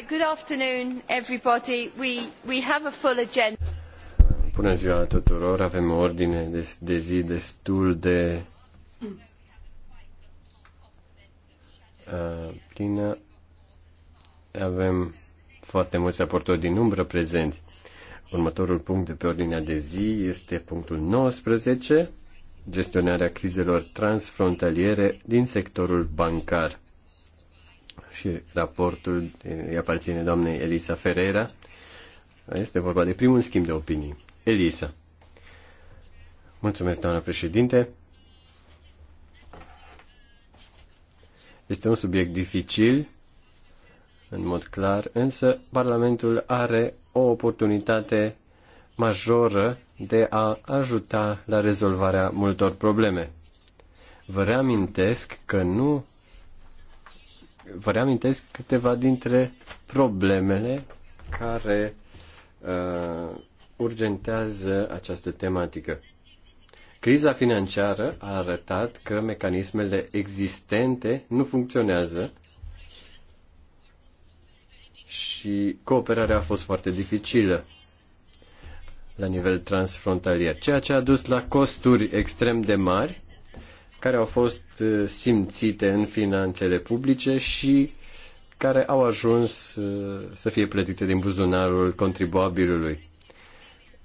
Right, good afternoon everybody. We, we have a full agenda. Bună ziua tuturor, avem o ordine de, de zi destul de uh, plină. Avem foarte mulți aportori din umbră prezenți. Următorul punct de pe ordinea de zi este punctul 19, gestionarea crizelor transfrontaliere din sectorul bancar și raportul îi aparține doamnei Elisa Ferreira. Este vorba de primul schimb de opinii. Elisa. Mulțumesc, doamna președinte. Este un subiect dificil, în mod clar, însă Parlamentul are o oportunitate majoră de a ajuta la rezolvarea multor probleme. Vă reamintesc că nu vă reamintesc câteva dintre problemele care uh, urgentează această tematică. Criza financiară a arătat că mecanismele existente nu funcționează și cooperarea a fost foarte dificilă la nivel transfrontalier, ceea ce a dus la costuri extrem de mari care au fost uh, simțite în finanțele publice și care au ajuns uh, să fie plătite din buzunarul contribuabilului.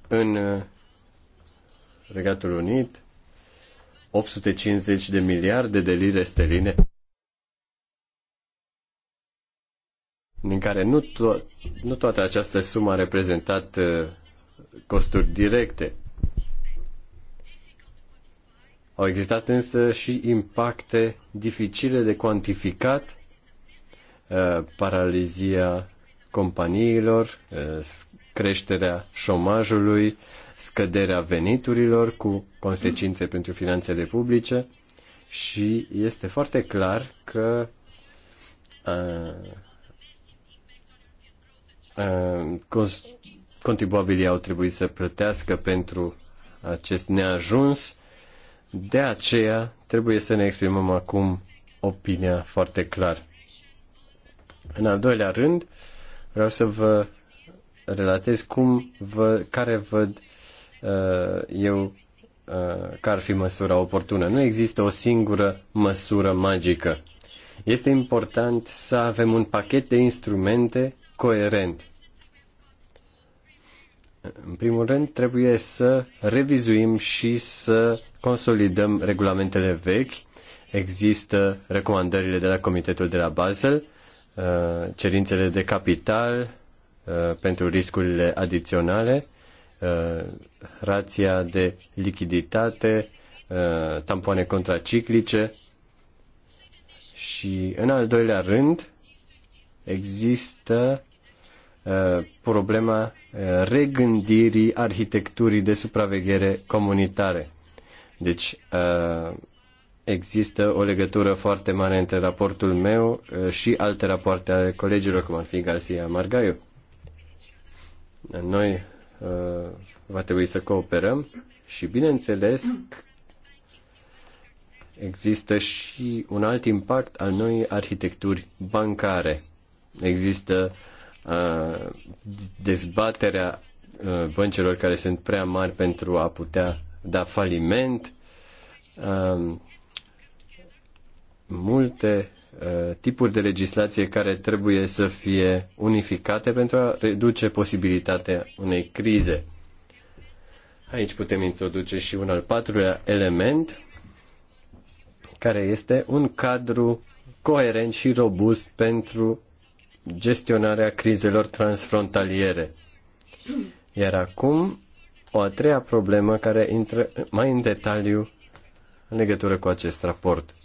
În uh, Regatul Unit, 850 de miliarde de lire sterline, din care nu, to- nu toată această sumă a reprezentat costuri directe. Au existat însă și impacte dificile de cuantificat, uh, paralizia companiilor, uh, creșterea șomajului, scăderea veniturilor cu consecințe pentru finanțele publice și este foarte clar că uh, contribuabilii au trebuit să plătească pentru acest neajuns de aceea trebuie să ne exprimăm acum opinia foarte clar. În al doilea rând, vreau să vă relatez cum vă, care văd uh, eu uh, că ar fi măsura oportună. Nu există o singură măsură magică. Este important să avem un pachet de instrumente coerent. În primul rând, trebuie să revizuim și să consolidăm regulamentele vechi. Există recomandările de la Comitetul de la Basel, uh, cerințele de capital uh, pentru riscurile adiționale, uh, rația de lichiditate, tampoane contraciclice și, în al doilea rând, există problema regândirii arhitecturii de supraveghere comunitare. Deci există o legătură foarte mare între raportul meu și alte rapoarte ale colegilor, cum ar fi Garcia Margaiu. Noi va trebui să cooperăm și, bineînțeles, există și un alt impact al noii arhitecturi bancare. Există dezbaterea băncilor care sunt prea mari pentru a putea da faliment. Um, multe uh, tipuri de legislație care trebuie să fie unificate pentru a reduce posibilitatea unei crize. Aici putem introduce și un al patrulea element, care este un cadru coerent și robust pentru gestionarea crizelor transfrontaliere. Iar acum o a treia problemă care intră mai în detaliu în legătură cu acest raport.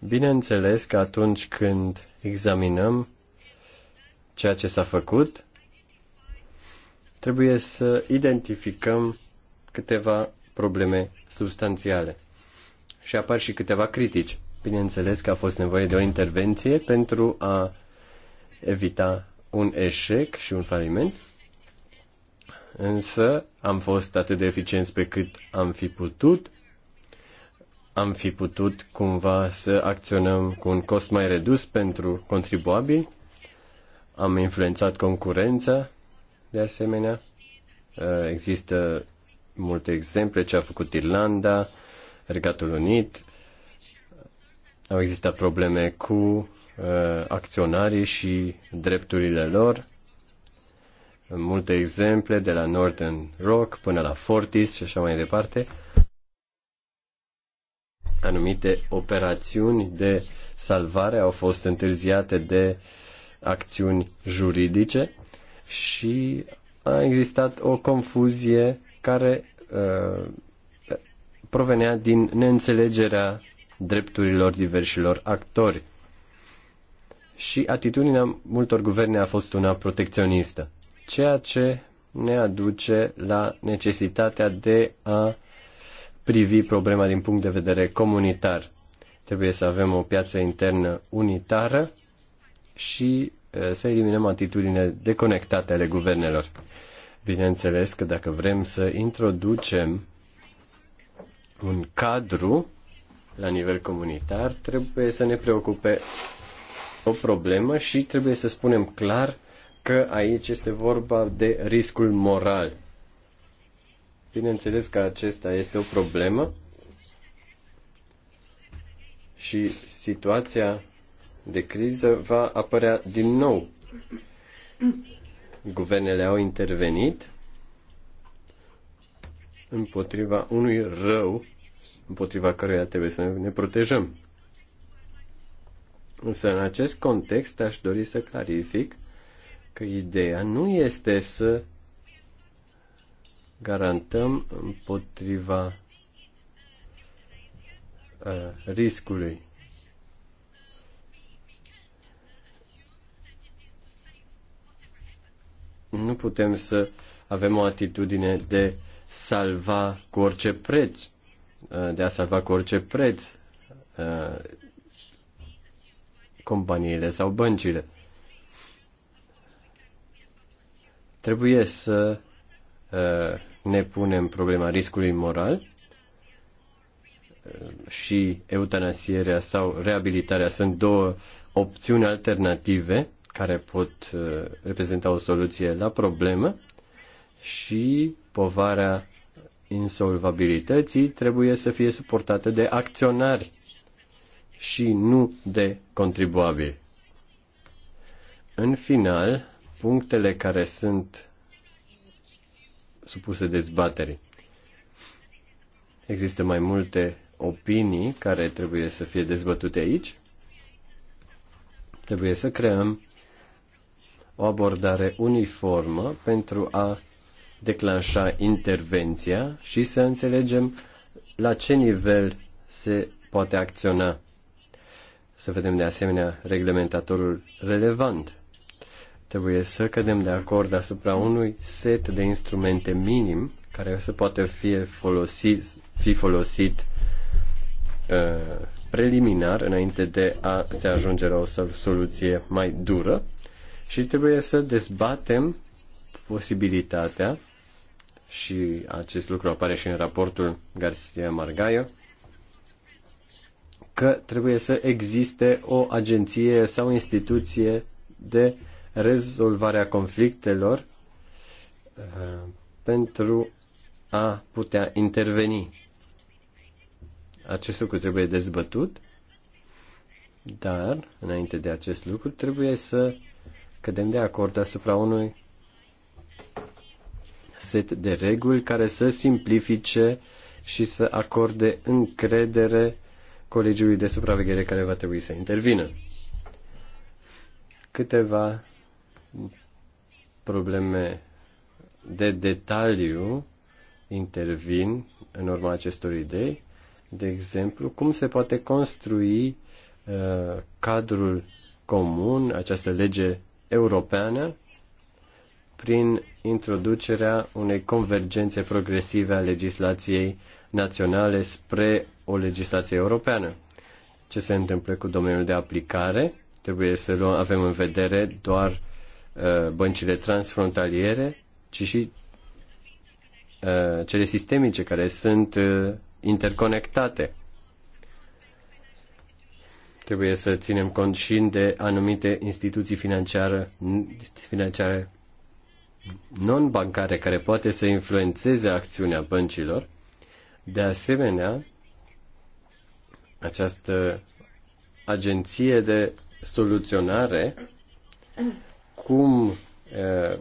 Bineînțeles că atunci când examinăm ceea ce s-a făcut, trebuie să identificăm câteva probleme substanțiale. Și apar și câteva critici. Bineînțeles că a fost nevoie de o intervenție pentru a evita un eșec și un faliment, însă am fost atât de eficienți pe cât am fi putut. Am fi putut cumva să acționăm cu un cost mai redus pentru contribuabili. Am influențat concurența, de asemenea. Uh, există multe exemple ce a făcut Irlanda, Regatul Unit. Au existat probleme cu uh, acționarii și drepturile lor multe exemple, de la Northern Rock până la Fortis și așa mai departe, anumite operațiuni de salvare au fost întârziate de acțiuni juridice și a existat o confuzie care uh, provenea din neînțelegerea drepturilor diversilor actori. Și atitudinea multor guverne a fost una protecționistă ceea ce ne aduce la necesitatea de a privi problema din punct de vedere comunitar. Trebuie să avem o piață internă unitară și să eliminăm atitudinile deconectate ale guvernelor. Bineînțeles că dacă vrem să introducem un cadru la nivel comunitar, trebuie să ne preocupe o problemă și trebuie să spunem clar că aici este vorba de riscul moral. Bineînțeles că acesta este o problemă și situația de criză va apărea din nou. Guvernele au intervenit împotriva unui rău împotriva căruia trebuie să ne protejăm. Însă, în acest context, aș dori să clarific că ideea nu este să garantăm împotriva riscului. Nu putem să avem o atitudine de salva cu orice preț, de a salva cu orice preț companiile sau băncile. Trebuie să uh, ne punem problema riscului moral uh, și eutanasierea sau reabilitarea sunt două opțiuni alternative care pot uh, reprezenta o soluție la problemă și povara insolvabilității trebuie să fie suportată de acționari și nu de contribuabili. În final, punctele care sunt supuse dezbaterii. Există mai multe opinii care trebuie să fie dezbătute aici. Trebuie să creăm o abordare uniformă pentru a declanșa intervenția și să înțelegem la ce nivel se poate acționa. Să vedem de asemenea reglementatorul relevant Trebuie să cădem de acord asupra unui set de instrumente minim care să poată fi folosit, fi folosit uh, preliminar înainte de a se ajunge la o soluție mai dură și trebuie să dezbatem posibilitatea și acest lucru apare și în raportul Garcia Margaio, că trebuie să existe o agenție sau instituție de rezolvarea conflictelor uh, pentru a putea interveni. Acest lucru trebuie dezbătut, dar, înainte de acest lucru, trebuie să cădem de acord asupra unui set de reguli care să simplifice și să acorde încredere colegiului de supraveghere care va trebui să intervină. Câteva probleme de detaliu intervin în urma acestor idei. De exemplu, cum se poate construi uh, cadrul comun, această lege europeană, prin introducerea unei convergențe progresive a legislației naționale spre o legislație europeană. Ce se întâmplă cu domeniul de aplicare? Trebuie să luăm, avem în vedere doar Uh, băncile transfrontaliere, ci și uh, cele sistemice care sunt uh, interconectate. Trebuie să ținem cont și de anumite instituții financiare, financiare non-bancare care poate să influențeze acțiunea băncilor. De asemenea, această agenție de soluționare cum uh,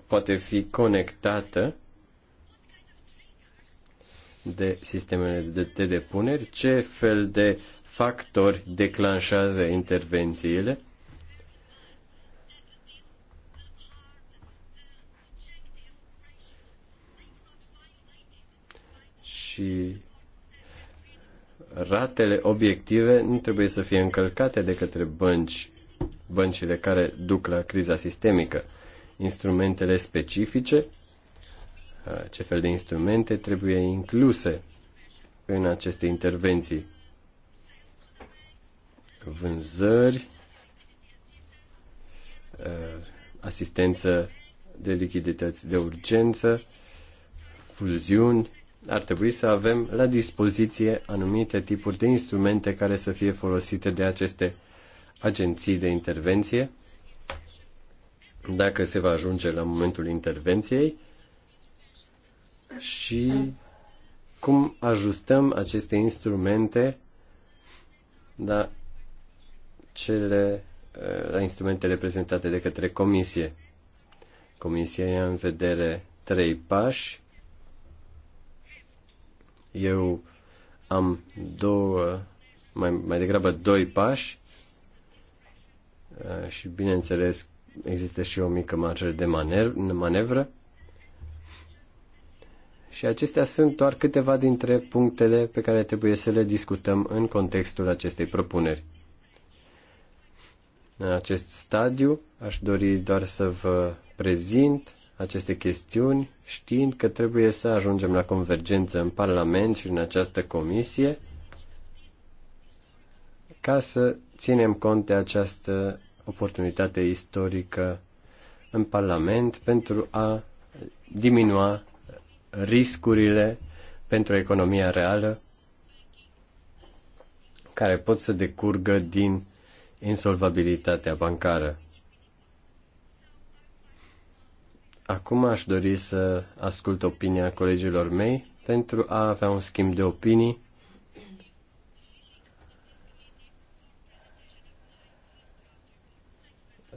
poate fi conectată de sistemele de, de depuneri, ce fel de factori declanșează intervențiile și ratele obiective nu trebuie să fie încălcate de către bănci băncile care duc la criza sistemică. Instrumentele specifice, uh, ce fel de instrumente trebuie incluse în aceste intervenții. Vânzări, uh, asistență de lichidități de urgență, fuziuni, ar trebui să avem la dispoziție anumite tipuri de instrumente care să fie folosite de aceste agenții de intervenție, dacă se va ajunge la momentul intervenției și cum ajustăm aceste instrumente la cele eh, la instrumentele prezentate de către comisie. Comisia ia în vedere trei pași. Eu am două, mai, mai degrabă doi pași Eh, și, bineînțeles, există și o mică marjă de manevră. Și acestea sunt doar câteva dintre punctele pe care trebuie să le discutăm în contextul acestei propuneri. În acest stadiu aș dori doar să vă prezint aceste chestiuni, știind că trebuie să ajungem la convergență în Parlament și în această comisie, ca să ținem cont de această oportunitate istorică în Parlament pentru a diminua riscurile pentru economia reală care pot să decurgă din insolvabilitatea bancară. Acum aș dori să ascult opinia colegilor mei pentru a avea un schimb de opinii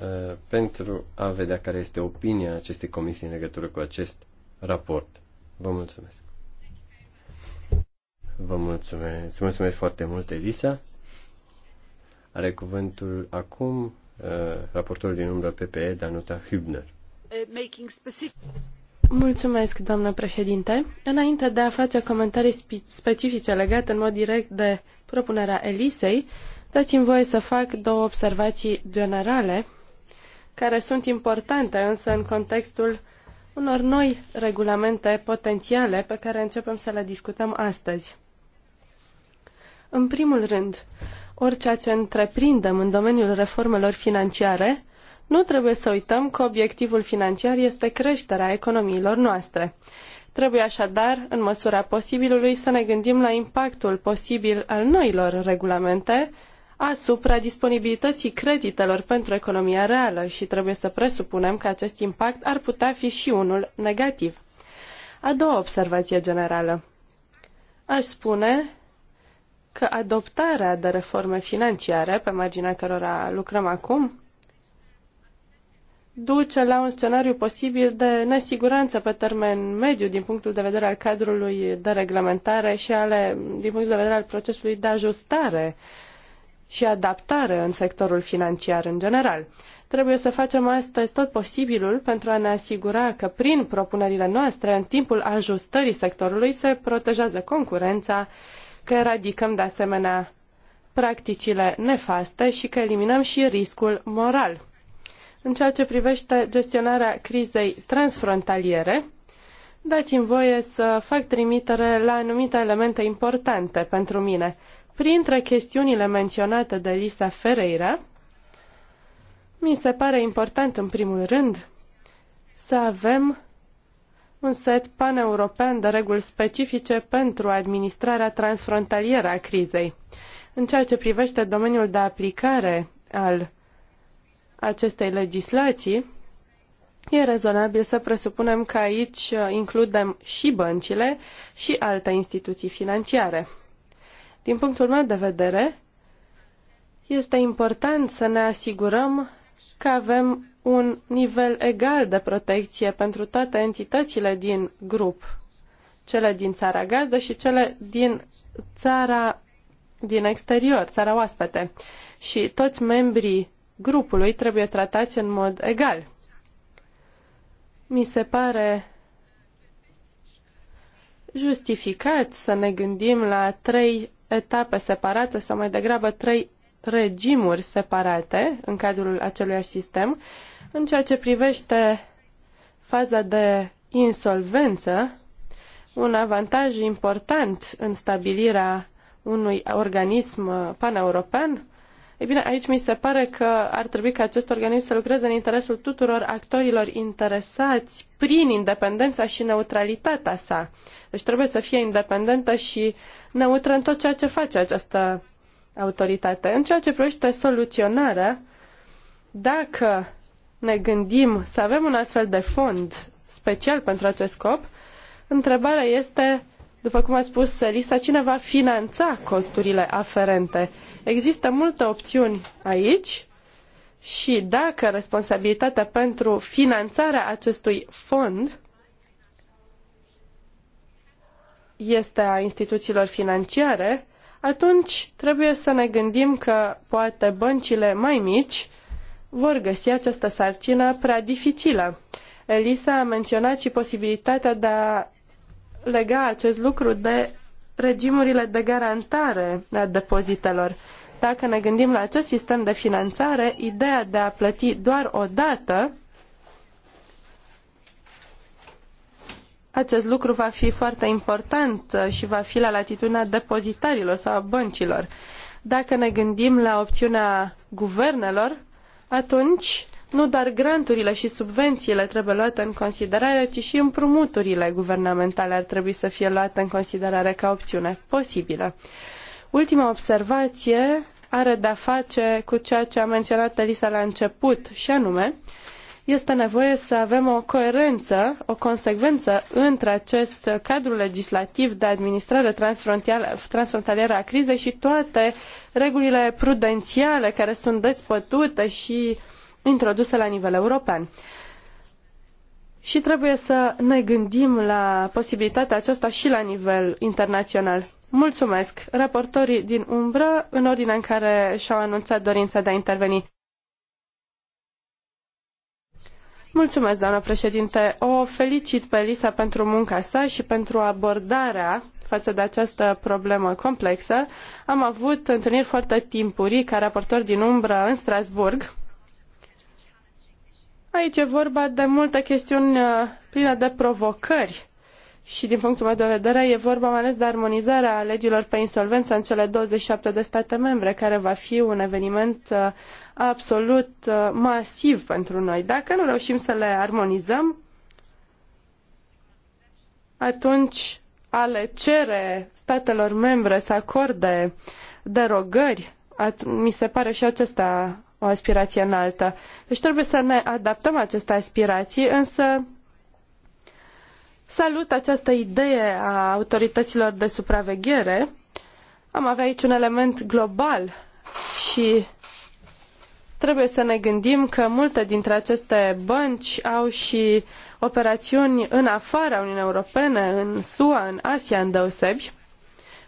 Uh, pentru a vedea care este opinia acestei comisii în legătură cu acest raport. Vă mulțumesc. Vă mulțumesc. mulțumesc foarte mult, Elisa. Are cuvântul acum uh, raportorul din umbră PPE, Danuta Hübner. Mulțumesc, doamnă președinte. Înainte de a face comentarii specifice legate în mod direct de propunerea Elisei, dați-mi voie să fac două observații generale care sunt importante însă în contextul unor noi regulamente potențiale pe care începem să le discutăm astăzi. În primul rând, orice ce întreprindem în domeniul reformelor financiare, nu trebuie să uităm că obiectivul financiar este creșterea economiilor noastre. Trebuie așadar, în măsura posibilului, să ne gândim la impactul posibil al noilor regulamente asupra disponibilității creditelor pentru economia reală și trebuie să presupunem că acest impact ar putea fi și unul negativ. A doua observație generală. Aș spune că adoptarea de reforme financiare, pe marginea cărora lucrăm acum, duce la un scenariu posibil de nesiguranță pe termen mediu din punctul de vedere al cadrului de reglementare și ale, din punctul de vedere al procesului de ajustare uh, și adaptare în sectorul financiar în general. Trebuie să facem astăzi tot posibilul pentru a ne asigura că prin propunerile noastre, în timpul ajustării sectorului, se protejează concurența, că eradicăm de asemenea practicile nefaste și că eliminăm și riscul moral. În ceea ce privește gestionarea crizei transfrontaliere, dați-mi voie să fac trimitere la anumite elemente importante pentru mine. Printre chestiunile menționate de Lisa Ferreira, mi se pare important, în primul rând, să avem un set paneuropean de reguli specifice pentru administrarea transfrontalieră a crizei. În ceea ce privește domeniul de aplicare al acestei legislații, e rezonabil să presupunem că aici uh, includem și băncile și alte instituții financiare. Din punctul meu de vedere, este important să ne asigurăm că avem un nivel egal de protecție pentru toate entitățile din grup, cele din țara gazdă și cele din țara din exterior, țara oaspete. Și toți membrii grupului trebuie tratați în mod egal. Mi se pare justificat să ne gândim la trei etape separate sau mai degrabă trei regimuri separate în cadrul acelui sistem. În ceea ce privește faza de insolvență, un avantaj important în stabilirea unui organism paneuropean? e bine, aici mi se pare că ar trebui ca acest organism să lucreze în interesul tuturor actorilor interesați prin independența și neutralitatea sa. Deci trebuie să fie independentă și uh, neutră în tot ceea ce face această autoritate. În ceea ce privește soluționarea, dacă ne gândim să avem un astfel de fond special pentru acest scop, întrebarea este, după cum a spus Selisa, cine va finanța costurile aferente. Există multe opțiuni aici și dacă responsabilitatea pentru finanțarea acestui fond este a instituțiilor financiare, atunci trebuie să ne gândim că poate băncile mai mici vor găsi această sarcină prea dificilă. Elisa a menționat și posibilitatea de a lega acest lucru de regimurile de garantare a depozitelor. Dacă ne gândim la acest sistem de finanțare, ideea de a plăti doar o dată Acest lucru va fi foarte important uh, și va fi la latitudinea depozitarilor sau a băncilor. Dacă ne gândim la opțiunea guvernelor, atunci nu doar granturile și subvențiile trebuie luate în considerare, ci și împrumuturile guvernamentale ar trebui să fie luate în considerare ca opțiune posibilă. Ultima observație are de-a face cu ceea ce a menționat Elisa la început, și anume, este nevoie să avem o coerență, o consecvență între acest cadru legislativ de administrare transfrontalieră a crizei și toate regulile prudențiale care sunt despătute și introduse la nivel european. Și trebuie să ne gândim la posibilitatea aceasta și la nivel internațional. Mulțumesc! Raportorii din umbră, în ordinea în care și-au anunțat dorința de a interveni. Mulțumesc, doamnă președinte. O felicit pe Elisa pentru munca sa și pentru abordarea față de această problemă complexă. Am avut întâlniri foarte timpurii ca raportor din umbră în Strasbourg. Aici e vorba de multe chestiuni uh, pline de provocări și din punctul meu de vedere e vorba mai ales de armonizarea legilor pe insolvență în cele 27 de state membre, care va fi un eveniment uh, absolut uh, masiv pentru noi. Dacă nu reușim să le armonizăm, atunci ale cere statelor membre să acorde derogări, mi se pare și acesta o aspirație înaltă. Deci trebuie să ne adaptăm aceste aspirații, însă salut această idee a autorităților de supraveghere. Am avea aici un element global și Trebuie să ne gândim că multe dintre aceste bănci au și operațiuni în afara Uniunii Europene, în SUA, în Asia, în deosebi.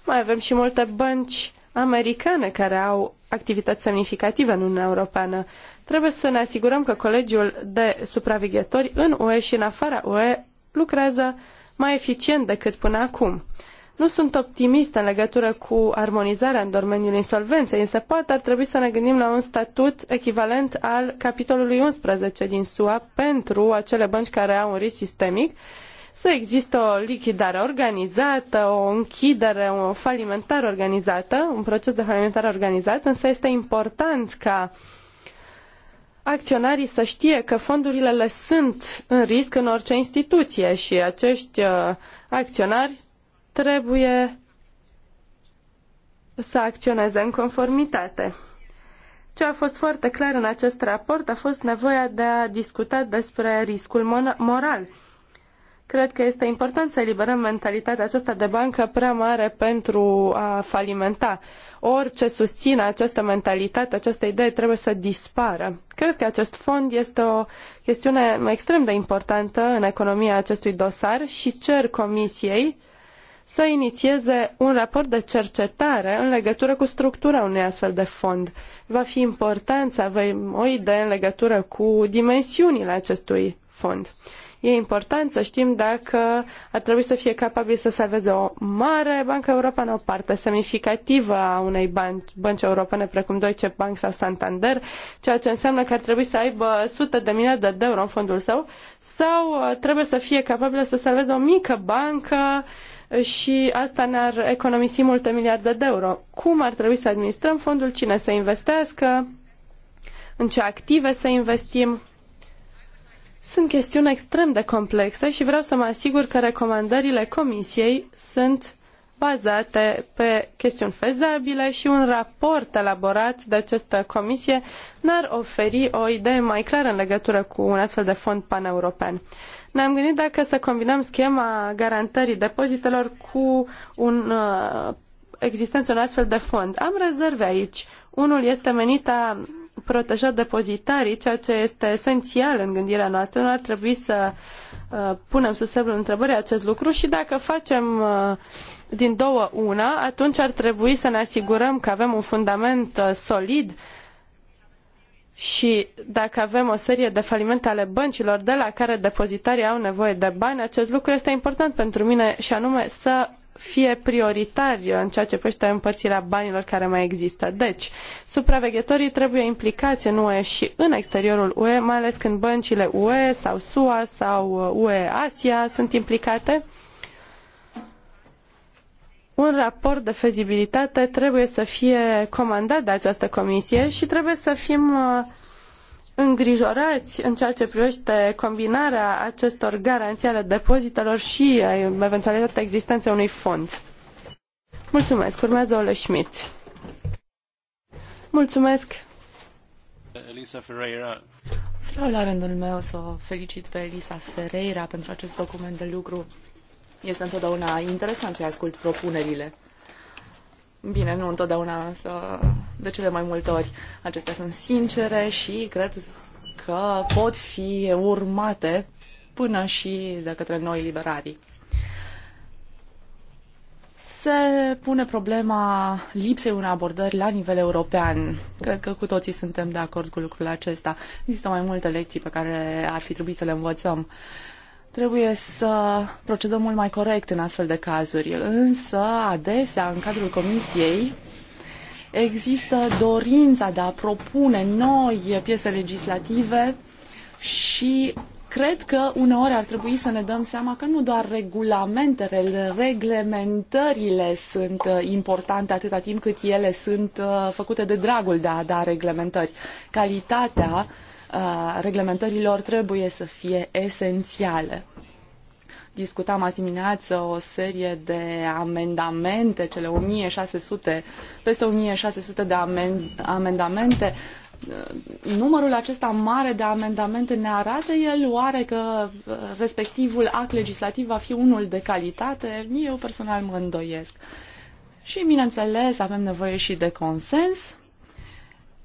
Mai avem și multe bănci americane care au activități semnificative în Uniunea Europeană. Trebuie să ne asigurăm că colegiul de supraveghetori în UE și în afara UE lucrează mai eficient decât până acum. Nu sunt optimist în legătură cu armonizarea în domeniul insolvenței, însă poate ar trebui să ne gândim la un statut echivalent al capitolului 11 din SUA pentru acele bănci care au un risc sistemic, să există o lichidare organizată, o închidere, o falimentare organizată, un proces de falimentare organizat, însă este important ca acționarii să știe că fondurile le sunt în risc în orice instituție și acești uh, acționari trebuie să acționeze în conformitate. Ce a fost foarte clar în acest raport a fost nevoia de a discuta despre riscul moral. Cred că este important să eliberăm mentalitatea aceasta de bancă prea mare pentru a falimenta. Orice susține această mentalitate, această idee trebuie să dispară. Cred că acest fond este o chestiune extrem de importantă în economia acestui dosar și cer comisiei uh, să inițieze un raport de cercetare în legătură cu structura unui astfel de fond. Va fi important să avem o idee în legătură cu dimensiunile acestui fond. E important să știm dacă ar trebui să fie capabil să salveze o mare bancă europeană, o parte semnificativă a unei bănci, bănci europene precum Deutsche Bank sau Santander, ceea ce înseamnă că ar trebui să aibă sute de miliarde de euro în fondul său, sau uh, trebuie să fie capabilă să salveze o mică bancă și asta ne-ar economisi multe miliarde de euro. Cum ar trebui să administrăm fondul? Cine să investească? În ce active să investim? Sunt chestiuni extrem de complexe și vreau să mă asigur că recomandările Comisiei sunt bazate pe chestiuni fezabile și un raport elaborat de această comisie n ar oferi o idee mai clară în legătură cu un astfel de fond paneuropean. Ne-am gândit dacă să combinăm schema garantării depozitelor cu un uh, existența un astfel de fond. Am rezerve aici. Unul este menit a proteja depozitarii, ceea ce este esențial în gândirea noastră. Nu ar trebui să uh, punem sub semnul întrebării acest lucru și dacă facem uh, din două una, atunci ar trebui să ne asigurăm că avem un fundament uh, solid și dacă avem o serie de falimente ale băncilor de la care depozitarii au nevoie de bani, acest lucru este important pentru mine și anume să fie prioritari în ceea ce privește împărțirea banilor care mai există. Deci, supraveghetorii trebuie implicați în UE și în exteriorul UE, mai ales când băncile UE sau SUA sau UE uh, Asia sunt implicate un raport de fezibilitate trebuie să fie comandat de această comisie și trebuie să fim uh, îngrijorați în ceea ce privește combinarea acestor garanții ale depozitelor și uh, eventualitatea existenței unui fond. Mulțumesc. Urmează Ole Schmidt. Mulțumesc. Elisa Ferreira. Vreau la rândul meu să o felicit pe Elisa Ferreira pentru acest document de lucru este întotdeauna interesant să-i ascult propunerile. Bine, nu întotdeauna, însă de cele mai multe ori acestea sunt sincere și cred că pot fi urmate până și de către noi liberarii. Se pune problema lipsei unei abordări la nivel european. Cred că cu toții suntem de acord cu lucrul acesta. Există mai multe lecții pe care ar fi trebuit să le învățăm. Uh, Trebuie să procedăm mult mai corect în astfel de cazuri, însă adesea în cadrul comisiei există dorința de a propune noi piese legislative și cred că uneori ar trebui să ne dăm seama că nu doar regulamentele, reglementările sunt uh, importante atâta timp cât ele sunt uh, făcute de dragul de a da reglementări. Calitatea uh, reglementărilor trebuie să fie esențiale. Discutam azi dimineață o serie de amendamente, cele 1600, peste 1600 de amendamente. Numărul acesta mare de amendamente ne arată el oare că uh, respectivul act legislativ va fi unul de calitate? Eu personal mă îndoiesc. Și, bineînțeles, avem nevoie și de consens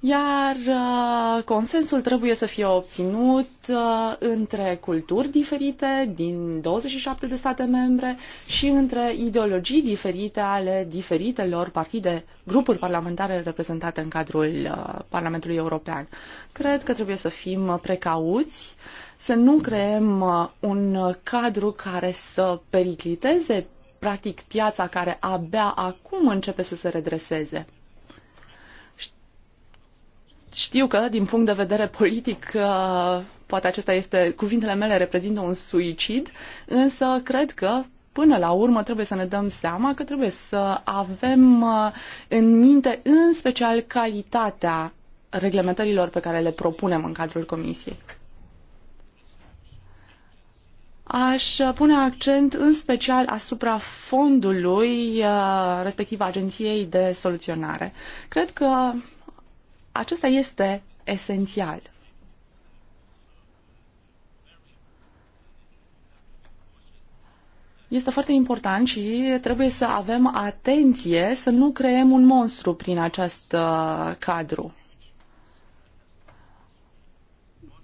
iar uh, consensul trebuie să fie obținut uh, între culturi diferite din 27 de state membre și între ideologii diferite ale diferitelor partide, grupuri parlamentare reprezentate în cadrul uh, Parlamentului European. Cred că trebuie să fim precauți, să nu creăm un cadru care să pericliteze practic piața care abia acum începe să se redreseze. Știu că, din punct de vedere politic, uh, poate acesta este, cuvintele mele reprezintă un suicid, însă cred că până la urmă trebuie să ne dăm seama că trebuie să avem uh, în minte în special calitatea reglementărilor pe care le propunem în cadrul Comisiei. Aș pune accent în special asupra fondului, uh, respectiv Agenției de Soluționare. Cred că acesta este esențial. Este foarte important și trebuie să avem atenție să nu creăm un monstru prin acest uh, cadru.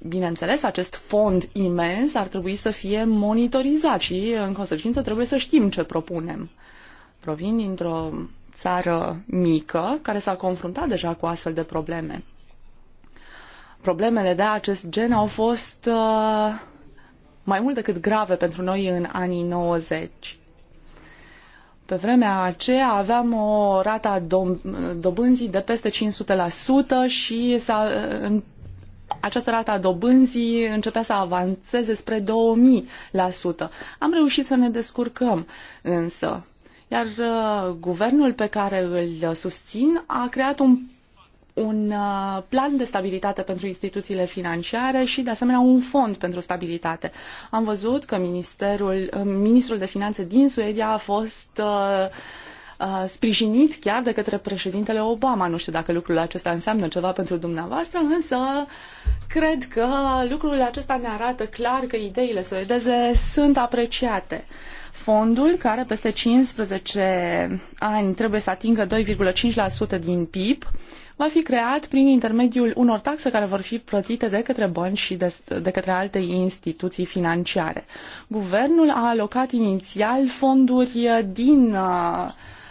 Bineînțeles, acest fond imens ar trebui să fie monitorizat și, în consecință, trebuie să știm ce propunem. Provin dintr-o țară mică care s-a confruntat deja cu astfel de probleme. Problemele de acest gen au fost uh, mai mult decât grave pentru noi în anii 90. Pe vremea aceea aveam o rata dobânzii de peste 500% și s-a, uh, în această rată a dobânzii începea să avanseze spre 2000%. Am reușit să ne descurcăm, însă iar uh, guvernul pe care îl susțin a creat un un uh, plan de stabilitate pentru instituțiile financiare și, de asemenea, un fond pentru stabilitate. Am văzut că ministerul, uh, ministrul de finanțe din Suedia a fost uh, sprijinit chiar de către președintele Obama. Nu știu dacă lucrul acesta înseamnă ceva pentru dumneavoastră, însă cred că lucrul acesta ne arată clar că ideile suedeze sunt apreciate. Uh, Fondul, care peste 15 ani trebuie să atingă 2,5% din PIB, va fi creat prin intermediul unor taxe care vor fi plătite de către bănci și de, de către alte instituții financiare. Guvernul a alocat inițial fonduri din uh,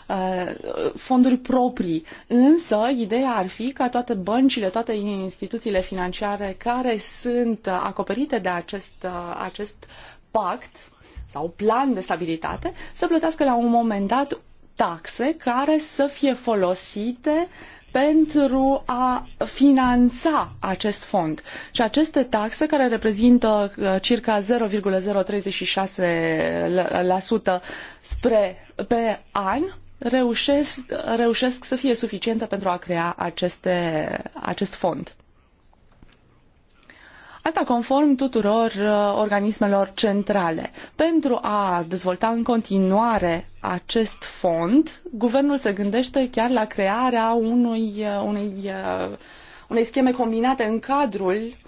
uh, fonduri proprii. Însă, ideea ar fi ca toate băncile, toate instituțiile financiare care sunt acoperite de acest, uh, acest pact sau plan de stabilitate să plătească la un moment dat taxe care să fie folosite pentru a finanța acest fond. Și aceste taxe, care reprezintă uh, circa 0,036% spre pe an, reușesc, reușesc să fie suficiente pentru a crea aceste, acest fond. Asta conform tuturor uh, organismelor centrale. Pentru a dezvolta în continuare acest fond, guvernul se gândește chiar la crearea unui, uh, unei, uh, unei scheme combinate în cadrul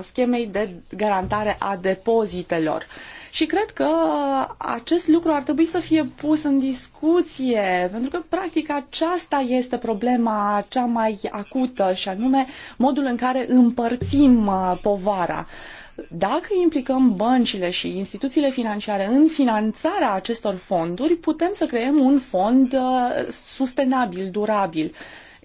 schemei de garantare a depozitelor. Uh, și cred că acest lucru ar trebui să fie pus în discuție, pentru că, practic, aceasta este problema cea mai acută, și anume modul în care împărțim uh, povara dacă implicăm băncile și instituțiile financiare în finanțarea acestor fonduri, putem să creăm un fond uh, sustenabil, durabil.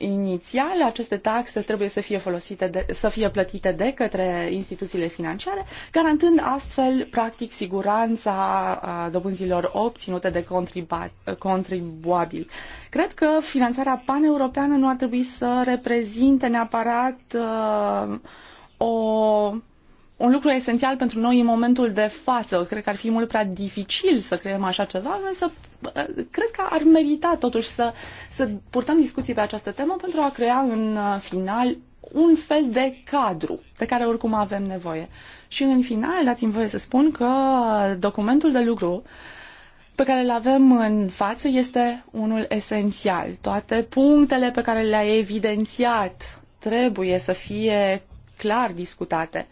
Inițial, aceste taxe trebuie să fie, folosite de, să fie plătite de către instituțiile financiare, garantând astfel, practic, siguranța dobânzilor obținute de contribuabil. Cred că finanțarea paneuropeană nu ar trebui să reprezinte neapărat uh, o un lucru esențial pentru noi în momentul de față. Cred că ar fi mult prea dificil să creăm așa ceva, însă cred că ar merita totuși să, să purtăm discuții pe această temă pentru a crea în uh, final un fel de cadru de care oricum avem nevoie. Și în final, dați-mi voie să spun că documentul de lucru pe care îl avem în față este unul esențial. Toate punctele pe care le-a evidențiat trebuie să fie clar discutate.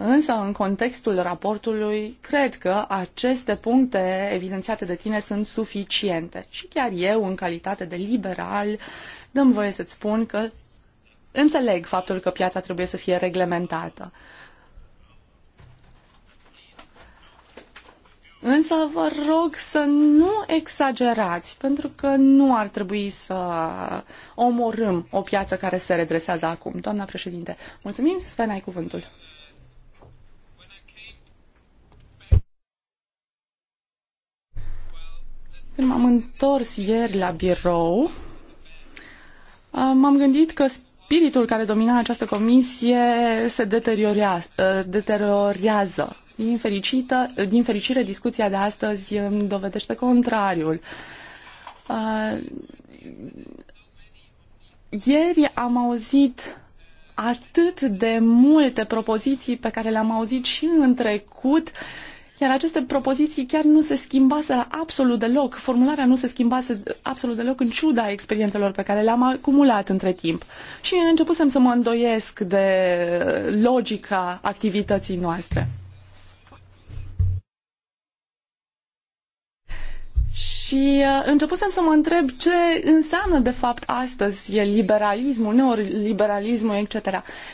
Însă, în contextul raportului, cred că aceste puncte evidențiate de tine sunt suficiente. Și chiar eu, în calitate de liberal, dăm voie să-ți spun că înțeleg faptul că piața trebuie să fie reglementată. Însă vă rog să nu exagerați, pentru că nu ar trebui să omorâm o piață care se redresează acum. Doamna președinte, mulțumim, Sven, ai cuvântul. Când m-am întors ieri la birou, uh, m-am gândit că spiritul care domina această comisie se uh, deteriorează. Din, fericită, din fericire, discuția de astăzi îmi dovedește contrariul. Uh, ieri am auzit atât de multe propoziții pe care le-am auzit și în trecut iar aceste propoziții chiar nu se schimbaseră absolut deloc, formularea nu se schimbase absolut deloc în ciuda experiențelor pe care le-am acumulat între timp. Și începusem să mă îndoiesc de logica activității noastre. Și uh, începusem să mă întreb ce înseamnă de fapt astăzi liberalismul, neoliberalismul, etc.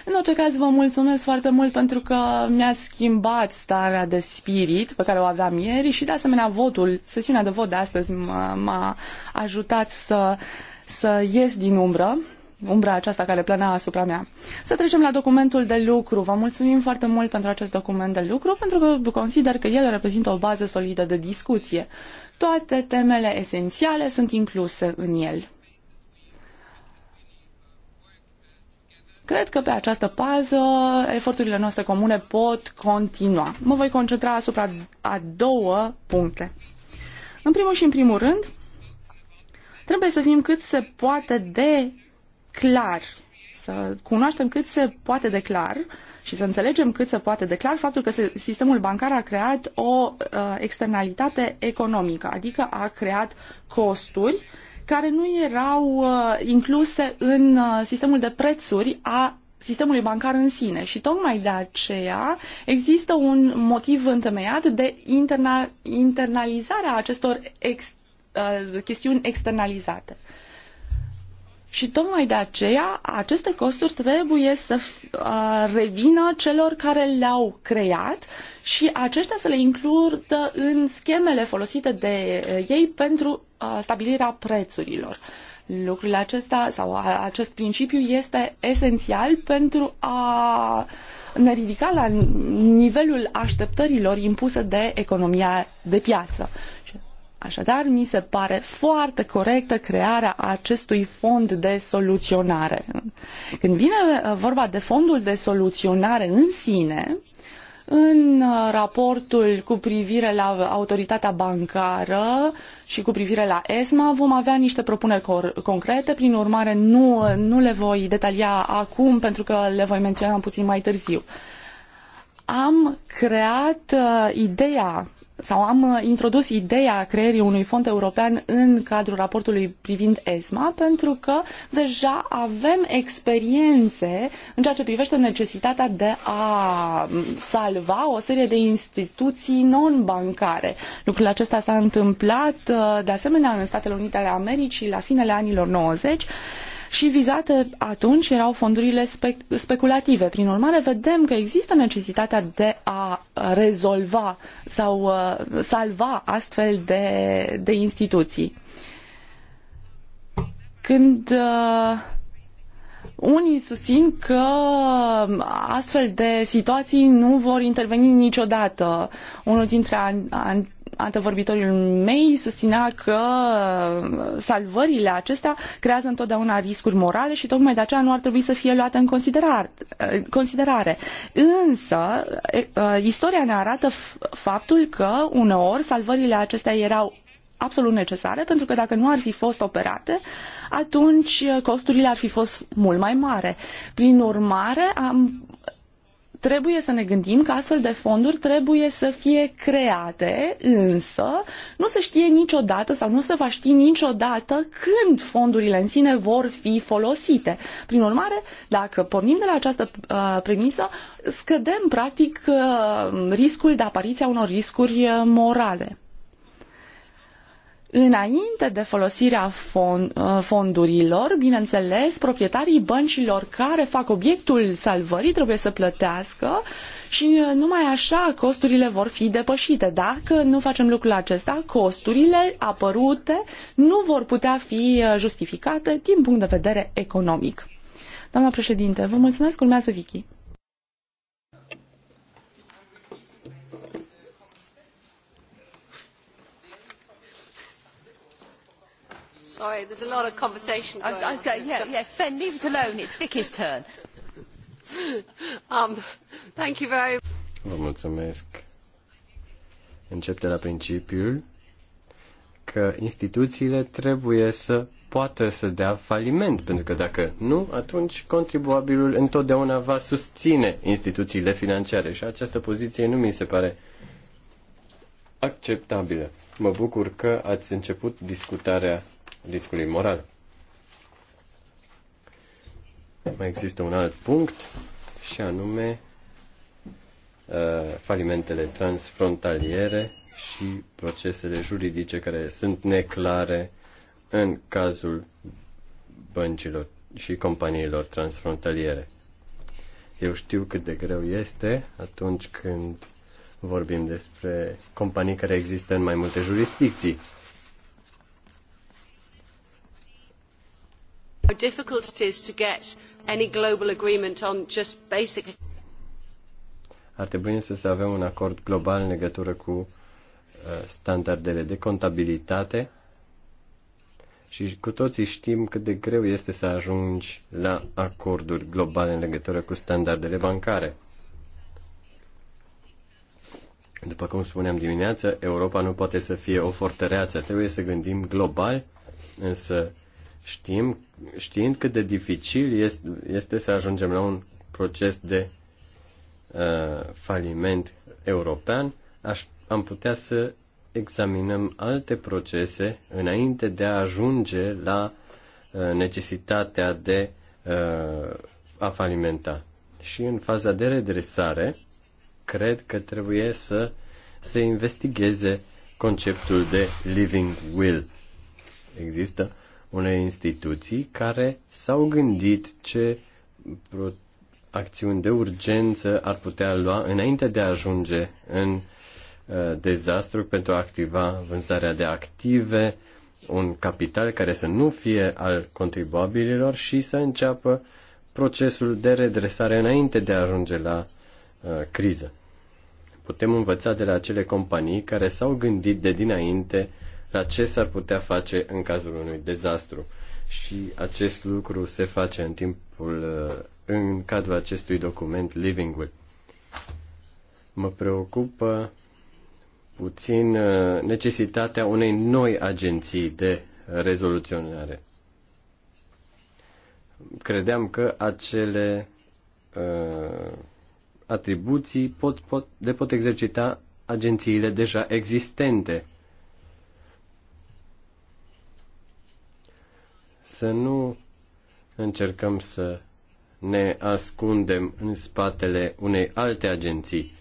În orice caz vă mulțumesc foarte mult pentru că mi-ați schimbat starea de spirit pe care o aveam ieri și de asemenea votul, sesiunea de vot de astăzi m-a ajutat să, să ies din umbră umbra aceasta care plana asupra mea. Să trecem la documentul de lucru. Vă mulțumim foarte mult pentru acest document de lucru, pentru că consider că el reprezintă o bază solidă de discuție. Toate temele esențiale sunt incluse în el. Cred că pe această bază eforturile noastre comune pot continua. Mă voi concentra asupra a două puncte. În primul și în primul rând, trebuie să fim cât se poate de clar, să cunoaștem cât se poate de clar și să înțelegem cât se poate de clar faptul că sistemul bancar a creat o uh, externalitate economică, adică a creat costuri care nu erau uh, incluse în uh, sistemul de prețuri a sistemului bancar în sine și tocmai de aceea există un motiv întemeiat de interna- internalizarea acestor ex- chestiuni externalizate. Uh, și tocmai de aceea aceste costuri trebuie să uh, revină celor care le-au creat și aceștia să le includă în schemele folosite de uh, ei pentru uh, stabilirea prețurilor. Lucrul acesta sau acest principiu este esențial pentru a ne ridica la nivelul așteptărilor impuse de economia de piață. Așadar, mi se pare foarte corectă crearea acestui fond de soluționare. Când vine uh, vorba de fondul de soluționare în sine, în uh, raportul cu privire la autoritatea bancară și cu privire la ESMA vom avea niște propuneri concrete, prin urmare nu, uh, nu le voi detalia acum pentru că le voi menționa puțin mai târziu. Am creat uh, ideea sau am uh, introdus ideea creierii unui fond european în cadrul raportului privind ESMA pentru că deja avem experiențe în ceea ce privește necesitatea de a mm, salva o serie de instituții non-bancare. Lucrul acesta s-a întâmplat uh, de asemenea în Statele Unite ale Americii la finele anilor 90 și vizate atunci erau fondurile spec speculative. Prin urmare, vedem că există necesitatea de a rezolva sau uh, salva astfel de, de instituții. Când uh, unii susțin că astfel de situații nu vor interveni niciodată. Unul dintre an, an, antevorbitorul mei susținea că salvările acestea creează întotdeauna riscuri morale și tocmai de aceea nu ar trebui să fie luate în considerare. Însă, ă, istoria ne arată faptul că uneori salvările acestea erau absolut necesare, pentru că dacă nu ar fi fost operate, atunci costurile ar fi fost mult mai mare. Prin urmare, am Trebuie să ne gândim că astfel de fonduri trebuie să fie create, însă nu se știe niciodată sau nu se va ști niciodată când fondurile în sine vor fi folosite. Prin urmare, dacă pornim de la această uh, premisă, scădem practic uh, riscul de apariția unor riscuri uh, morale. Înainte de folosirea uh, fondurilor, bineînțeles, proprietarii băncilor care fac obiectul salvării trebuie să plătească și uh, numai așa costurile vor fi depășite. Dacă nu facem lucrul acesta, costurile apărute nu vor putea fi uh, justificate din punct de vedere economic. Doamna președinte, vă mulțumesc, urmează Vicky. Sorry, there's a lot of conversation going I was, I was, on. Yeah, yes, Sven, leave it alone. It's Vicky's turn. um, thank you very Vă mulțumesc. Încep de la principiul că instituțiile trebuie să poată să dea faliment, pentru că dacă nu, atunci contribuabilul întotdeauna va susține instituțiile financiare și această poziție nu mi se pare acceptabilă. Mă bucur că ați început discutarea riscului moral. Mai există un alt punct și anume uh, falimentele transfrontaliere și procesele juridice care sunt neclare în cazul băncilor și companiilor transfrontaliere. Eu știu cât de greu este atunci când vorbim despre companii care există în mai multe jurisdicții. How difficult it is to get any global agreement on just basic ar trebui însă să avem un acord global în legătură cu uh, standardele de contabilitate și cu toții știm cât de greu este să ajungi la acorduri globale în legătură cu standardele bancare. După cum spuneam dimineață, Europa nu poate să fie o fortăreață. Trebuie să gândim global, însă știm știind cât de dificil este să ajungem la un proces de uh, faliment european, aș, am putea să examinăm alte procese înainte de a ajunge la uh, necesitatea de uh, a falimenta. Și în faza de redresare, cred că trebuie să se investigheze conceptul de living will. Există unei instituții care s-au gândit ce acțiuni de urgență ar putea lua înainte de a ajunge în uh, dezastru pentru a activa vânzarea de active, un capital care să nu fie al contribuabililor și să înceapă procesul de redresare înainte de a ajunge la uh, criză. Putem învăța de la acele companii care s-au gândit de dinainte la ce s-ar putea face în cazul unui dezastru. Și acest lucru se face în timpul, uh, în cadrul acestui document Living With. Mă preocupă puțin uh, necesitatea unei noi agenții de rezoluționare. Credeam că acele uh, atribuții pot, pot, le pot exercita agențiile deja existente să nu încercăm să ne ascundem în spatele unei alte agenții.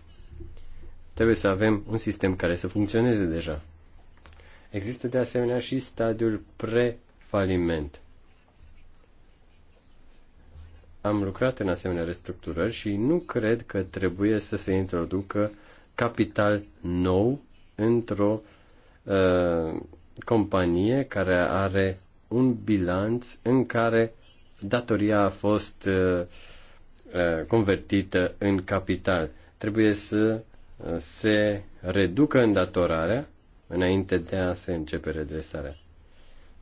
Trebuie să avem un sistem care să funcționeze deja. Există de asemenea și stadiul pre-faliment. Am lucrat în asemenea restructurări și nu cred că trebuie să se introducă capital nou într-o uh, companie care are un bilanț în care datoria a fost uh, uh, convertită în capital. Trebuie să uh, se reducă îndatorarea înainte de a se începe redresarea.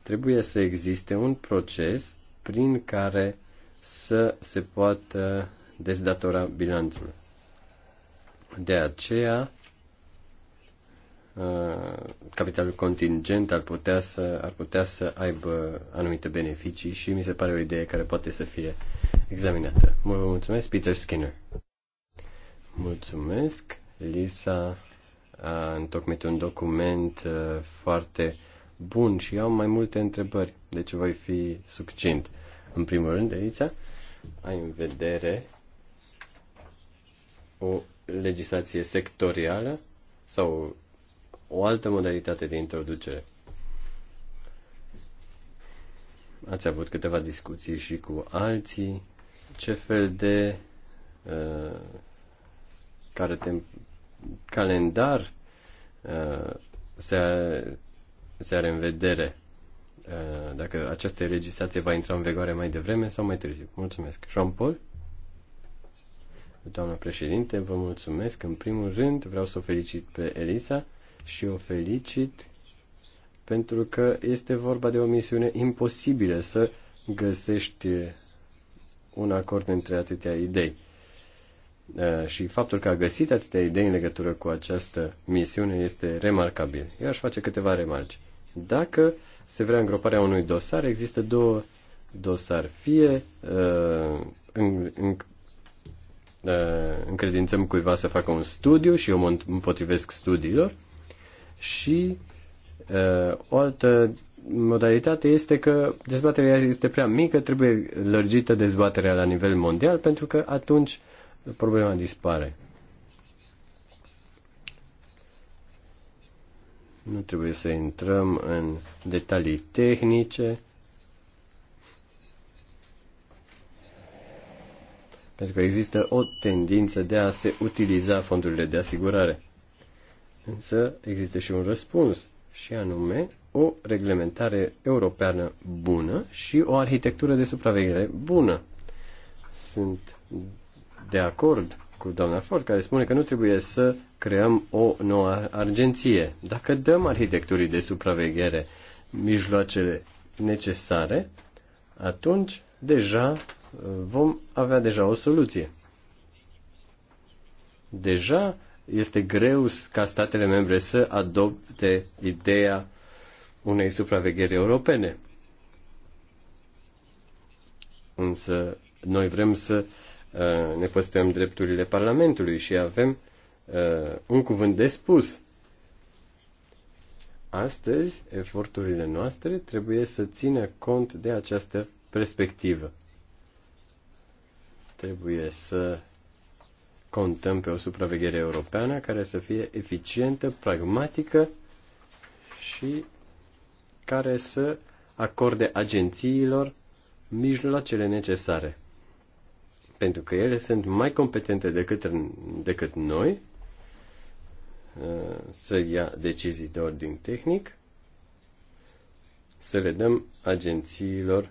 Trebuie să existe un proces prin care să se poată dezdatora bilanțul. De aceea, Uh, capitalul contingent ar putea să, ar putea să aibă anumite beneficii și mi se pare o idee care poate să fie examinată. Mă vă mulțumesc, Peter Skinner. Mulțumesc. Lisa a întocmit un document uh, foarte bun și eu am mai multe întrebări, deci voi fi succint. În primul rând, Elisa, ai în vedere o legislație sectorială sau o altă modalitate de introducere. Ați avut câteva discuții și cu alții. Ce fel de uh, care tem- calendar uh, se, are, se are în vedere? Uh, dacă această registrație va intra în vigoare mai devreme sau mai târziu. Mulțumesc. Jean-Paul? Doamna președinte, vă mulțumesc. În primul rând, vreau să o felicit pe Elisa și o felicit pentru că este vorba de o misiune imposibilă să găsești un acord între atâtea idei. Uh, și faptul că a găsit atâtea idei în legătură cu această misiune este remarcabil. Eu aș face câteva remarci. Dacă se vrea îngroparea unui dosar, există două dosar. Fie uh, în, în, uh, încredințăm cuiva să facă un studiu și eu mă împotrivesc studiilor, și uh, o altă modalitate este că dezbaterea este prea mică, trebuie lărgită dezbaterea la nivel mondial, pentru că atunci problema dispare. Nu trebuie să intrăm în detalii tehnice. Pentru că există o tendință de a se utiliza fondurile de asigurare. Însă există și un răspuns, și anume o reglementare europeană bună și o arhitectură de supraveghere bună. Sunt de acord cu doamna Ford, care spune că nu trebuie să creăm o nouă agenție. Dacă dăm arhitecturii de supraveghere mijloacele necesare, atunci deja uh, vom avea deja o soluție. Deja este greu ca statele membre să adopte ideea unei supravegheri europene. Însă noi vrem să uh, ne păstrăm drepturile Parlamentului și avem uh, un cuvânt de spus. Astăzi, eforturile noastre trebuie să țină cont de această perspectivă. Trebuie să contăm pe o supraveghere europeană care să fie eficientă, pragmatică și care să acorde agențiilor mijloacele necesare. Pentru că ele sunt mai competente decât, decât noi uh, să ia decizii de ordin tehnic, să le dăm agențiilor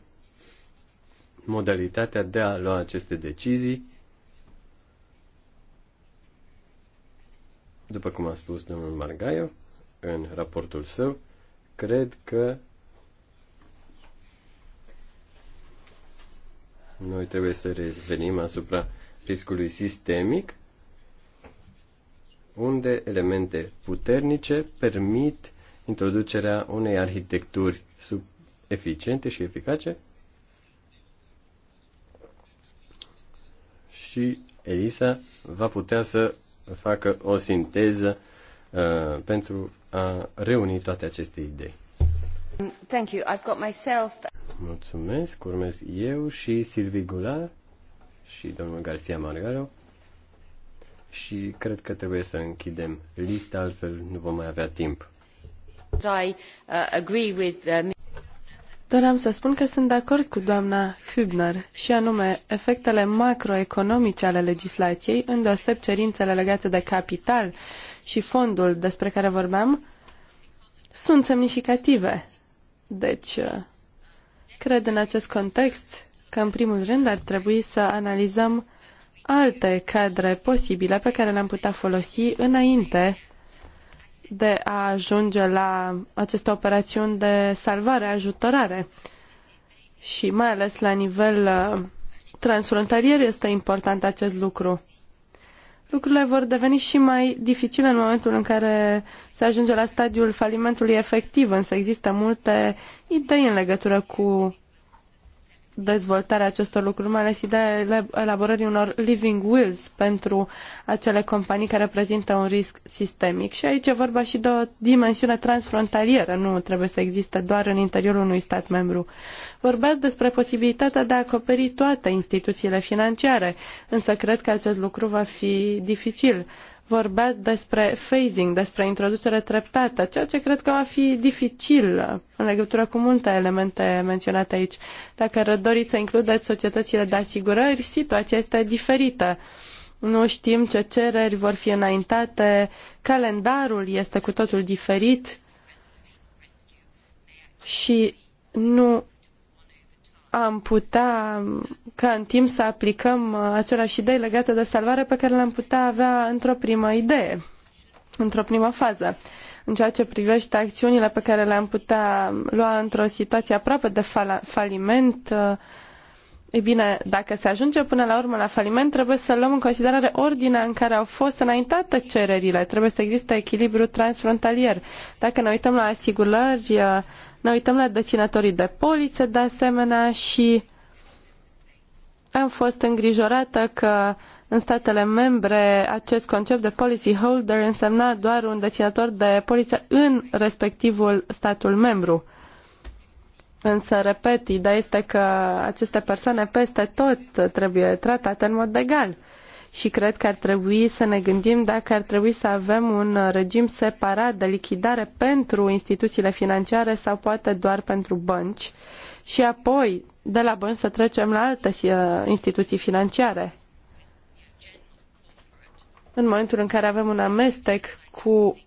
modalitatea de a lua aceste decizii După cum a spus domnul Margaio în raportul său, cred că noi trebuie să revenim asupra riscului sistemic, unde elemente puternice permit introducerea unei arhitecturi sub eficiente și eficace și ELISA va putea să facă o sinteză uh, pentru a reuni toate aceste idei. Thank you. I've got myself... Mulțumesc. Urmez eu și Silvi Gular și domnul Garcia Margaro. Și cred că trebuie să închidem lista, altfel nu vom mai avea timp. I uh, agree with uh, Doream să spun că sunt de acord cu doamna Hübner și anume efectele macroeconomice ale legislației, îndeoseb cerințele legate de capital și fondul despre care vorbeam, sunt semnificative. Deci, uh, cred în acest context că, în primul rând, ar trebui să analizăm alte cadre posibile pe care le-am putea folosi înainte de a ajunge la aceste operațiuni de salvare, ajutorare. Și mai ales la nivel uh, transfrontalier este important acest lucru. Lucrurile vor deveni și mai dificile în momentul în care se ajunge la stadiul falimentului efectiv, însă există multe idei în legătură cu dezvoltarea acestor lucruri, mai ales ideea elaborării unor living wills pentru acele companii care prezintă un risc sistemic. Și aici e vorba și de o dimensiune transfrontalieră, nu trebuie să existe doar în interiorul unui stat membru. Vorbeați despre posibilitatea de a acoperi toate instituțiile financiare, însă cred că acest lucru va fi dificil vorbeați despre phasing, despre introducere treptată, ceea ce cred că va fi dificil în legătură cu multe elemente menționate aici. Dacă doriți să includeți societățile de asigurări, situația este diferită. Nu știm ce cereri vor fi înaintate, calendarul este cu totul diferit și nu am putea ca în timp să aplicăm uh, aceleași idei legate de salvare pe care le-am putea avea într-o primă idee, într-o primă fază. În ceea ce privește acțiunile pe care le-am putea lua într-o situație aproape de faliment, uh, E bine, dacă se ajunge până la urmă la faliment, trebuie să luăm în considerare ordinea în care au fost înaintate cererile. Trebuie să existe echilibru transfrontalier. Dacă ne uităm la asigurări, uh, ne uităm la deținătorii de polițe, de asemenea, și am fost îngrijorată că în statele membre acest concept de policy holder însemna doar un deținător de poliță în respectivul statul membru. Însă, repet, ideea este că aceste persoane peste tot trebuie tratate în mod egal și cred că ar trebui să ne gândim dacă ar trebui să avem un uh, regim separat de lichidare pentru instituțiile financiare sau poate doar pentru bănci și apoi de la bănci să trecem la alte uh, instituții financiare. În momentul în care avem un amestec cu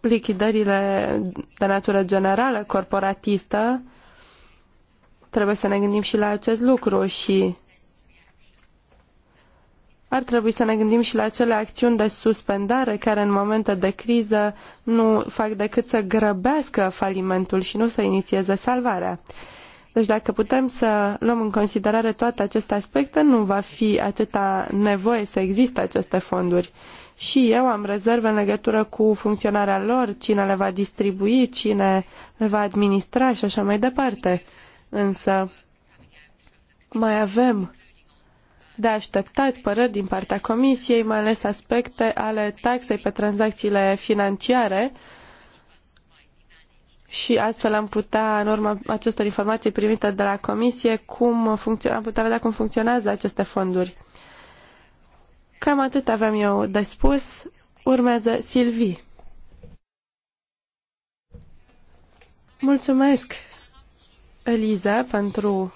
lichidările de natură generală, corporatistă, trebuie să ne gândim și la acest lucru și ar trebui să ne gândim și la acele acțiuni de suspendare care în momente de criză nu fac decât să grăbească falimentul și nu să inițieze salvarea. Deci dacă putem să luăm în considerare toate aceste aspecte, nu va fi atâta nevoie să existe aceste fonduri. Și eu am rezerve în legătură cu funcționarea lor, cine le va distribui, cine le va administra și așa mai departe. Însă mai avem de așteptat părări din partea Comisiei, mai ales aspecte ale taxei pe tranzacțiile financiare și astfel am putea, în urma acestor informații primite de la Comisie, cum am putea vedea cum funcționează aceste fonduri. Cam atât aveam eu de spus. Urmează Silvi. Mulțumesc, Eliza, pentru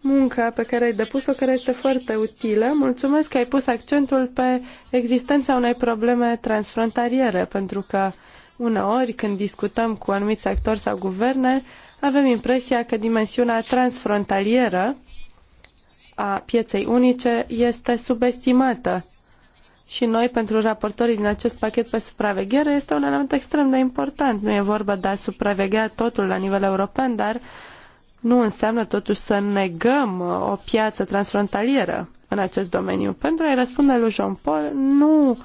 Muncă pe care ai depus-o, care este foarte utilă. Mulțumesc că ai pus accentul pe existența unei probleme transfrontaliere, pentru că uneori când discutăm cu anumiți actori sau guverne, avem impresia că dimensiunea transfrontalieră a pieței unice este subestimată. Și noi, pentru raportorii din acest pachet pe supraveghere, este un element extrem de important. Nu e vorba de a supraveghea totul la nivel european, dar nu înseamnă totuși să negăm uh, o piață transfrontalieră în acest domeniu. Pentru a-i răspunde lui Jean-Paul, nu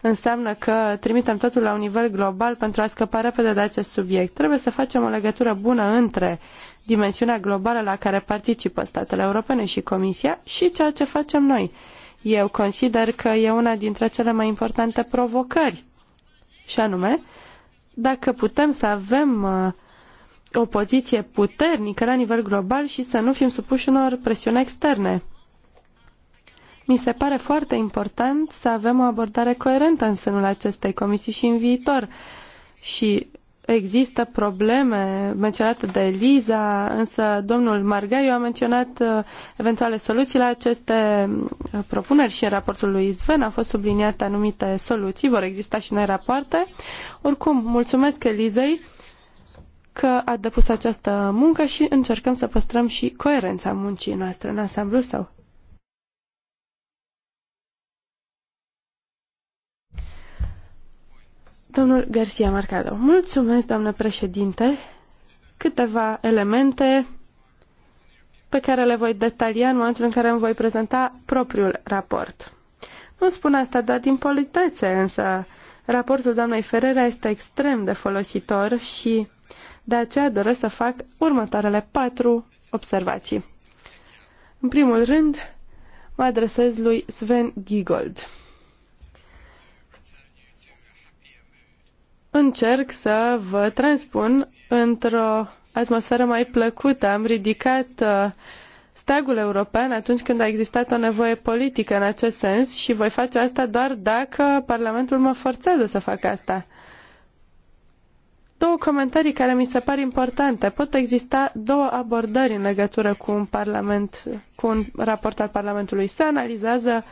înseamnă că trimitem totul la un nivel global pentru a scăpa repede de acest subiect. Trebuie să facem o legătură bună între dimensiunea globală la care participă statele europene și Comisia și ceea ce facem noi. Eu consider că e una dintre cele mai importante provocări, și anume, dacă putem să avem uh, o poziție puternică la nivel global și să nu fim supuși unor presiuni externe. Mi se pare foarte important să avem o abordare coerentă în sânul acestei comisii și în viitor. Și există probleme menționate de Eliza, însă domnul Margaiu a menționat uh, eventuale soluții la aceste uh, propuneri și în raportul lui Sven a fost subliniate anumite soluții, vor exista și noi rapoarte. Oricum, mulțumesc Elizei că a depus această muncă și încercăm să păstrăm și coerența muncii noastre în ansamblu său. Domnul Garcia Marcado. Mulțumesc, doamnă președinte. Câteva elemente pe care le voi detalia în momentul în care îmi voi prezenta propriul raport. Nu spun asta doar din politețe, însă raportul doamnei Ferrera este extrem de folositor și de aceea doresc să fac următoarele patru observații. În primul rând, mă adresez lui Sven Giegold. Încerc să vă transpun într-o atmosferă mai plăcută. Am ridicat uh, stagul european atunci când a existat o nevoie politică în acest sens și voi face asta doar dacă Parlamentul mă forțează să fac asta două comentarii care mi se par importante. Pot exista două abordări în legătură cu un, parlament, cu un raport al Parlamentului. Se analizează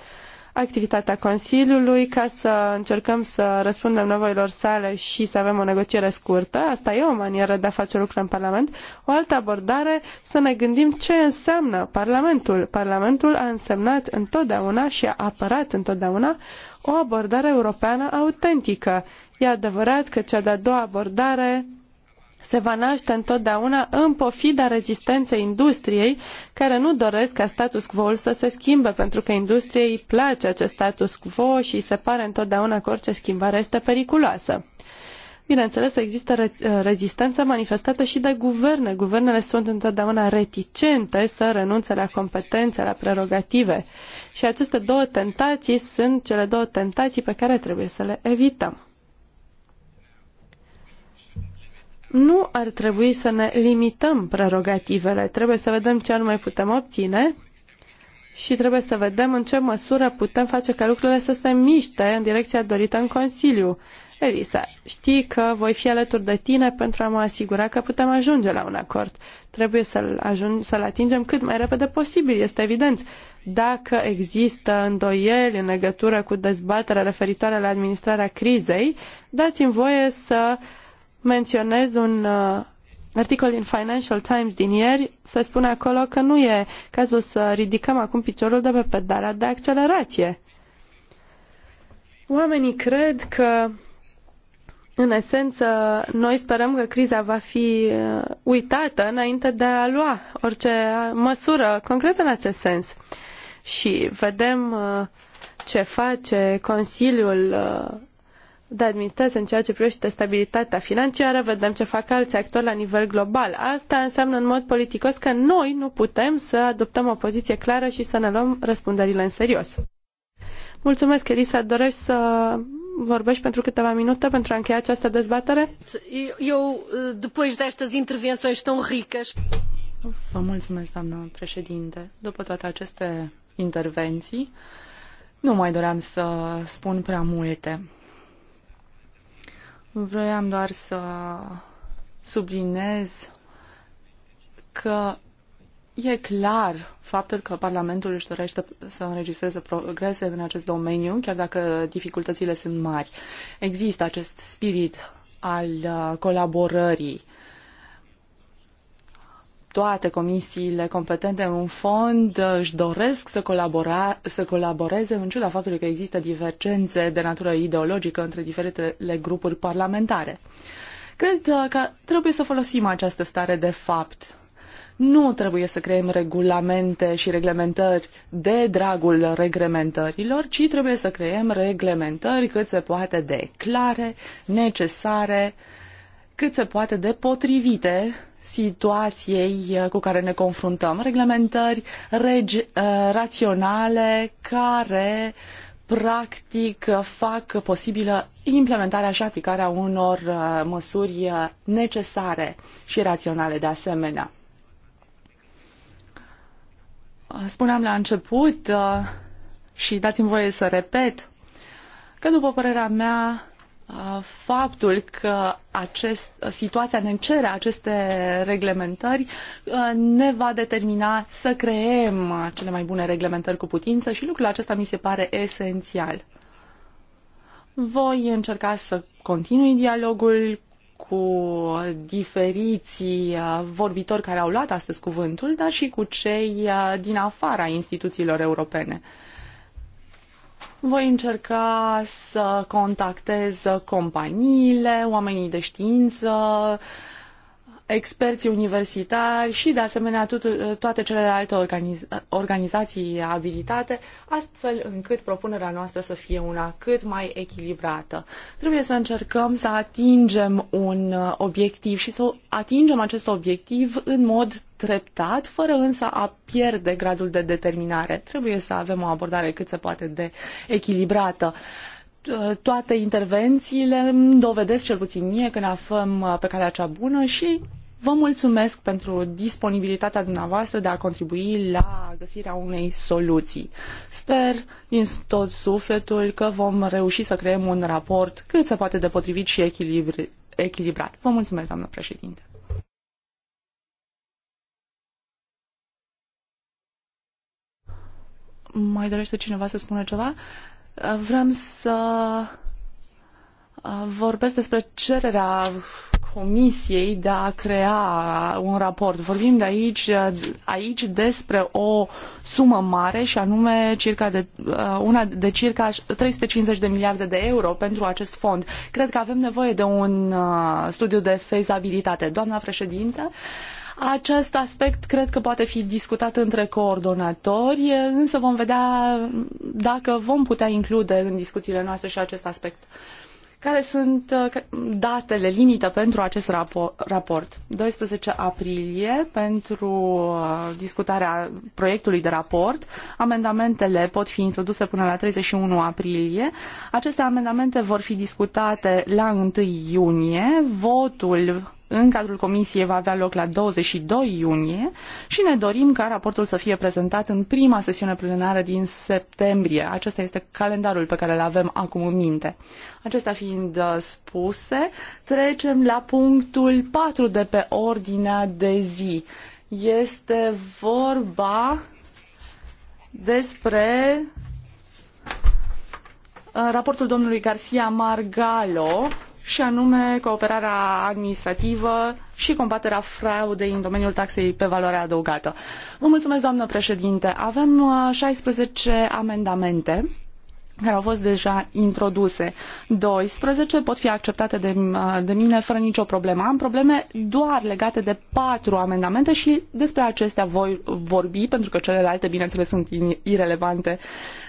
activitatea Consiliului ca să încercăm să răspundem nevoilor sale și să avem o negociere scurtă. Asta e o manieră de a face lucruri în Parlament. O altă abordare, să ne gândim ce înseamnă Parlamentul. Parlamentul a însemnat întotdeauna și a apărat întotdeauna o abordare europeană autentică E adevărat că cea de-a doua abordare se va naște întotdeauna în pofida rezistenței industriei, care nu doresc ca status quo să se schimbe, pentru că industriei îi place acest status quo și îi se pare întotdeauna că orice schimbare este periculoasă. Bineînțeles, există rezistență manifestată și de guverne. Guvernele sunt întotdeauna reticente să renunțe la competențe, la prerogative. Și aceste două tentații sunt cele două tentații pe care trebuie să le evităm. nu ar trebui să ne limităm prerogativele. Trebuie să vedem ce anume putem obține și trebuie să vedem în ce măsură putem face ca lucrurile să se miște în direcția dorită în Consiliu. Elisa, știi că voi fi alături de tine pentru a mă asigura că putem ajunge la un acord. Trebuie să-l, ajung, să-l atingem cât mai repede posibil, este evident. Dacă există îndoieli în legătură cu dezbaterea referitoare la administrarea crizei, dați-mi voie să uh, menționez un uh, articol din Financial Times din ieri, se spune acolo că nu e cazul să ridicăm acum piciorul de pe pedala de accelerație. Oamenii cred că, în esență, noi sperăm că criza va fi uh, uitată înainte de a lua orice măsură concretă în acest sens. Și vedem uh, ce face Consiliul de administrație în ceea ce privește stabilitatea financiară, vedem ce fac alți actori la nivel global. Asta înseamnă în mod politicos că noi nu putem să adoptăm o poziție clară și să ne luăm răspunderile în serios. Mulțumesc, Elisa. Dorești să vorbești pentru câteva minute pentru a încheia această dezbatere? Eu, după destas intervenções tão rică. Vă mulțumesc, doamnă președinte. După toate aceste intervenții, nu mai doream să spun prea multe. Vroiam doar să subliniez că e clar faptul că Parlamentul își dorește să înregistreze progrese în acest domeniu, chiar dacă dificultățile sunt mari. Există acest spirit al uh, colaborării toate comisiile competente în fond uh, își doresc să, colabora, să colaboreze în ciuda faptului că există divergențe de natură ideologică între diferitele grupuri parlamentare. Cred uh, că trebuie să folosim această stare de fapt. Nu trebuie să creăm regulamente și reglementări de dragul reglementărilor, ci trebuie să creăm reglementări cât se poate de clare, necesare, cât se poate de potrivite situației uh, cu care ne confruntăm. Reglementări regi, uh, raționale care practic fac posibilă implementarea și aplicarea unor uh, măsuri necesare și raționale de asemenea. Spuneam la început și dați-mi voie să repet că după părerea mea Uh, faptul că acest, uh, situația ne cere aceste reglementări uh, ne va determina să creem cele mai bune reglementări cu putință și lucrul acesta mi se pare esențial. Voi încerca să continui dialogul cu diferiții vorbitori care au luat astăzi cuvântul, dar și cu cei din afara instituțiilor europene. Voi încerca să contactez companiile, oamenii de știință, uh, experții universitari și, de asemenea, toate celelalte organiz- organizații abilitate, astfel încât propunerea noastră să fie una cât mai echilibrată. Trebuie să încercăm să atingem un obiectiv și să atingem acest obiectiv în mod treptat, fără însă a pierde gradul de determinare. Trebuie să avem o abordare cât se poate de echilibrată. Uh, toate intervențiile îmi dovedesc cel puțin mie că ne aflăm uh, pe calea cea bună și vă mulțumesc pentru disponibilitatea dumneavoastră de a contribui la găsirea unei soluții. Sper din tot sufletul că vom reuși să creăm un raport cât se poate de potrivit și echilibrat. Vă mulțumesc, doamnă președinte. Mai dorește cineva să spună ceva? Vreau să uh, vorbesc despre cererea Comisiei de a crea un raport. Vorbim de aici, uh, aici despre o sumă mare și anume circa de, uh, una de circa 350 de miliarde de euro pentru acest fond. Cred că avem nevoie de un studiu de fezabilitate. Doamna președinte, uh, acest aspect cred că poate fi discutat între coordonatori, însă vom vedea dacă vom putea include în discuțiile noastre și acest aspect. Care sunt uh, datele limită pentru acest raport? 12 aprilie pentru uh, discutarea proiectului de raport. Amendamentele pot fi introduse până la 31 aprilie. Aceste amendamente vor fi discutate la 1 iunie. Votul în cadrul comisiei va avea loc la 22 iunie și ne dorim ca raportul să fie prezentat în prima sesiune plenară din septembrie. Acesta este calendarul pe care îl avem acum în minte. Acestea fiind uh, spuse, trecem la punctul 4 de pe ordinea de zi. Este vorba despre uh, raportul domnului Garcia Margalo și anume cooperarea administrativă și combaterea fraudei în domeniul taxei pe valoare adăugată. Vă mulțumesc, doamnă președinte. Avem 16 uh, amendamente care au fost deja introduse. 12 pot fi acceptate de, uh, de mine fără nicio problemă. Am probleme doar legate de patru amendamente și despre acestea voi vorbi, pentru că celelalte, bineînțeles, sunt irelevante,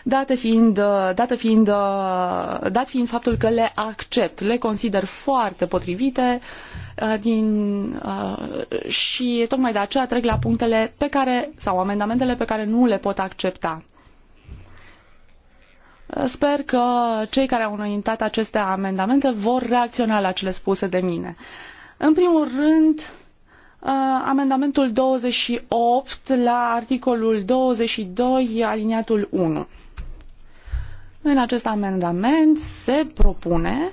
date fiind, uh, date fiind, uh, dat fiind faptul că le accept, le consider foarte potrivite din, și tocmai de aceea trec la punctele pe care, sau amendamentele pe care nu le pot accepta. Sper că cei care au înaintat aceste amendamente vor reacționa la cele spuse de mine. În primul rând, uh, amendamentul 28 la articolul 22, aliniatul 1. În acest amendament se propune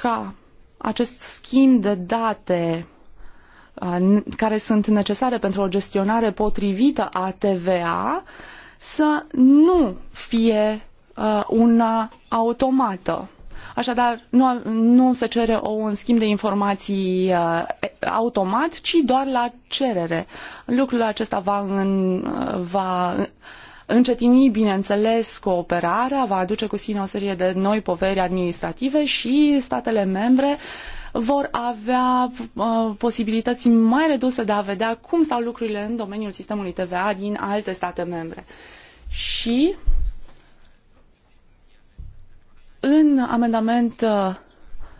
ca acest schimb de date uh, care sunt necesare pentru o gestionare potrivită a TVA să nu fie uh, una automată. Așadar, nu, nu se cere o, un schimb de informații uh, automat, ci doar la cerere. Lucrul acesta va, în, uh, va încetini, bineînțeles, cooperarea, va aduce cu sine o serie de noi poveri administrative și statele membre uh, vor avea uh, posibilități mai reduse de a vedea cum stau lucrurile în domeniul sistemului TVA din alte state membre. Și în amendament uh,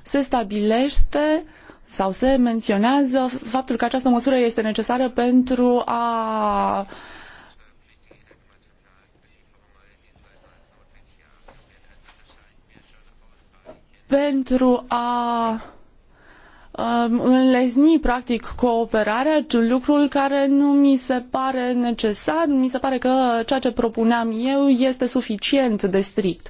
se stabilește sau se menționează faptul că această măsură este necesară pentru a pentru a Um, înlesni practic cooperarea, lucrul care nu mi se pare necesar, mi se pare că ceea ce propuneam eu este suficient de strict.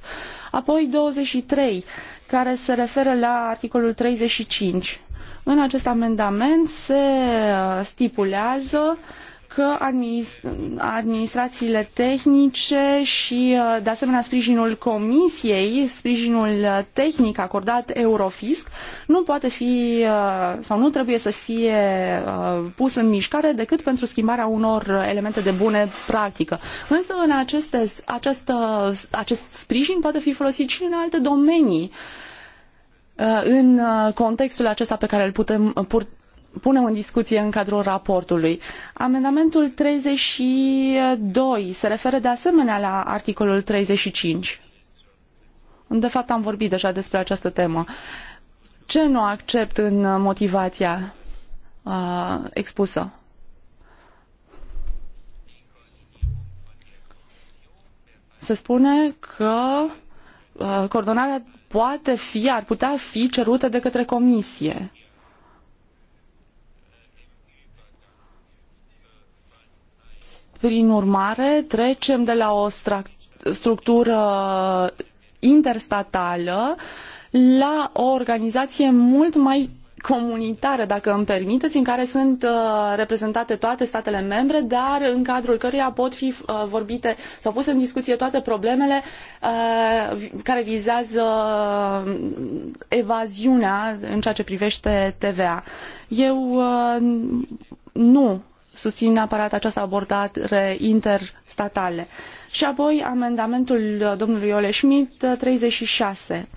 Apoi 23, care se referă la articolul 35. În acest amendament se uh, stipulează uh, că administrațiile tehnice și, uh, de asemenea, sprijinul comisiei, sprijinul uh, tehnic acordat Eurofisc, nu poate fi uh, sau nu trebuie să fie pus în mișcare decât pentru schimbarea unor elemente de bune practică. Însă, în aceste, această, acest sprijin poate fi folosit și în alte domenii în contextul acesta pe care îl putem, punem în discuție în cadrul raportului. Amendamentul 32 se referă de asemenea la articolul 35. De fapt, am vorbit deja despre această temă. Ce nu accept în motivația uh, expusă? Se spune că uh, coordonarea poate fi, ar putea fi cerută de către comisie. Prin urmare, trecem de la o structură interstatală la o organizație mult mai comunitară, dacă îmi permiteți, în care sunt uh, reprezentate toate statele membre, dar în cadrul căruia pot fi uh, vorbite sau puse în discuție toate problemele uh, care vizează uh, evaziunea în ceea ce privește TVA. Eu uh, nu susțin neapărat această abordare interstatale. Și apoi amendamentul domnului Ole Schmidt 36.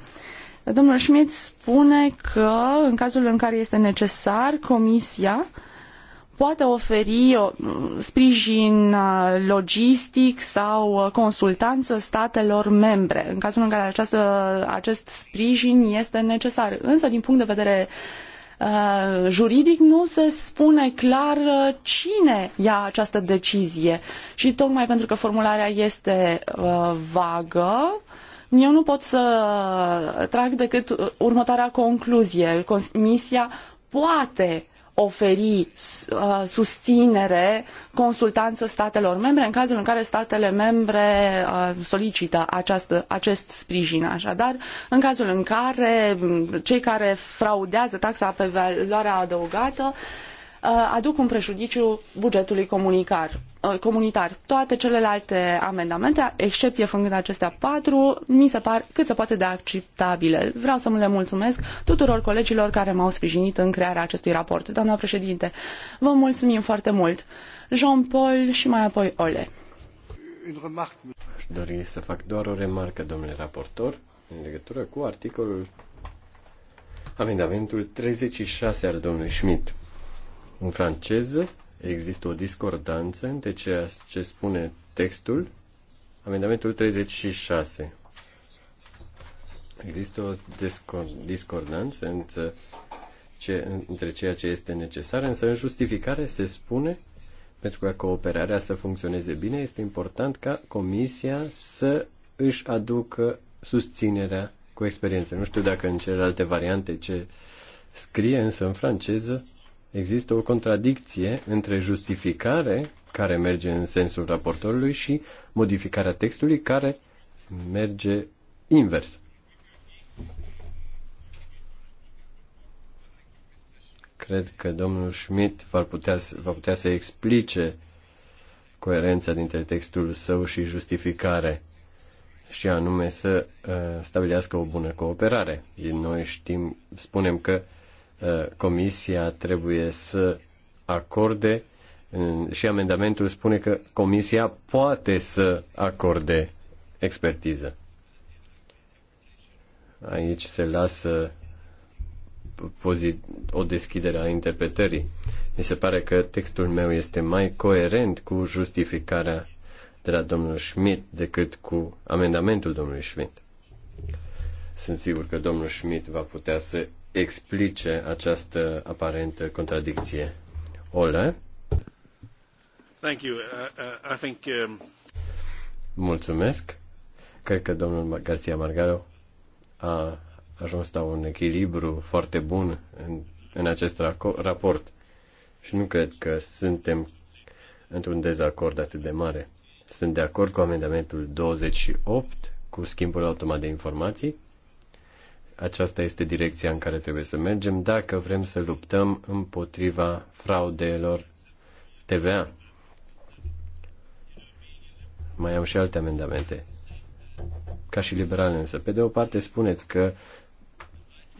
Domnul Schmidt spune că în cazul în care este necesar, Comisia poate oferi uh, sprijin uh, logistic sau uh, consultanță statelor membre, în cazul în care această, acest sprijin este necesar. Însă, din punct de vedere uh, Uh, juridic nu se spune clar uh, cine ia această decizie. Și tocmai pentru că formularea este uh, vagă, eu nu pot să trag decât următoarea concluzie. Comisia poate oferi susinere uh, susținere, consultanță statelor membre în cazul în care statele membre uh, solicită această, acest sprijin. Așadar, în cazul în care um, cei care fraudează taxa pe valoarea adăugată Uh, aduc un prejudiciu bugetului uh, comunitar. Toate celelalte amendamente, excepție făcând acestea patru, mi se par cât se poate de acceptabile. Vreau să le mulțumesc tuturor colegilor care m-au sprijinit în crearea acestui raport. Doamna președinte, vă mulțumim foarte mult. Jean-Paul și mai apoi Ole. Aș dori să fac doar o remarcă, domnule raportor, în legătură cu articolul amendamentul 36 al domnului Schmidt. În franceză există o discordanță între ceea ce spune textul, amendamentul 36. Există o discordanță între, ce, între ceea ce este necesar, însă în justificare se spune pentru că cooperarea să funcționeze bine, este important ca Comisia să își aducă susținerea cu experiență. Nu știu dacă în celelalte variante ce scrie, însă în franceză există o contradicție între justificare, care merge în sensul raportorului, și modificarea textului, care merge invers. Cred că domnul Schmidt va putea, va putea să explice coerența dintre textul său și justificare și anume să uh, stabilească o bună cooperare. Noi știm, spunem că uh, Uh, comisia trebuie să acorde și amendamentul spune că Comisia poate să acorde expertiză. Aici se lasă o deschidere a interpretării. Mi se pare că textul meu este mai coerent cu justificarea de la domnul Schmidt decât cu amendamentul domnului Schmidt. Sunt sigur că domnul Schmidt va putea să explice această aparentă contradicție. Ole? Thank you. Uh, uh, I think, um... Mulțumesc. Cred că domnul Garcia Margaro a ajuns la un echilibru foarte bun în, în acest raport și nu cred că suntem într-un dezacord atât de mare. Sunt de acord cu amendamentul 28, cu schimbul automat de informații, aceasta este direcția în care trebuie să mergem dacă vrem să luptăm împotriva fraudelor TVA. Mai am și alte amendamente. Ca și liberal însă. Pe de o parte spuneți că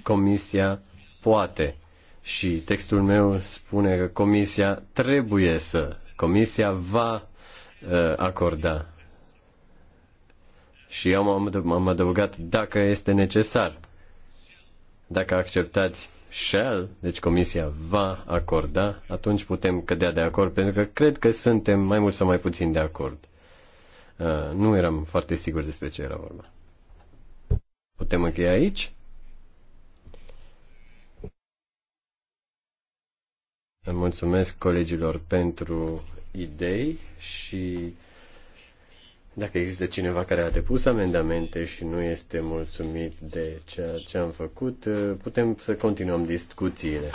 comisia poate și textul meu spune că comisia trebuie să, comisia va uh, acorda. Și eu m-am adăugat dacă este necesar. Dacă acceptați shall, deci comisia va acorda, atunci putem cădea de acord, pentru că cred că suntem mai mult sau mai puțin de acord. Uh, nu eram foarte sigur despre ce era vorba. Putem încheia aici? Mulțumesc colegilor pentru idei și dacă există cineva care a depus amendamente și nu este mulțumit de ceea ce am făcut, putem să continuăm discuțiile.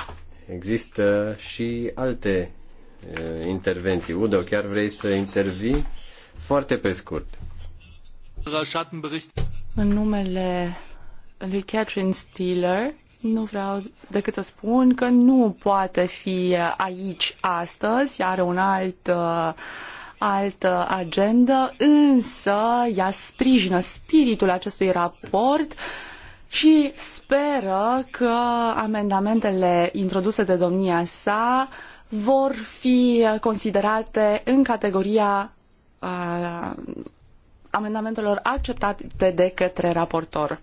Există și alte eh, intervenții. Udo, chiar vrei să intervii? Foarte pe scurt. În numele lui Catherine Steeler, nu vreau decât să spun că nu poate fi aici astăzi, are un alt uh, altă agendă, însă ea sprijină spiritul acestui raport și speră că amendamentele introduse de domnia sa vor fi considerate în categoria uh, amendamentelor acceptate de către raportor.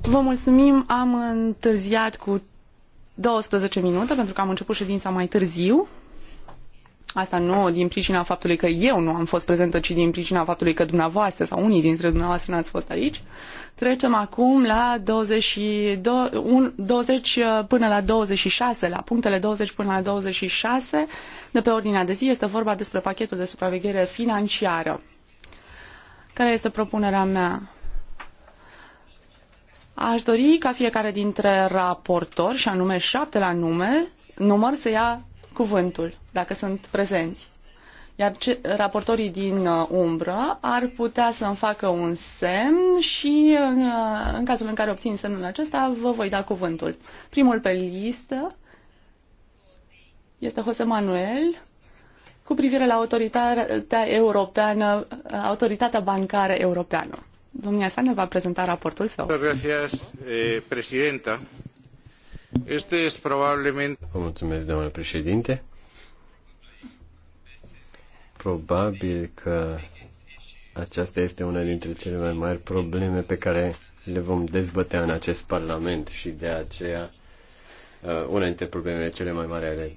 Vă mulțumim, am întârziat cu 12 minute pentru că am început ședința mai târziu. Asta nu din pricina faptului că eu nu am fost prezentă, ci din pricina faptului că dumneavoastră sau unii dintre dumneavoastră n-ați fost aici. Trecem acum la 22, 20 uh, până la 26, la punctele 20 până la 26 de pe ordinea de zi. Este vorba despre pachetul de supraveghere financiară. Care este propunerea mea? Aș dori ca fiecare dintre raportori, și anume șapte la nume, număr să ia cuvântul dacă sunt prezenți. Iar ce, raportorii din uh, umbră ar putea să-mi facă un semn și uh, în cazul în care obțin semnul acesta vă voi da cuvântul. Primul pe listă este Jose Manuel cu privire la autoritatea europeană, uh, autoritatea bancară europeană. Domnia sa ne va prezenta raportul său. Eh, este Vă mulțumesc, doamnă președinte. Probabil că aceasta este una dintre cele mai mari probleme pe care le vom dezbătea în acest Parlament și de aceea uh, una dintre problemele cele mai mari ale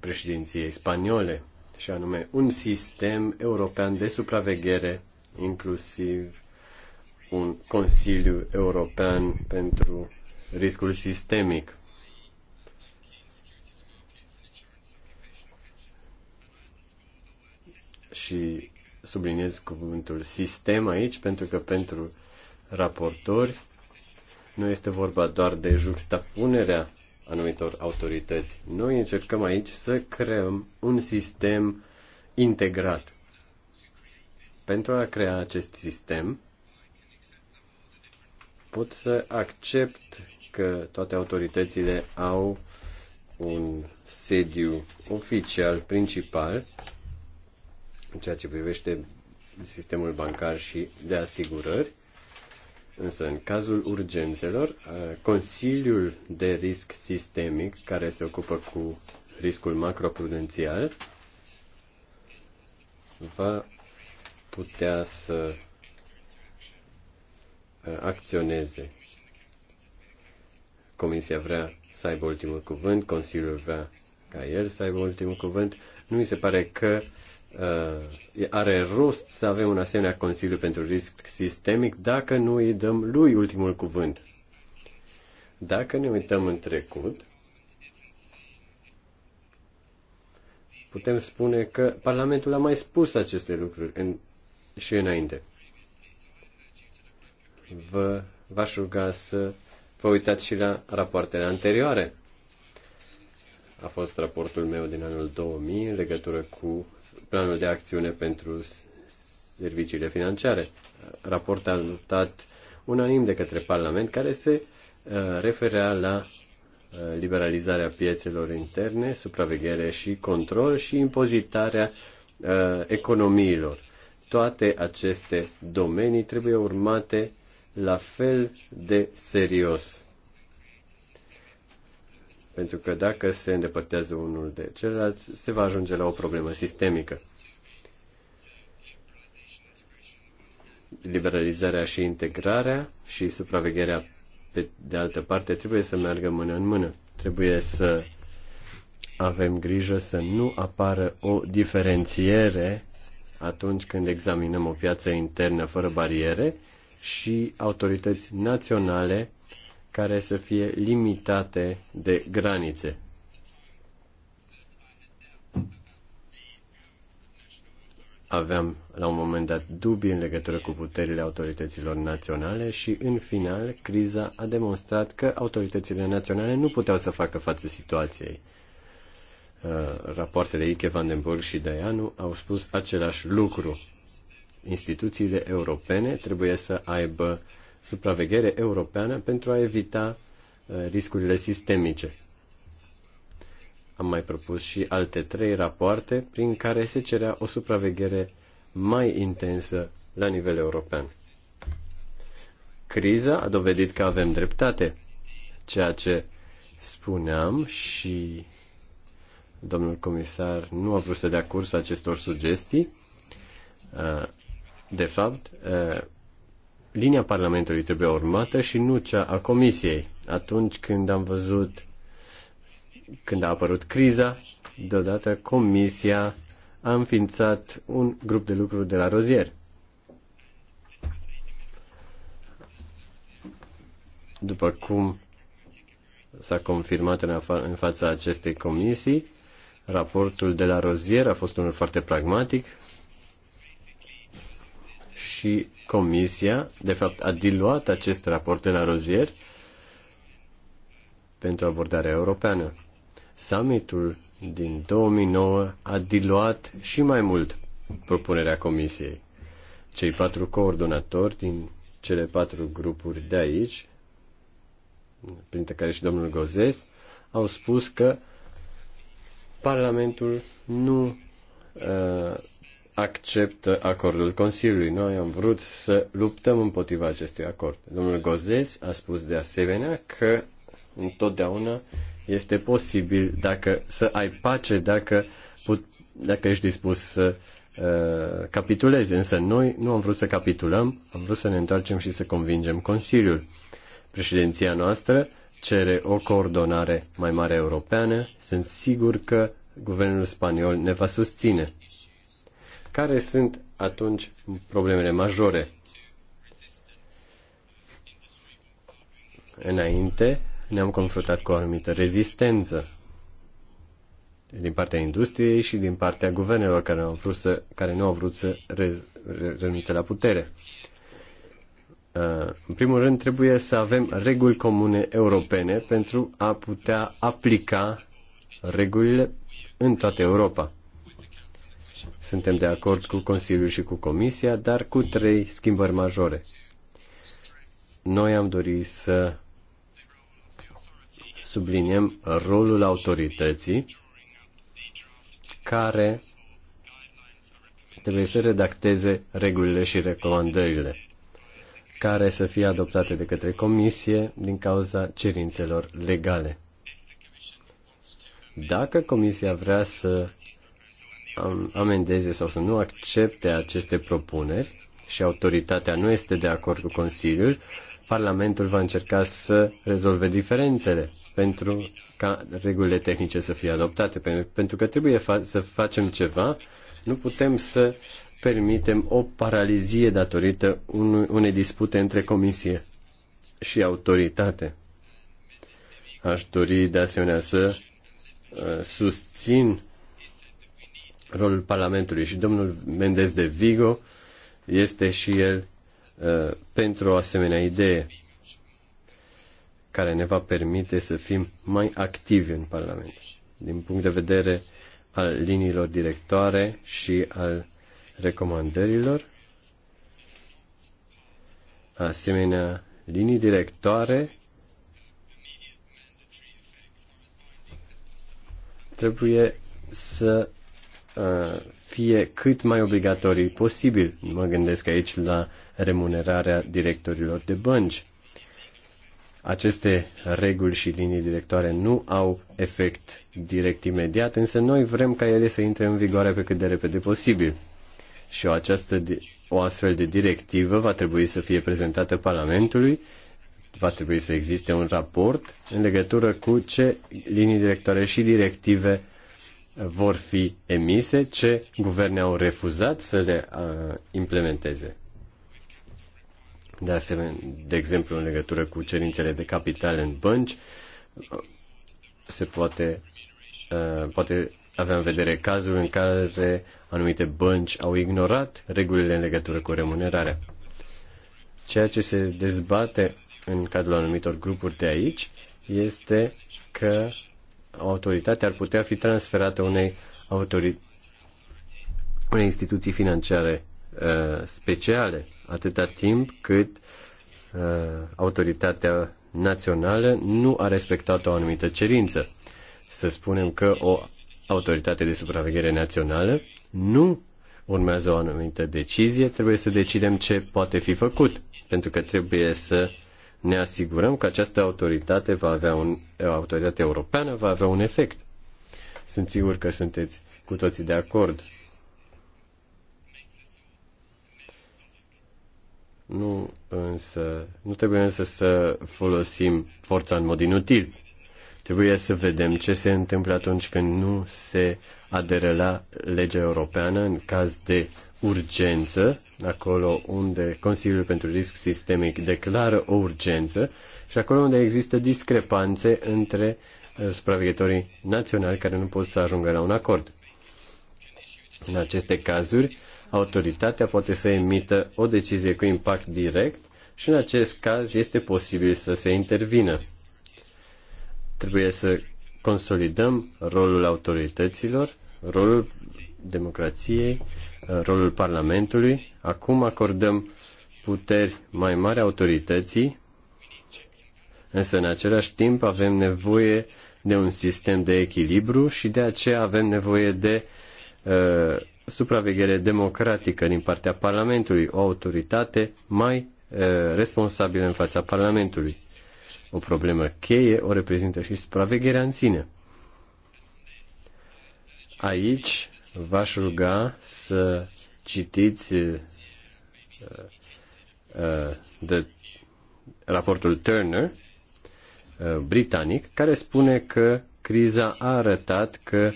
președinției spaniole, și anume un sistem european de supraveghere, inclusiv un Consiliu European pentru riscul sistemic. și subliniez cuvântul sistem aici, pentru că pentru raportori nu este vorba doar de juxtapunerea anumitor autorități. Noi încercăm aici să creăm un sistem integrat. Pentru a crea acest sistem, pot să accept că toate autoritățile au un sediu oficial principal în ceea ce privește sistemul bancar și de asigurări. Însă, în cazul urgențelor, uh, Consiliul de Risc Sistemic, care se ocupă cu riscul macroprudențial, va putea să uh, acționeze. Comisia vrea să aibă ultimul cuvânt, Consiliul vrea ca el să aibă ultimul cuvânt. Nu mi se pare că uh, Uh, are rost să avem un asemenea Consiliu pentru Risc Sistemic dacă nu îi dăm lui ultimul cuvânt. Dacă ne uităm în trecut, putem spune că Parlamentul a mai spus aceste lucruri în, și înainte. Vă v-aș ruga să vă uitați și la rapoartele anterioare. A fost raportul meu din anul 2000 în legătură cu planul de acțiune pentru serviciile financiare, raport adoptat unanim de către Parlament, care se uh, referea la uh, liberalizarea piețelor interne, supraveghere și control și impozitarea uh, economiilor. Toate aceste domenii trebuie urmate la fel de serios pentru că dacă se îndepărtează unul de celălalt, se va ajunge la o problemă sistemică. Liberalizarea și integrarea și supravegherea pe de altă parte trebuie să meargă mână în mână. Trebuie să avem grijă să nu apară o diferențiere atunci când examinăm o piață internă fără bariere și autorități naționale care să fie limitate de granițe. Aveam la un moment dat dubii în legătură cu puterile autorităților naționale și, în final, criza a demonstrat că autoritățile naționale nu puteau să facă față situației. Uh, rapoartele Ike Vandenburg și Dayanu au spus același lucru. Instituțiile europene trebuie să aibă uh, supraveghere europeană pentru a evita uh, riscurile sistemice. Am mai propus și alte trei rapoarte prin care se cerea o supraveghere mai intensă la nivel european. Criza a dovedit că avem dreptate, ceea ce spuneam și domnul comisar nu a vrut să dea curs acestor sugestii. Uh, de fapt, uh, linia Parlamentului trebuie urmată și nu cea a Comisiei. Atunci când am văzut, când a apărut criza, deodată Comisia a înființat un grup de lucru de la rozier. După cum s-a confirmat în, afa- în fața acestei comisii, raportul de la rozier a fost unul foarte pragmatic și Comisia, de fapt, a diluat acest raport de la rozier pentru abordarea europeană. Summitul din 2009 a diluat și mai mult propunerea Comisiei. Cei patru coordonatori din cele patru grupuri de aici, printre care și domnul Gozes, au spus că Parlamentul nu uh, acceptă acordul Consiliului. Noi am vrut să luptăm împotriva acestui acord. Domnul Gozes a spus de asemenea că întotdeauna este posibil dacă să ai pace dacă, put, dacă ești dispus să uh, capitulezi. Însă noi nu am vrut să capitulăm, am vrut să ne întoarcem și să convingem Consiliul. Președinția noastră cere o coordonare mai mare europeană. Sunt sigur că guvernul spaniol ne va susține care sunt atunci problemele majore? Înainte ne-am confruntat cu o anumită rezistență din partea industriei și din partea guvernelor care, au vrut să, care nu au vrut să re, re, renunțe la putere. Uh, în primul rând, trebuie să avem reguli comune europene pentru a putea aplica regulile în toată Europa. Suntem de acord cu Consiliul și cu Comisia, dar cu trei schimbări majore. Noi am dorit să subliniem rolul autorității care trebuie să redacteze regulile și recomandările care să fie adoptate de către Comisie din cauza cerințelor legale. Dacă Comisia vrea să amendeze sau să nu accepte aceste propuneri și autoritatea nu este de acord cu Consiliul, Parlamentul va încerca să rezolve diferențele pentru ca regulile tehnice să fie adoptate, pentru că trebuie fa- să facem ceva, nu putem să permitem o paralizie datorită unei dispute între comisie și autoritate. Aș dori de asemenea să uh, susțin rolul Parlamentului și domnul Mendez de Vigo este și el uh, pentru o asemenea idee care ne va permite să fim mai activi în Parlament din punct de vedere al liniilor directoare și al recomandărilor. Asemenea, linii directoare trebuie să Uh, fie cât mai obligatorii posibil. Mă gândesc aici la remunerarea directorilor de bănci. Aceste reguli și linii directoare nu au efect direct imediat, însă noi vrem ca ele să intre în vigoare pe cât de repede posibil. Și o, această, o astfel de directivă va trebui să fie prezentată Parlamentului, va trebui să existe un raport în legătură cu ce linii directoare și directive vor fi emise, ce guverne au refuzat să le uh, implementeze. De asemenea, de exemplu, în legătură cu cerințele de capital în bănci, uh, se poate, uh, poate avea în vedere cazul în care anumite bănci au ignorat regulile în legătură cu remunerarea. Ceea ce se dezbate în cadrul anumitor grupuri de aici este că autoritate ar putea fi transferată unei, autori... unei instituții financiare uh, speciale, atâta timp cât uh, autoritatea națională nu a respectat o anumită cerință. Să spunem că o autoritate de supraveghere națională nu urmează o anumită decizie, trebuie să decidem ce poate fi făcut, pentru că trebuie să uh, ne asigurăm că această autoritate va avea un, autoritate europeană va avea un efect. Sunt sigur că sunteți cu toții de acord. Nu, însă, nu trebuie însă să folosim forța în mod inutil. Trebuie să vedem ce se întâmplă atunci când nu se aderă la legea europeană în caz de urgență acolo unde Consiliul pentru Risc Sistemic declară o urgență și acolo unde există discrepanțe între uh, supraveghetorii naționali care nu pot să ajungă la un acord. În aceste cazuri, autoritatea poate să emită o decizie cu impact direct și în acest caz este posibil să se intervină. Trebuie să consolidăm rolul autorităților, rolul democrației rolul Parlamentului. Acum acordăm puteri mai mari autorității, însă în același timp avem nevoie de un sistem de echilibru și de aceea avem nevoie de uh, supraveghere democratică din partea Parlamentului, o autoritate mai uh, responsabilă în fața Parlamentului. O problemă cheie o reprezintă și supravegherea în sine. Aici v-aș ruga să citiți uh, uh, de raportul Turner uh, britanic, care spune că criza a arătat că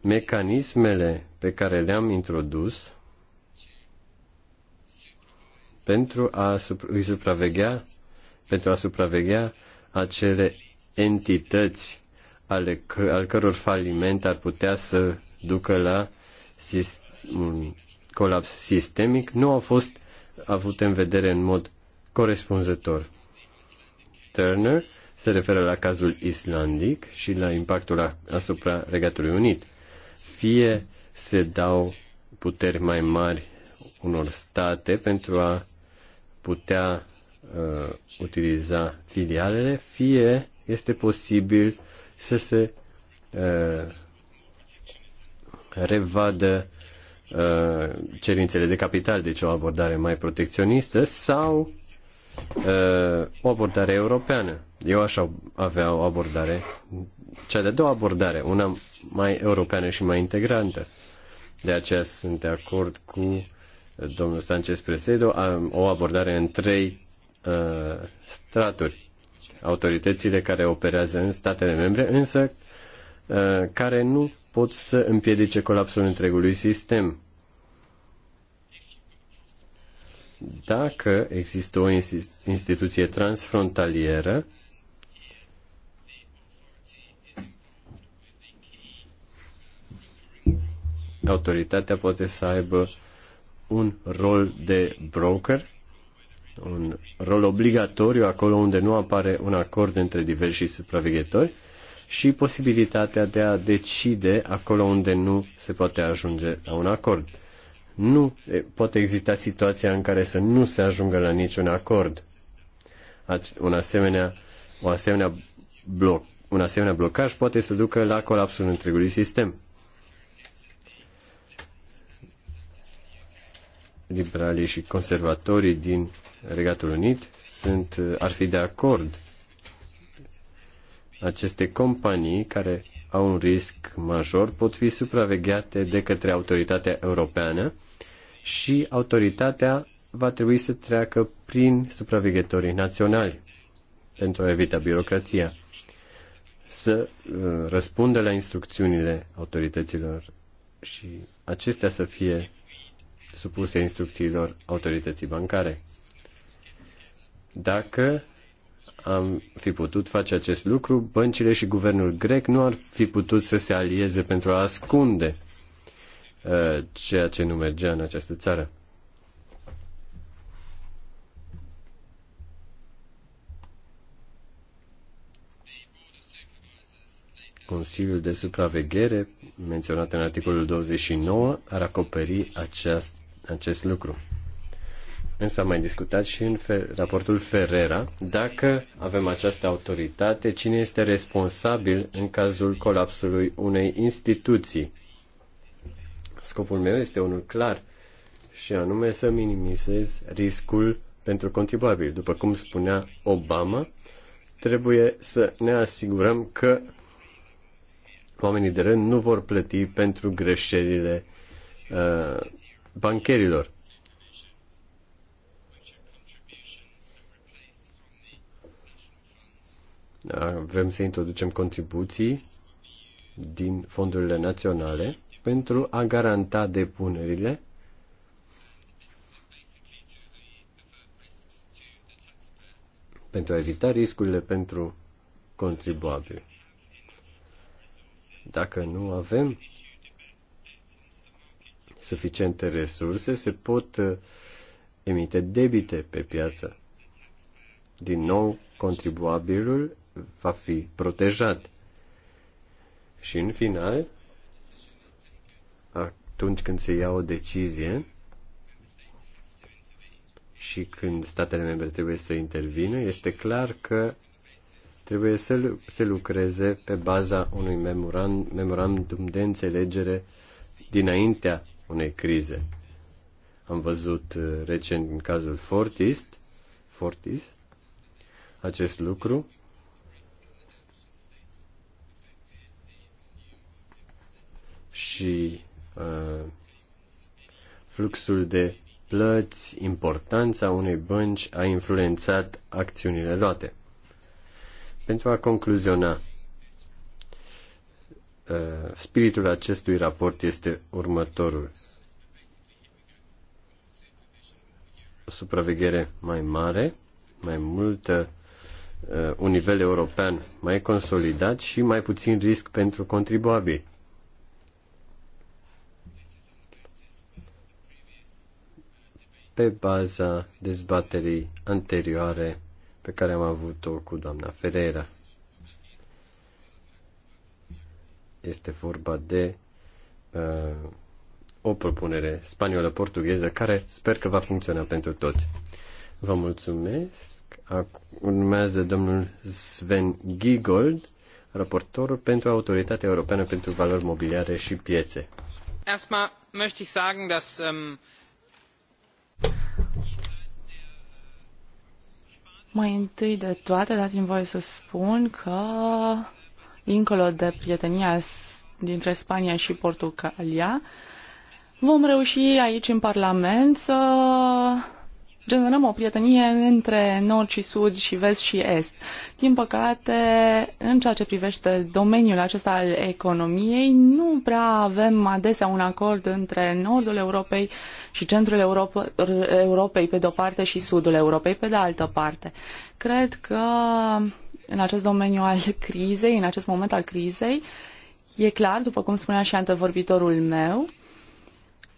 mecanismele pe care le-am introdus pentru a îi supraveghea, pentru a supraveghea acele entități ale, al căror faliment ar putea să ducă la un colaps sistemic nu au fost avute în vedere în mod corespunzător. Turner se referă la cazul islandic și la impactul asupra Regatului Unit. Fie se dau puteri mai mari unor state pentru a putea uh, utiliza filialele, fie este posibil să se uh, revadă uh, cerințele de capital, deci o abordare mai protecționistă sau uh, o abordare europeană. Eu aș avea o abordare, cea de-a doua abordare, una mai europeană și mai integrantă. De aceea sunt de acord cu domnul Sanchez Presedo, o abordare în trei uh, straturi. Autoritățile care operează în statele membre, însă uh, care nu pot să împiedice colapsul întregului sistem. Dacă există o instituție transfrontalieră, autoritatea poate să aibă un rol de broker, un rol obligatoriu acolo unde nu apare un acord între diversi supraveghetori și posibilitatea de a decide acolo unde nu se poate ajunge la un acord. Nu poate exista situația în care să nu se ajungă la niciun acord. Un asemenea, o asemenea bloc, un asemenea blocaj poate să ducă la colapsul întregului sistem. liberalii și conservatorii din Regatul Unit sunt, ar fi de acord aceste companii care au un risc major pot fi supravegheate de către autoritatea europeană și autoritatea va trebui să treacă prin supraveghetorii naționali pentru a evita birocrația, să uh, răspundă la instrucțiunile autorităților și acestea să fie supuse instrucțiilor autorității bancare. Dacă am fi putut face acest lucru, băncile și guvernul grec nu ar fi putut să se alieze pentru a ascunde uh, ceea ce nu mergea în această țară. Consiliul de supraveghere, menționat în articolul 29, ar acoperi aceast, acest lucru. Însă am mai discutat și în raportul Ferrera dacă avem această autoritate, cine este responsabil în cazul colapsului unei instituții. Scopul meu este unul clar și anume să minimizez riscul pentru contribuabil. După cum spunea Obama, trebuie să ne asigurăm că oamenii de rând nu vor plăti pentru greșelile uh, bancherilor. Vrem să introducem contribuții din fondurile naționale pentru a garanta depunerile pentru a evita riscurile pentru contribuabili. Dacă nu avem suficiente resurse, se pot uh, emite debite pe piață. Din nou, contribuabilul va fi protejat. Și în final, atunci când se ia o decizie și când statele membre trebuie să intervină, este clar că trebuie să se lucreze pe baza unui memorandum, de înțelegere dinaintea unei crize. Am văzut uh, recent în cazul Fortis, Fortis acest lucru și uh, fluxul de plăți, importanța unei bănci a influențat acțiunile luate. Pentru a concluziona, uh, spiritul acestui raport este următorul. O supraveghere mai mare, mai multă, uh, un nivel european mai consolidat și mai puțin risc pentru contribuabili. pe baza dezbaterii anterioare pe care am avut-o cu doamna Ferreira. Este vorba de uh, o propunere spaniolă-portugheză care sper că va funcționa pentru toți. Vă mulțumesc. Urmează domnul Sven Gigold, raportor pentru Autoritatea Europeană pentru Valori Mobiliare și Piețe. Erstmal möchte ich sagen, dass ähm, um Mai întâi de toate, dați-mi voie să spun că, dincolo de prietenia dintre Spania și Portugalia, vom reuși aici în Parlament să generăm o prietenie între nord și sud și vest și est. Din păcate, în ceea ce privește domeniul acesta al economiei, nu prea avem adesea un acord între nordul Europei și centrul Europa, Europei pe de-o parte și sudul Europei pe de altă parte. Cred că în acest domeniu al crizei, în acest moment al crizei, e clar, după cum spunea și antevorbitorul meu,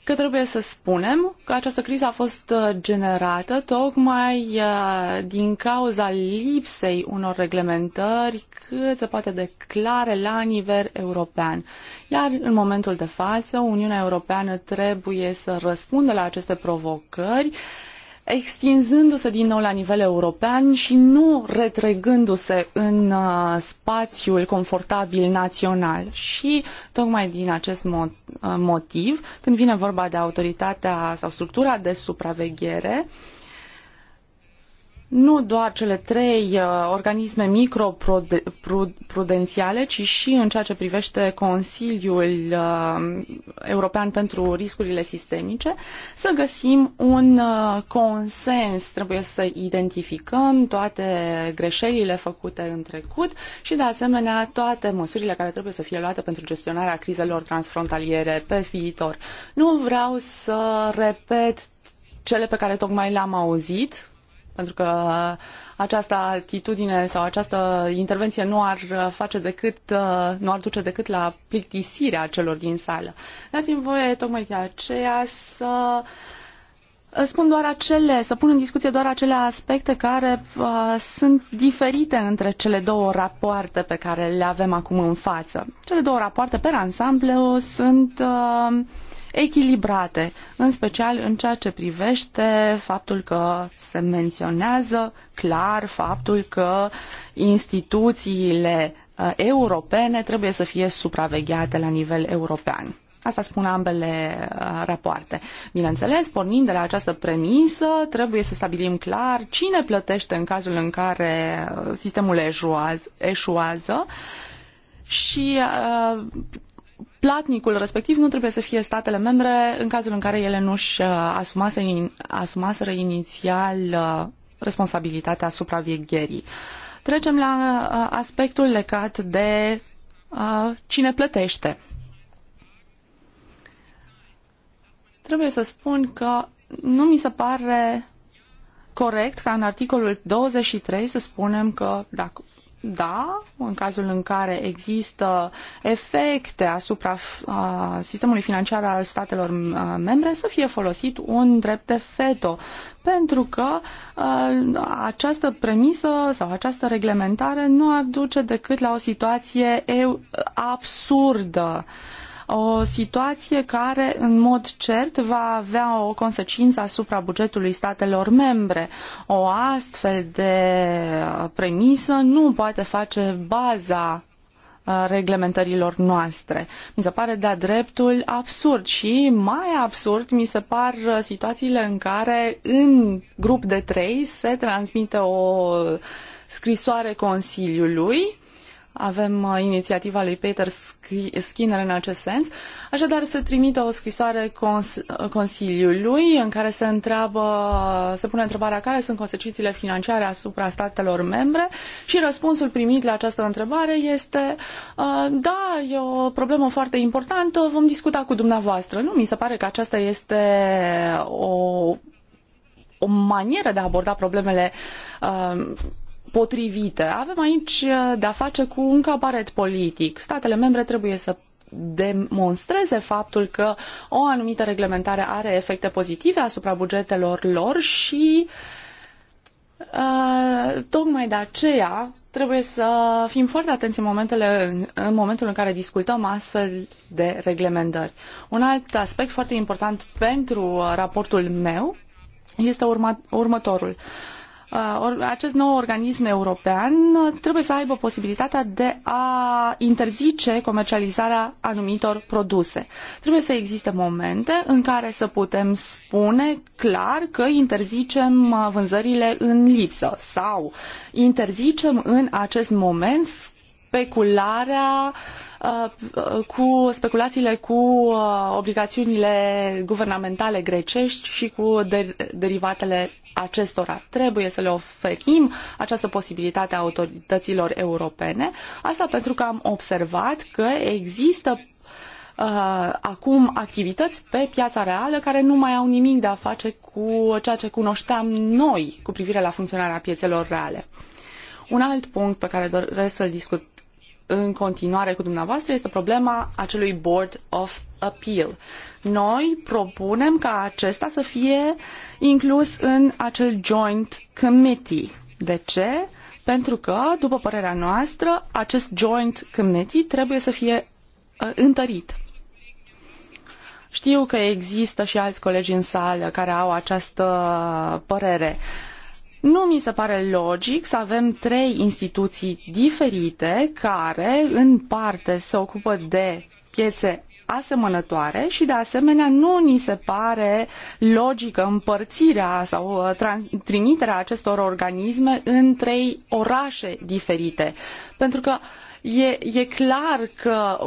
că trebuie să spunem că această criză a fost uh, generată tocmai uh, din cauza lipsei unor reglementări cât se poate de clare la nivel european. Iar în momentul de față, Uniunea Europeană trebuie să răspundă la aceste provocări extinzându-se din nou la nivel european și nu retrăgându se în uh, spațiul confortabil național. Și tocmai din acest uh, motiv, când vine vorba de autoritatea sau structura de supraveghere, uh, nu doar cele trei uh, organisme microprudențiale, ci și în ceea ce privește Consiliul uh, European pentru Riscurile Sistemice, să găsim un uh, consens. Trebuie să identificăm toate greșelile făcute în trecut și, de asemenea, toate măsurile care trebuie să fie luate pentru gestionarea crizelor transfrontaliere pe viitor. Nu vreau să repet cele pe care tocmai le-am auzit, pentru că această atitudine sau această intervenție nu ar face decât, uh, nu ar duce decât la plictisirea celor din sală. Dați-mi voie tocmai de aceea să uh, spun doar acele, să pun în discuție doar acele aspecte care uh, sunt diferite între cele două rapoarte pe care le avem acum în față. Cele două rapoarte, pe ansamblu, sunt uh, echilibrate, în special în ceea ce privește faptul că se menționează clar faptul că instituțiile uh, europene trebuie să fie supravegheate la nivel european. Asta spun ambele uh, rapoarte. Bineînțeles, pornind de la această premisă, trebuie să stabilim clar cine plătește în cazul în care uh, sistemul eșuază și platnicul respectiv nu trebuie să fie statele membre în cazul în care ele nu-și uh, asumase, asumaseră inițial uh, responsabilitatea supravegherii. Trecem la uh, aspectul legat de cine plătește. Trebuie să spun că nu mi se pare corect ca în articolul 23 să spunem că dacă da, în cazul în care există efecte asupra uh, sistemului financiar al statelor uh, membre, să fie folosit un drept de feto, pentru că uh, această premisă sau această reglementare nu aduce decât la o situație absurdă. Uh, o situație care, în mod cert, va avea o consecință asupra bugetului statelor membre. O astfel de uh, premisă nu poate face baza uh, reglementărilor noastre. Mi se pare de-a dreptul absurd și mai absurd mi se par uh, situațiile în care în grup de trei se transmite o scrisoare Consiliului avem uh, inițiativa lui Peter Skinner în acest sens. Așadar, se trimite o scrisoare cons- Consiliului în care se, întreabă, se pune întrebarea care sunt consecințele financiare asupra statelor membre și răspunsul primit la această întrebare este uh, da, e o problemă foarte importantă, vom discuta cu dumneavoastră. Nu mi se pare că aceasta este o o manieră de a aborda problemele uh, potrivite. Avem aici uh, de-a face cu un cabaret politic. Statele membre trebuie să demonstreze faptul că o anumită reglementare are efecte pozitive asupra bugetelor lor și uh, tocmai de aceea trebuie să fim foarte atenți în, momentele, în, momentul în care discutăm astfel de reglementări. Un alt aspect foarte important pentru uh, raportul meu este urma, următorul. Uh, Uh, acest nou organism european trebuie să aibă posibilitatea de a interzice comercializarea anumitor produse. Trebuie să existe momente în care să putem spune clar că interzicem uh, vânzările în lipsă sau interzicem în acest moment specularea uh, Uh, cu speculațiile cu uh, obligațiunile guvernamentale grecești și cu der derivatele acestora. Trebuie să le oferim această posibilitate a autorităților europene, asta pentru că am observat că există uh, acum activități pe piața reală care nu mai au nimic de a face cu ceea ce cunoșteam noi cu privire la funcționarea piețelor reale. Un alt punct pe care doresc să-l discut în continuare cu dumneavoastră este problema acelui Board of Appeal. Noi propunem ca acesta să fie inclus în acel Joint Committee. De ce? Pentru că, după părerea noastră, acest Joint Committee trebuie să fie uh, întărit. Știu că există și alți colegi în sală care au această părere. Uh, nu mi se pare logic să avem trei instituții diferite care, în parte, se ocupă de piețe asemănătoare și de asemenea nu ni se pare logică împărțirea sau uh, trimiterea acestor organisme în trei orașe diferite. Pentru că E, e clar că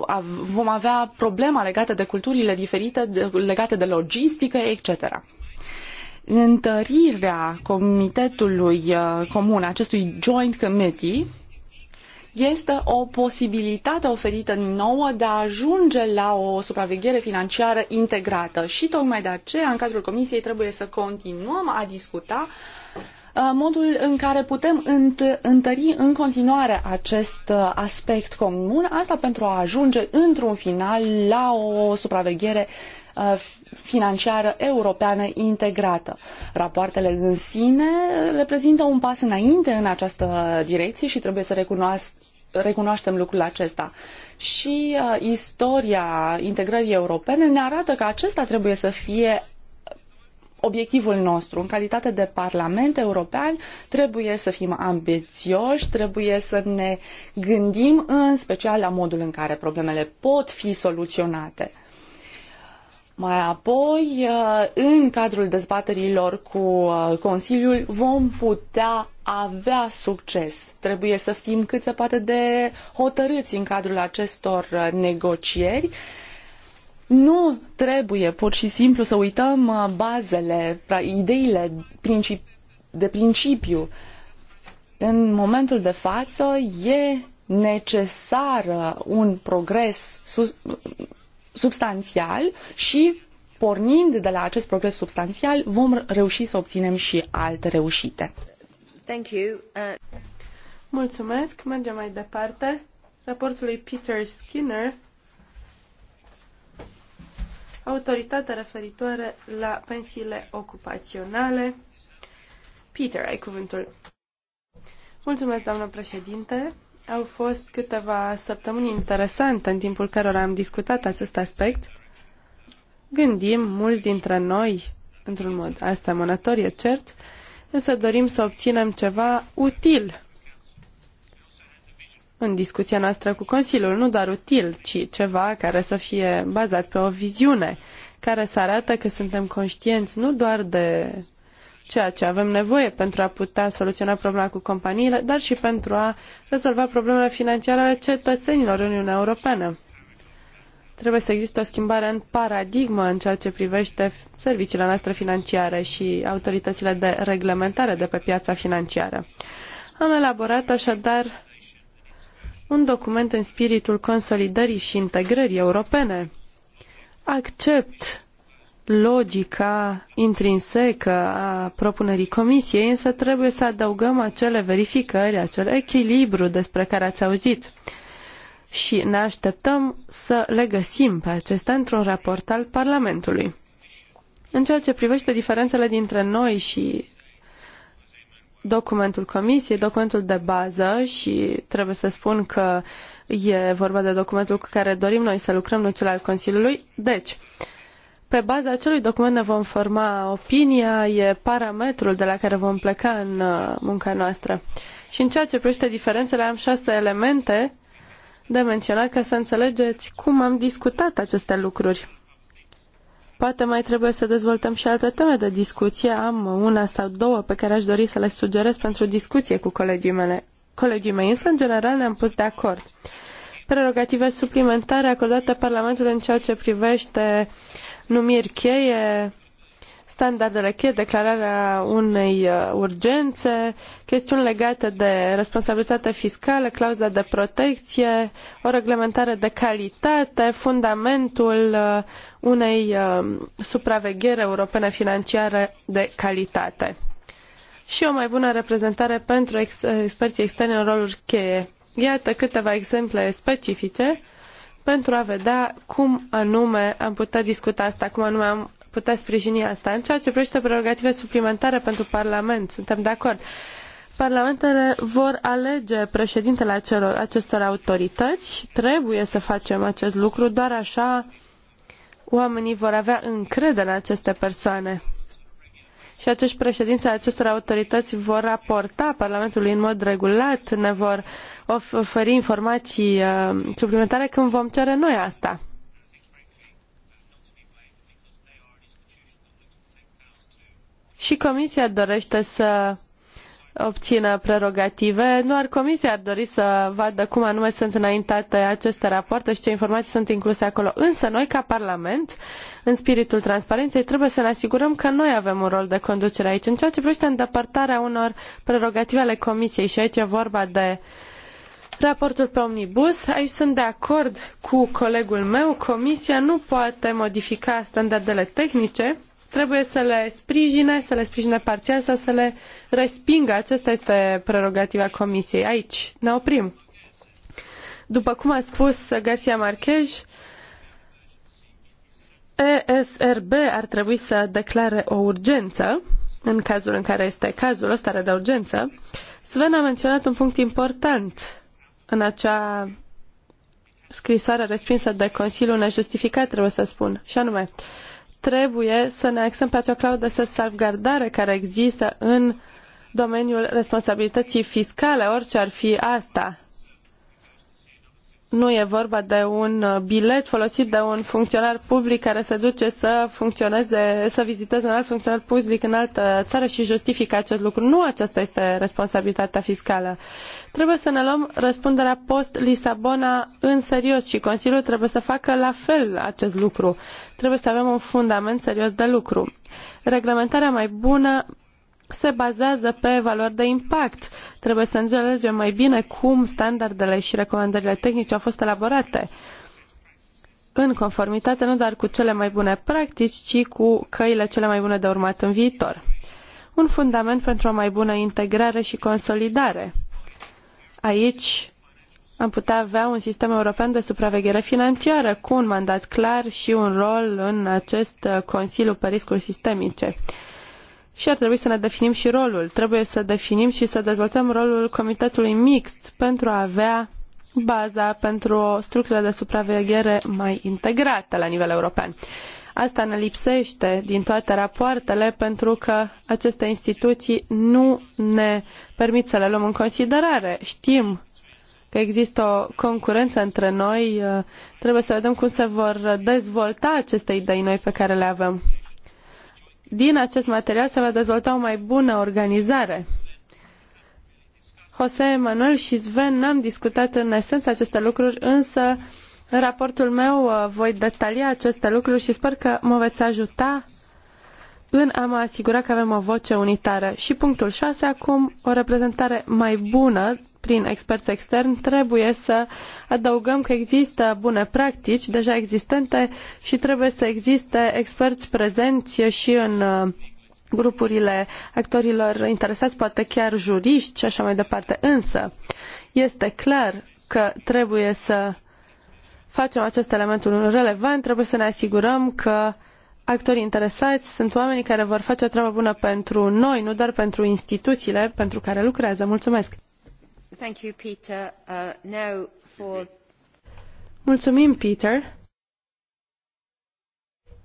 vom avea problema legată de culturile diferite, legate de logistică, etc întărirea comitetului uh, comun, acestui joint committee, este o posibilitate oferită nouă de a ajunge la o supraveghere financiară integrată și tocmai de aceea în cadrul comisiei trebuie să continuăm a discuta uh, modul în care putem întări în continuare acest uh, aspect comun, asta pentru a ajunge într-un final la o supraveghere uh, Uh, financiară europeană integrată. Rapoartele în sine reprezintă un pas înainte în această direcție și trebuie să recunoască recunoaștem lucrul acesta. Și uh, istoria integrării europene ne arată că acesta trebuie să fie obiectivul nostru. În calitate de Parlament European trebuie să fim ambițioși, trebuie să ne gândim în special la modul în care problemele pot fi soluționate. Mai apoi, uh, în cadrul dezbaterilor cu uh, Consiliul, vom putea avea succes. Trebuie să fim cât se poate de hotărâți în cadrul acestor uh, negocieri. Nu trebuie pur și simplu să uităm bazele, ideile de principiu. În momentul de față e necesară un progres substanțial și pornind de la acest progres substanțial vom reuși să obținem și alte reușite. Thank you. Uh... Mulțumesc. Mergem mai departe. Raportul lui Peter Skinner autoritatea referitoare la pensiile ocupaționale. Peter, ai cuvântul. Mulțumesc, doamnă președinte. Au fost câteva săptămâni interesante în timpul cărora am discutat acest aspect. Gândim, mulți dintre noi, într-un mod asemănător, e cert, însă dorim să obținem ceva util în discuția noastră cu Consiliul, nu doar util, ci ceva care să fie bazat pe o viziune, care să arată că suntem conștienți nu doar de ceea ce avem nevoie pentru a putea soluționa problema cu companiile, dar și pentru a rezolva problemele financiare ale cetățenilor în Uniunea Europeană. Trebuie să existe o schimbare în paradigmă în ceea ce privește serviciile noastre financiare și autoritățile de reglementare de pe piața financiară. Am elaborat așadar un document în spiritul consolidării și integrării europene. Accept logica intrinsecă a propunerii comisiei, însă trebuie să adăugăm acele verificări, acel echilibru despre care ați auzit. Și ne așteptăm să le găsim pe acestea într-un raport al Parlamentului. În ceea ce privește diferențele dintre noi și documentul comisiei, documentul de bază și trebuie să spun că e vorba de documentul cu care dorim noi să lucrăm, nu cel al Consiliului. Deci, uh, pe baza acelui document ne vom forma opinia, e parametrul de la care vom pleca în uh, munca noastră. Și în ceea ce privește diferențele, am șase elemente de menționat ca să înțelegeți cum am discutat aceste lucruri. Poate mai trebuie să dezvoltăm și alte teme de discuție. Am una sau două pe care aș dori să le sugerez pentru discuție cu colegii, mele. colegii mei, însă în general ne-am pus de acord. Prerogative suplimentare acordate Parlamentului în ceea ce privește uh, numiri cheie, standardele cheie, declararea unei uh, urgențe, chestiuni legate de responsabilitate fiscală, clauza de protecție, o reglementare de calitate, fundamentul uh, unei uh, supravegheri europene financiare de calitate și o mai bună reprezentare pentru ex- experții externi în roluri cheie. Iată câteva exemple specifice pentru a vedea cum anume am putea discuta asta, cum anume am putea sprijini asta. În ceea ce privește prerogative suplimentare pentru Parlament, suntem de acord. Parlamentele vor alege președintele acelor, acestor autorități, trebuie să facem acest lucru, doar așa oamenii vor avea încredere în aceste persoane și acești președinți ai acestor autorități vor raporta Parlamentului în mod regulat, ne vor oferi informații uh, suplimentare când vom cere noi asta. Și Comisia dorește să obțină prerogative. Nu ar comisia ar dori să vadă cum anume sunt înaintate aceste rapoarte și ce informații sunt incluse acolo. Însă noi, ca Parlament, în spiritul transparenței, trebuie să ne asigurăm că noi avem un rol de conducere aici. În ceea ce privește îndepărtarea unor prerogative ale comisiei și aici e vorba de raportul pe omnibus, aici sunt de acord cu colegul meu, comisia nu poate modifica standardele tehnice, trebuie să le sprijine, să le sprijine parțial sau să le respingă. Aceasta este prerogativa Comisiei. Aici ne oprim. După cum a spus Garcia Marquez, ESRB ar trebui să declare o urgență, în cazul în care este cazul, o stare de urgență. Sven a menționat un punct important în acea scrisoare respinsă de Consiliu nejustificat, trebuie să spun, și anume, uh, trebuie să ne axăm pe acea clauză de salvgardare care există în domeniul responsabilității fiscale, orice ar fi asta nu e vorba de un uh, bilet folosit de un funcționar public care se duce să funcționeze, să viziteze un alt funcționar public în altă țară și justifică acest lucru. Nu aceasta este responsabilitatea fiscală. Trebuie să ne luăm răspunderea post-Lisabona în serios și Consiliul trebuie să facă la fel acest lucru. Trebuie să avem un fundament serios de lucru. Reglementarea mai bună se bazează pe valori de impact. Trebuie să înțelegem mai bine cum standardele și recomandările tehnice au fost elaborate în conformitate nu doar cu cele mai bune practici, ci cu căile cele mai bune de urmat în viitor. Un fundament pentru o mai bună integrare și consolidare. Aici am putea avea un sistem european de supraveghere financiară cu un mandat clar și un rol în acest uh, Consiliu pe riscuri sistemice și ar trebui să ne definim și rolul. Trebuie să definim și să dezvoltăm rolul comitetului mixt pentru a avea baza pentru o structură de supraveghere mai integrată la nivel european. Asta ne lipsește din toate rapoartele pentru că aceste instituții nu ne permit să le luăm în considerare. Știm că există o concurență între noi, trebuie să vedem cum se vor dezvolta aceste idei noi pe care le avem din acest material se va dezvolta o mai bună organizare. Jose Manuel și Sven n-am discutat în esență aceste lucruri, însă în raportul meu uh, voi detalia aceste lucruri și sper că mă veți ajuta în a mă asigura că avem o voce unitară. Și punctul 6, acum o reprezentare mai bună prin experți externi, trebuie să adăugăm că există bune practici deja existente și trebuie să existe experți prezenți și în uh, grupurile actorilor interesați, poate chiar juriști și așa mai departe. Însă, este clar că trebuie să facem acest element unul relevant, trebuie să ne asigurăm că actorii interesați sunt oamenii care vor face o treabă bună pentru noi, nu doar pentru instituțiile pentru care lucrează. Mulțumesc! Uh, Mulțumim, Peter.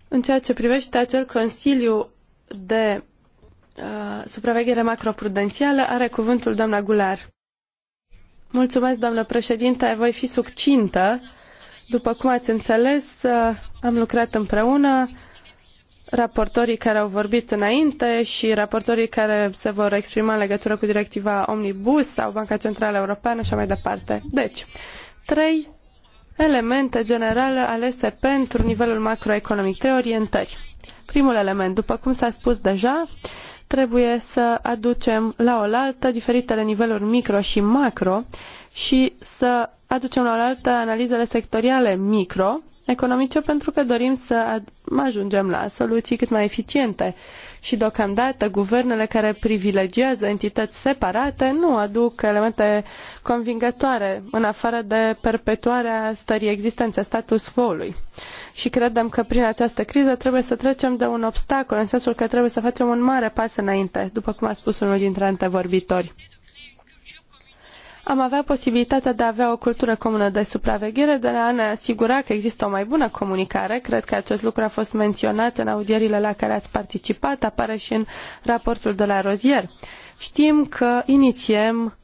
În ceea ce privește acel Consiliu de uh, supraveghere macroprudențială, are cuvântul doamna Gular. Mulțumesc, doamnă președinte, voi fi succintă. După cum ați înțeles, uh, am lucrat împreună, raportorii care au vorbit înainte și raportorii care se vor exprima în legătură cu directiva Omnibus sau Banca Centrală Europeană și așa mai departe. Deci, trei elemente generale alese pentru nivelul macroeconomic, trei orientări. Primul element, după cum s-a spus deja, trebuie să aducem la oaltă diferitele niveluri micro și macro și să aducem la oaltă analizele sectoriale micro, economice pentru că dorim să ajungem la soluții cât mai eficiente. Și deocamdată guvernele care privilegiază entități separate nu aduc elemente convingătoare în afară de perpetuarea stării existențe, status quo-ului. Și credem că prin această criză trebuie să trecem de un obstacol, în sensul că trebuie să facem un mare pas înainte, după cum a spus unul dintre antevorbitori am avea posibilitatea de a avea o cultură comună de supraveghere, de a ne asigura că există o mai bună comunicare. Cred că acest lucru a fost menționat în audierile la care ați participat, apare și în raportul de la Rozier. Știm că inițiem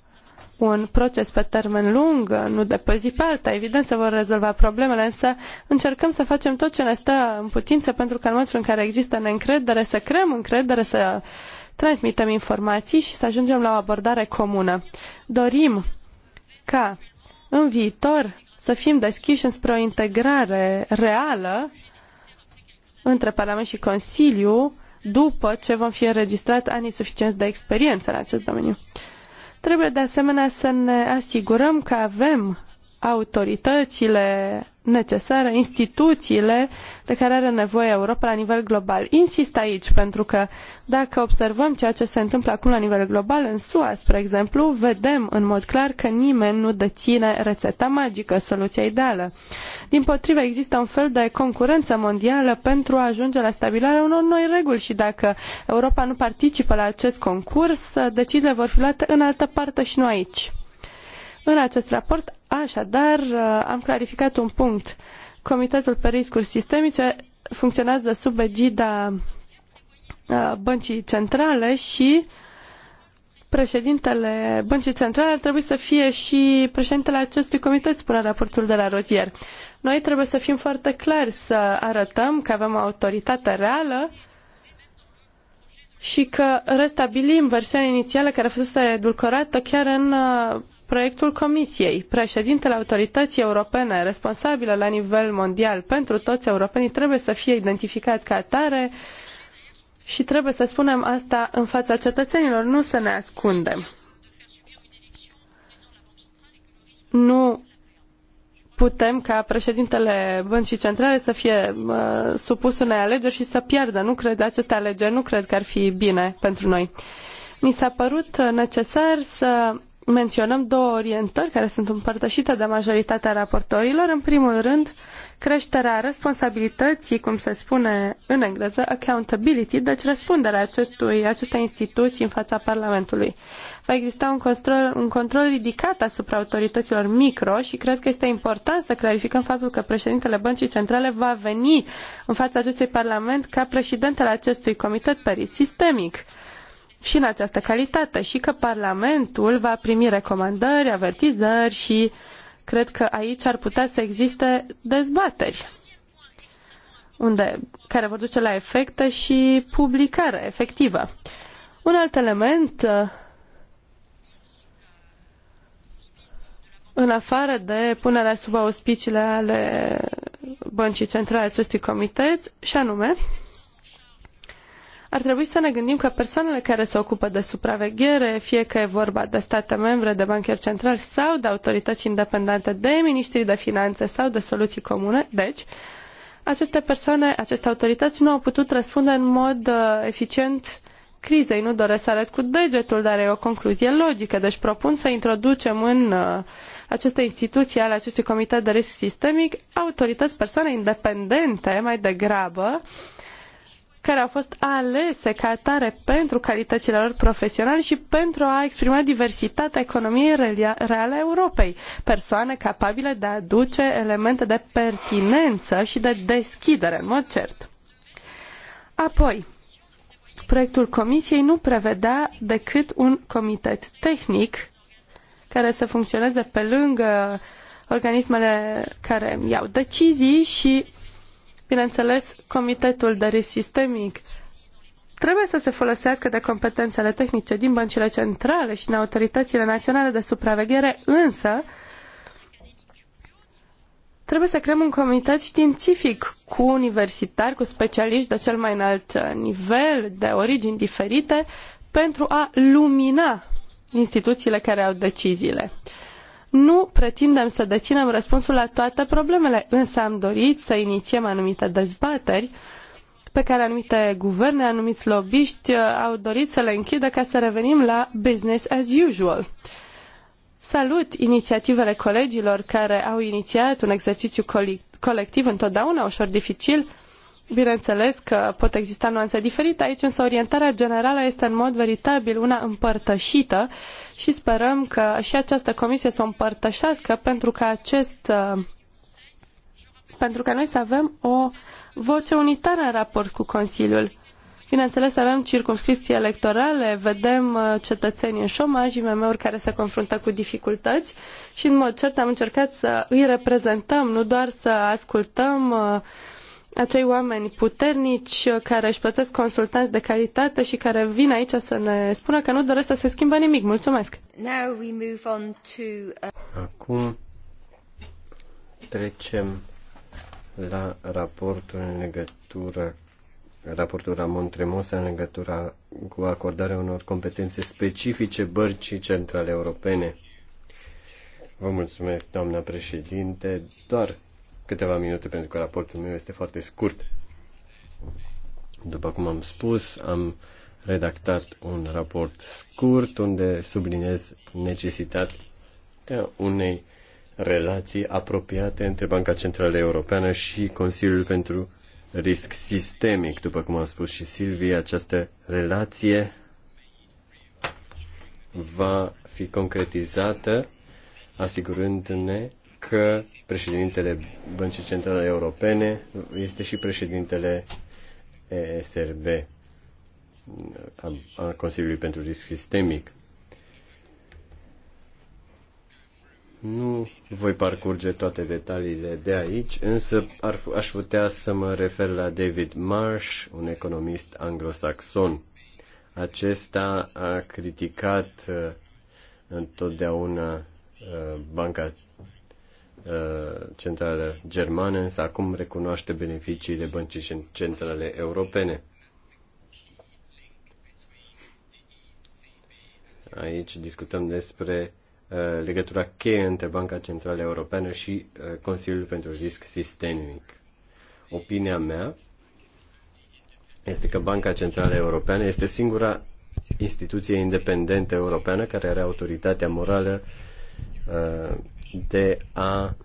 un proces pe termen lung, nu de pe zi pe alta, evident se vor rezolva problemele, însă încercăm să facem tot ce ne stă în putință pentru că în momentul în care există neîncredere, să creăm încredere, să transmitem informații și să ajungem la o abordare comună. Dorim ca în viitor să fim deschiși înspre o integrare reală între Parlament și Consiliu după ce vom fi înregistrat anii suficienți de experiență în acest domeniu. Trebuie de asemenea să ne asigurăm că avem autoritățile necesare, instituțiile de care are nevoie Europa la nivel global. Insist aici pentru că dacă observăm ceea ce se întâmplă acum la nivel global, în SUA, spre exemplu, vedem în mod clar că nimeni nu deține rețeta magică, soluția ideală. Din potrivă, există un fel de concurență mondială pentru a ajunge la stabilarea unor noi reguli și dacă Europa nu participă la acest concurs, deciziile vor fi luate în altă parte și nu aici. În acest raport, așadar, am clarificat un punct. Comitetul pe riscuri sistemice funcționează sub egida uh, băncii centrale și președintele băncii centrale ar trebui să fie și președintele acestui comitet, spune raportul de la Rozier. Noi trebuie să fim foarte clari, să arătăm că avem autoritate reală și că restabilim versiunea inițială care fusese edulcorată chiar în uh, proiectul Comisiei. Președintele autorității europene responsabile la nivel mondial pentru toți europenii trebuie să fie identificat ca atare și trebuie să spunem asta în fața cetățenilor, nu să ne ascundem. Nu putem ca președintele băncii centrale să fie uh, supus unei alegeri și să piardă. Nu cred, aceste alegeri nu cred că ar fi bine pentru noi. Mi s-a părut necesar să menționăm două orientări care sunt împărtășite de majoritatea raportorilor. În primul rând, creșterea responsabilității, cum se spune în engleză, accountability, deci răspunderea acestui, acestei instituții în fața Parlamentului. Va exista un control, un control ridicat asupra autorităților micro și cred că este important să clarificăm faptul că președintele Băncii Centrale va veni în fața acestui Parlament ca președintele acestui comitet peris sistemic și în această calitate și că Parlamentul va primi recomandări, avertizări și cred că aici ar putea să existe dezbateri unde, care vor duce la efecte și publicare efectivă. Un alt element în afară de punerea sub auspiciile ale Băncii Centrale acestui comitet, și anume ar trebui să ne gândim că persoanele care se ocupă de supraveghere, fie că e vorba de state membre, de bancheri centrali sau de autorități independente, de ministrii de finanțe sau de soluții comune, deci, aceste persoane, aceste autorități nu au putut răspunde în mod uh, eficient crizei. Nu doresc să arăt cu degetul, dar e o concluzie logică. Deci propun să introducem în uh, aceste instituții ale acestui comitet de risc sistemic autorități, persoane independente mai degrabă, uh, care au fost alese ca atare pentru calitățile lor profesionale și pentru a exprima diversitatea economiei reale a Europei. Persoane capabile de a aduce elemente de pertinență și de deschidere, în mod cert. Apoi, proiectul Comisiei nu prevedea decât un comitet tehnic care să funcționeze pe lângă organismele care iau decizii și Bineînțeles, Comitetul de Risc Sistemic trebuie să se folosească de competențele tehnice din băncile centrale și din autoritățile naționale de supraveghere, însă trebuie să creăm un comitet științific cu universitari, cu specialiști de cel mai înalt nivel, de origini diferite, pentru a lumina instituțiile care au deciziile. Uh, nu pretindem să deținem răspunsul la toate problemele, însă am dorit să inițiem anumite dezbateri pe care anumite guverne, anumiți lobbyști uh, au dorit să le închidă ca să revenim la business as usual. Salut inițiativele colegilor care au inițiat un exercițiu colectiv întotdeauna ușor dificil, Bineînțeles că pot exista nuanțe diferite aici, însă orientarea generală este în mod veritabil una împărtășită și sperăm că și această comisie să o împărtășească pentru că acest uh, pentru că noi să avem o voce unitară în raport cu Consiliul. Bineînțeles, avem circumscripții electorale, vedem uh, cetățenii în șomaj, IMM-uri care se confruntă cu dificultăți și, în mod cert, am încercat să îi reprezentăm, nu doar să ascultăm uh, acei oameni puternici care își plătesc consultanți de calitate și care vin aici să ne spună că nu doresc să se schimbe nimic. Mulțumesc! Now we move on to... Uh, Acum trecem la raportul în legătură raportul Ramon Tremosa în legătura cu acordarea unor competențe specifice bărcii centrale europene. Vă mulțumesc, doamna președinte. Doar câteva minute pentru că raportul meu este foarte scurt. După cum am spus, am redactat un raport scurt unde subliniez necesitatea unei relații apropiate între Banca Centrală Europeană și Consiliul pentru Risc Sistemic. După cum am spus și Silvia, această relație va fi concretizată asigurându-ne că președintele Băncii Centrale Europene, este și președintele ESRB, a Consiliului pentru Risc Sistemic. Nu voi parcurge toate detaliile de aici, însă ar, aș putea să mă refer la David Marsh, un economist anglosaxon. Acesta a criticat uh, întotdeauna uh, Banca Uh, centrală germană, însă acum recunoaște beneficiile băncii centrale europene. Aici discutăm despre uh, legătura cheie între Banca Centrală Europeană și uh, Consiliul pentru Risc Sistemic. Opinia mea este că Banca Centrală Europeană este singura instituție independentă europeană care are autoritatea morală de a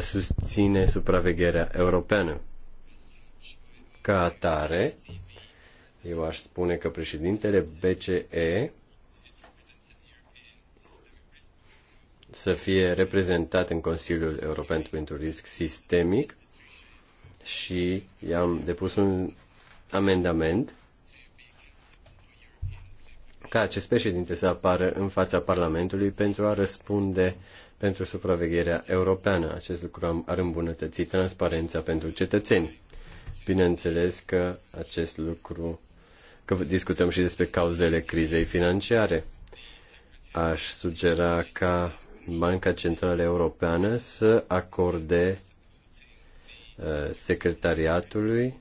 susține supravegherea europeană. Ca atare, eu aș spune că președintele BCE să fie reprezentat în Consiliul European pentru Risc Sistemic și i-am depus un amendament ca acest președinte să apară în fața Parlamentului pentru a răspunde pentru supravegherea europeană. Acest lucru ar îmbunătăți transparența pentru cetățeni. Bineînțeles că acest lucru, că discutăm și despre cauzele crizei financiare. Aș sugera ca Banca Centrală Europeană să acorde uh, secretariatului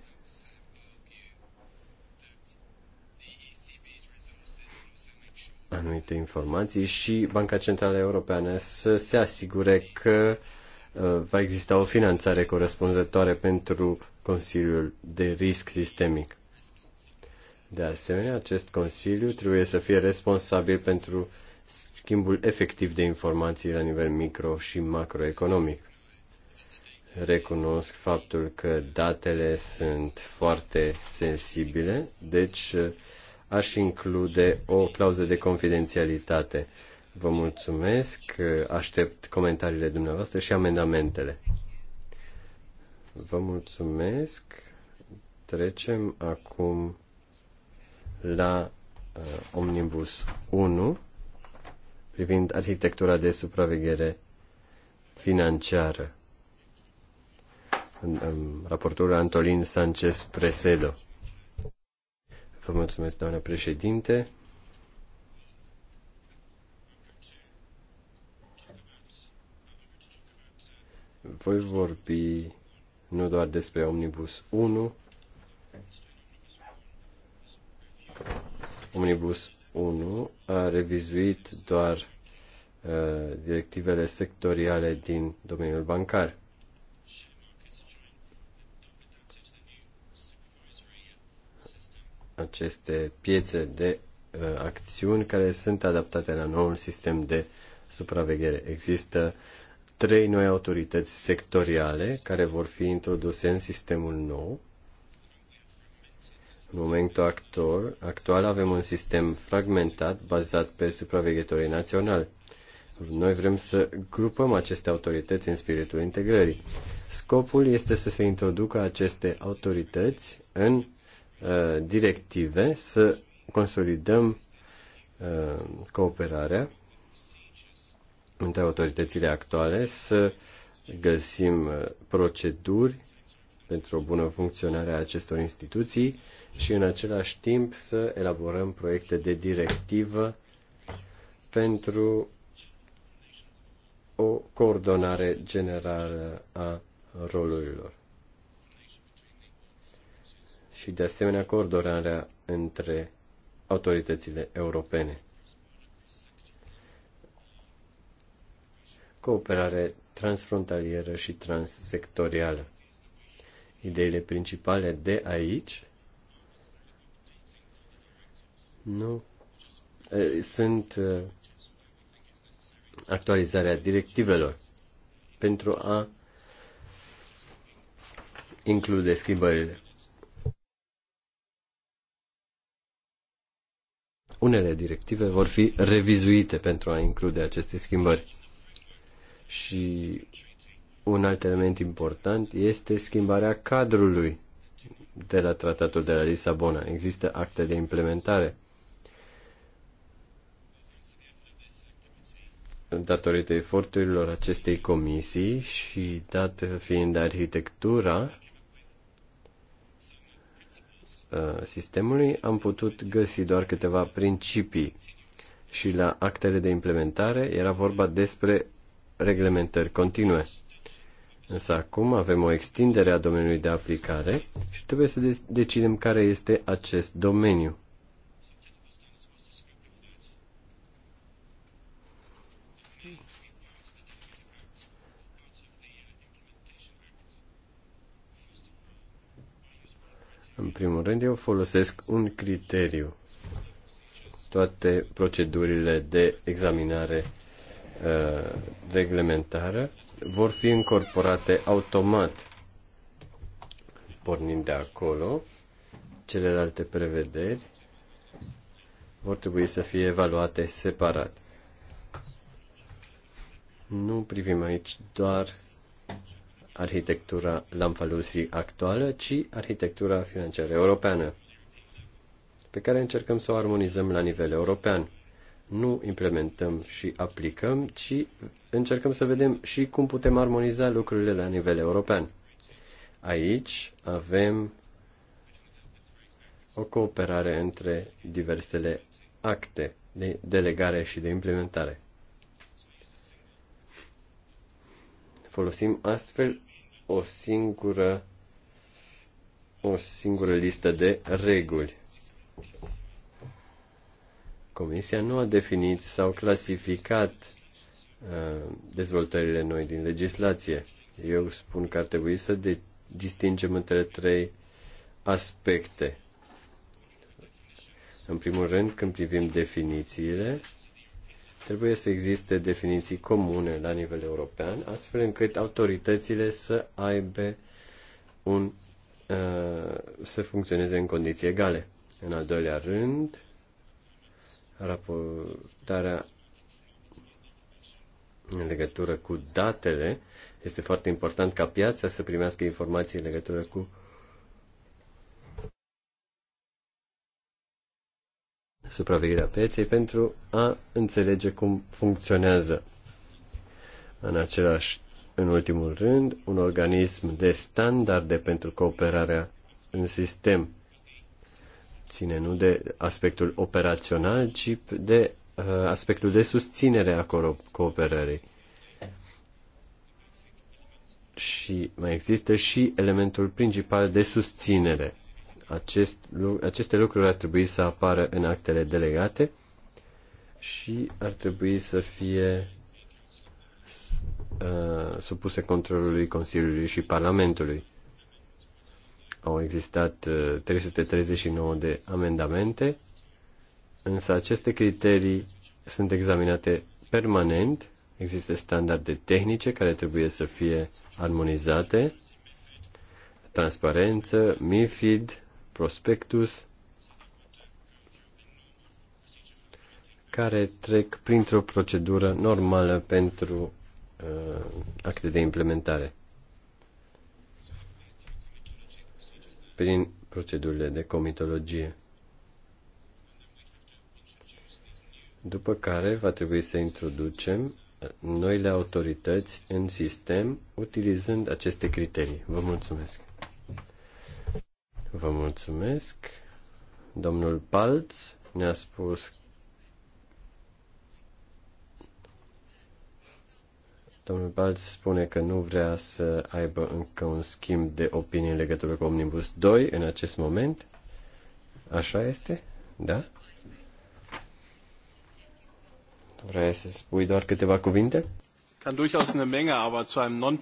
anumite informații și Banca Centrală Europeană să se asigure că uh, va exista o finanțare corespunzătoare pentru Consiliul de Risc Sistemic. De asemenea, acest Consiliu trebuie să fie responsabil pentru schimbul efectiv de informații la nivel micro și macroeconomic. Recunosc faptul că datele sunt foarte sensibile, deci uh, aș include o clauză de confidențialitate. Vă mulțumesc, aștept comentariile dumneavoastră și amendamentele. Vă mulțumesc. Trecem acum la uh, Omnibus 1 privind arhitectura de supraveghere financiară. Raportul Antolin Sanchez Presedo. Vă mulțumesc, doamnă președinte. Voi vorbi nu doar despre Omnibus 1, Omnibus 1 a revizuit doar uh, directivele sectoriale din domeniul bancar. aceste piețe de uh, acțiuni care sunt adaptate la noul sistem de supraveghere. Există trei noi autorități sectoriale care vor fi introduse în sistemul nou. În momentul actor, actual avem un sistem fragmentat bazat pe supraveghetorii naționali. Noi vrem să grupăm aceste autorități în spiritul integrării. Scopul este să se introducă aceste autorități în Uh, directive să consolidăm uh, cooperarea între autoritățile actuale, să găsim uh, proceduri pentru o bună funcționare a acestor instituții și în același timp să elaborăm proiecte de directivă pentru o coordonare generală a rolurilor și de asemenea coordonarea între autoritățile europene. Cooperare transfrontalieră și transsectorială. Ideile principale de aici nu sunt actualizarea directivelor pentru a include schimbările Unele directive vor fi revizuite pentru a include aceste schimbări. Și un alt element important este schimbarea cadrului de la Tratatul de la Lisabona. Există acte de implementare. Datorită eforturilor acestei comisii și dat fiind arhitectura Uh, sistemului, am putut găsi doar câteva principii și la actele de implementare era vorba despre reglementări continue. Însă acum avem o extindere a domeniului de aplicare și trebuie să decidem care este acest domeniu. În primul rând, eu folosesc un criteriu. Toate procedurile de examinare uh, reglementară vor fi incorporate automat. Pornind de acolo, celelalte prevederi vor trebui să fie evaluate separat. Nu privim aici doar arhitectura lamfalusii actuală, ci arhitectura financiară europeană, pe care încercăm să o armonizăm la nivel european. Nu implementăm și aplicăm, ci încercăm să vedem și cum putem armoniza lucrurile la nivel european. Aici avem o cooperare între diversele acte de delegare și de implementare. Folosim astfel o singură o singură listă de reguli. Comisia nu a definit sau clasificat uh, dezvoltările noi din legislație. Eu spun că ar trebui să de- distingem între trei aspecte. În primul rând, când privim definițiile, Trebuie să existe definiții comune la nivel european, astfel încât autoritățile să aibă un, uh, să funcționeze în condiții egale. În al doilea rând, raportarea în legătură cu datele. Este foarte important ca piața să primească informații în legătură cu supravegherea pieței pentru a înțelege cum funcționează. În același, în ultimul rând, un organism de standarde pentru cooperarea în sistem ține nu de aspectul operațional, ci de uh, aspectul de susținere a cooperării. Și mai există și elementul principal de susținere acest, aceste lucruri ar trebui să apară în actele delegate și ar trebui să fie uh, supuse controlului Consiliului și Parlamentului. Au existat uh, 339 de amendamente, însă aceste criterii sunt examinate permanent, există standarde tehnice care trebuie să fie armonizate, transparență, MIFID, prospectus care trec printr-o procedură normală pentru uh, acte de implementare. Prin procedurile de comitologie. După care va trebui să introducem noile autorități în sistem utilizând aceste criterii. Vă mulțumesc! Vă mulțumesc. Domnul Palț ne-a spus Domnul Balț spune că nu vrea să aibă încă un schimb de opinie în legătură cu Omnibus 2 în acest moment. Așa este? Da? Vrei să spui doar câteva cuvinte? Kann durchaus eine Menge, aber zu einem non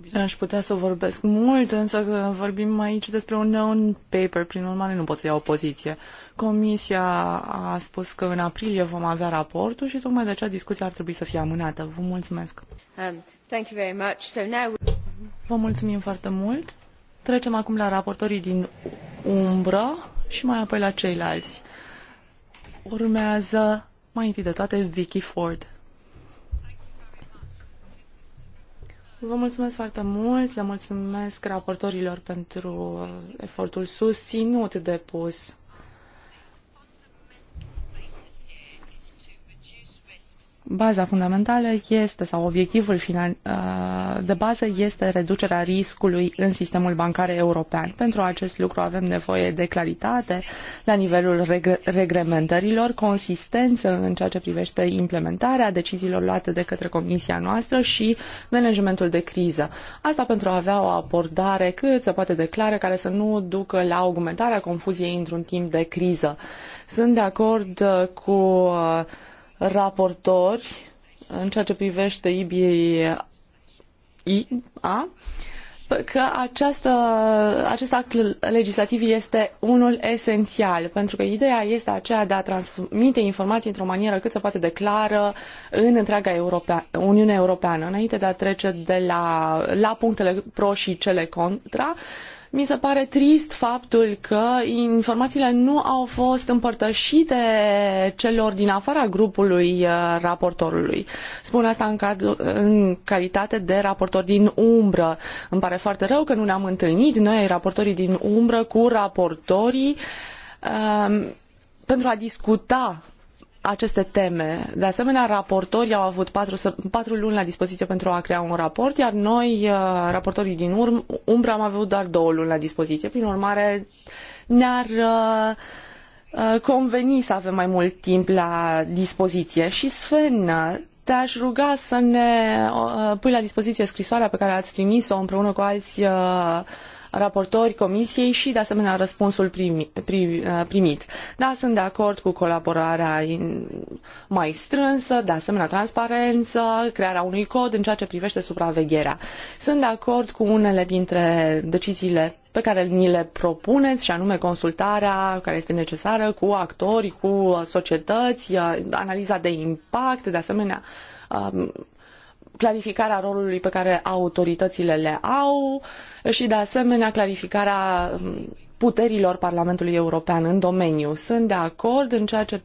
Bine, aș putea să vorbesc mult, însă că vorbim aici despre un known paper, prin urmare nu pot să iau o poziție. Comisia a spus că în aprilie vom avea raportul și tocmai de aceea discuția ar trebui să fie amânată. Vă mulțumesc! Um, thank you very much. So now... Vă mulțumim foarte mult! Trecem acum la raportorii din umbră și mai apoi la ceilalți. Urmează mai întâi de toate Vicky Ford. Vă mulțumesc foarte mult, le mulțumesc raportorilor pentru efortul susținut depus. baza fundamentală este, sau obiectivul final, uh, de bază este reducerea riscului în sistemul bancar european. Pentru acest lucru avem nevoie de claritate la nivelul regre- reglementărilor, consistență în ceea ce privește implementarea deciziilor luate de către comisia noastră și managementul de criză. Asta pentru a avea o abordare cât se poate de clară, care să nu ducă la augmentarea confuziei într-un timp de criză. Sunt de acord uh, cu uh, raportori în ceea ce privește IBA, că această, acest act legislativ este unul esențial, pentru că ideea este aceea de a transmite informații într-o manieră cât se poate de clară în întreaga Europea, Uniune Europeană, înainte de a trece de la, la punctele pro și cele contra, uh, mi se pare trist faptul că informațiile nu au fost împărtășite celor din afara grupului uh, raportorului. Spun asta în, cad- în calitate de raportor din umbră. Îmi pare foarte rău că nu ne-am întâlnit noi, raportorii din umbră, cu raportorii um, pentru a discuta aceste teme. De asemenea, raportorii au avut patru, patru luni la dispoziție pentru a crea un raport, iar noi, uh, raportorii din urmă, umbra am avut doar două luni la dispoziție. Prin urmare, ne-ar uh, uh, conveni să avem mai mult timp la dispoziție. Și Sfânt, te-aș ruga să ne pui la dispoziție scrisoarea pe care ați trimis-o împreună cu alți raportori, comisiei și, de asemenea, răspunsul primi, prim, uh, primit. Da, sunt de acord cu colaborarea mai strânsă, de asemenea, transparență, crearea unui cod în ceea ce privește supravegherea. Sunt de acord cu unele dintre deciziile pe care ni le propuneți și anume consultarea care este necesară cu actori, cu societăți, uh, analiza de impact, de asemenea um, clarificarea rolului pe care autoritățile le au și, de asemenea, clarificarea puterilor Parlamentului European în domeniu. Sunt de acord în ceea ce,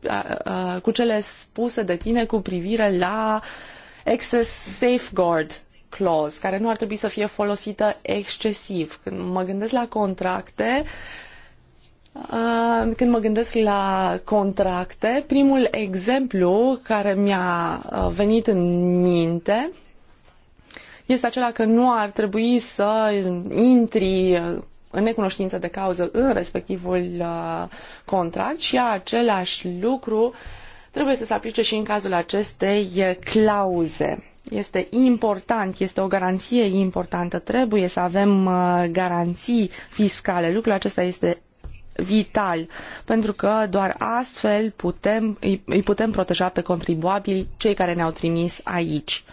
cu cele spuse de tine cu privire la excess safeguard clause, care nu ar trebui să fie folosită excesiv. Când mă gândesc la contracte, când mă gândesc la contracte, primul exemplu care mi-a venit în minte este acela că nu ar trebui să intri în necunoștință de cauză în respectivul uh, contract și același lucru trebuie să se aplice și în cazul acestei uh, clauze. Este important, este o garanție importantă, trebuie să avem uh, garanții fiscale. Lucrul acesta este vital, pentru că doar astfel putem, îi, putem proteja pe contribuabili, cei care ne-au trimis aici.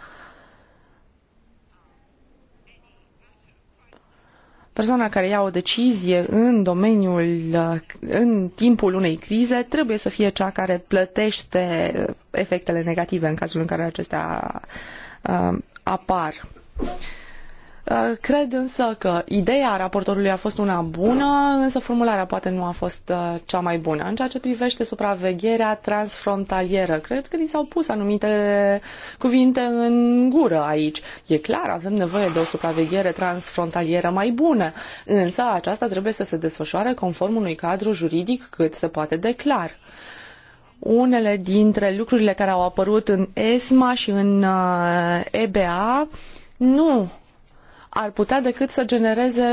persoana care ia o decizie în domeniul, în timpul unei crize, trebuie să fie cea care plătește efectele negative în cazul în care acestea uh, apar. Uh, cred însă că ideea raportorului a fost una bună, însă formularea poate nu a fost uh, cea mai bună. În ceea ce privește supravegherea transfrontalieră, cred că li s-au pus anumite cuvinte în gură aici. E clar, avem nevoie de o supraveghere transfrontalieră mai bună, însă aceasta trebuie să se desfășoare conform unui cadru juridic cât se poate de clar unele dintre lucrurile care au apărut în ESMA și în uh, EBA nu ar putea decât să genereze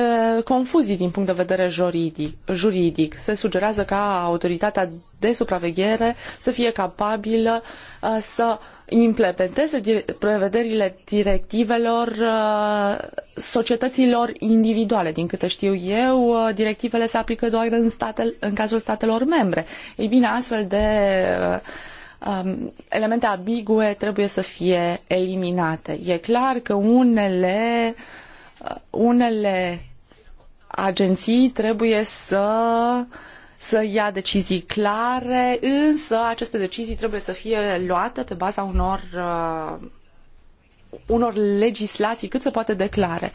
confuzii din punct de vedere juridic. juridic. Se sugerează ca autoritatea de supraveghere să fie capabilă uh, să implementeze prevederile directivelor uh, societăților individuale. Din câte știu eu, uh, directivele se aplică doar în, statel, în cazul statelor membre. Ei bine, astfel de um, elemente ambigue trebuie să fie eliminate. E clar că unele uh, Uh, unele agenții trebuie să să ia decizii clare, însă aceste decizii trebuie să fie luate pe baza unor, uh, unor legislații cât se poate declare.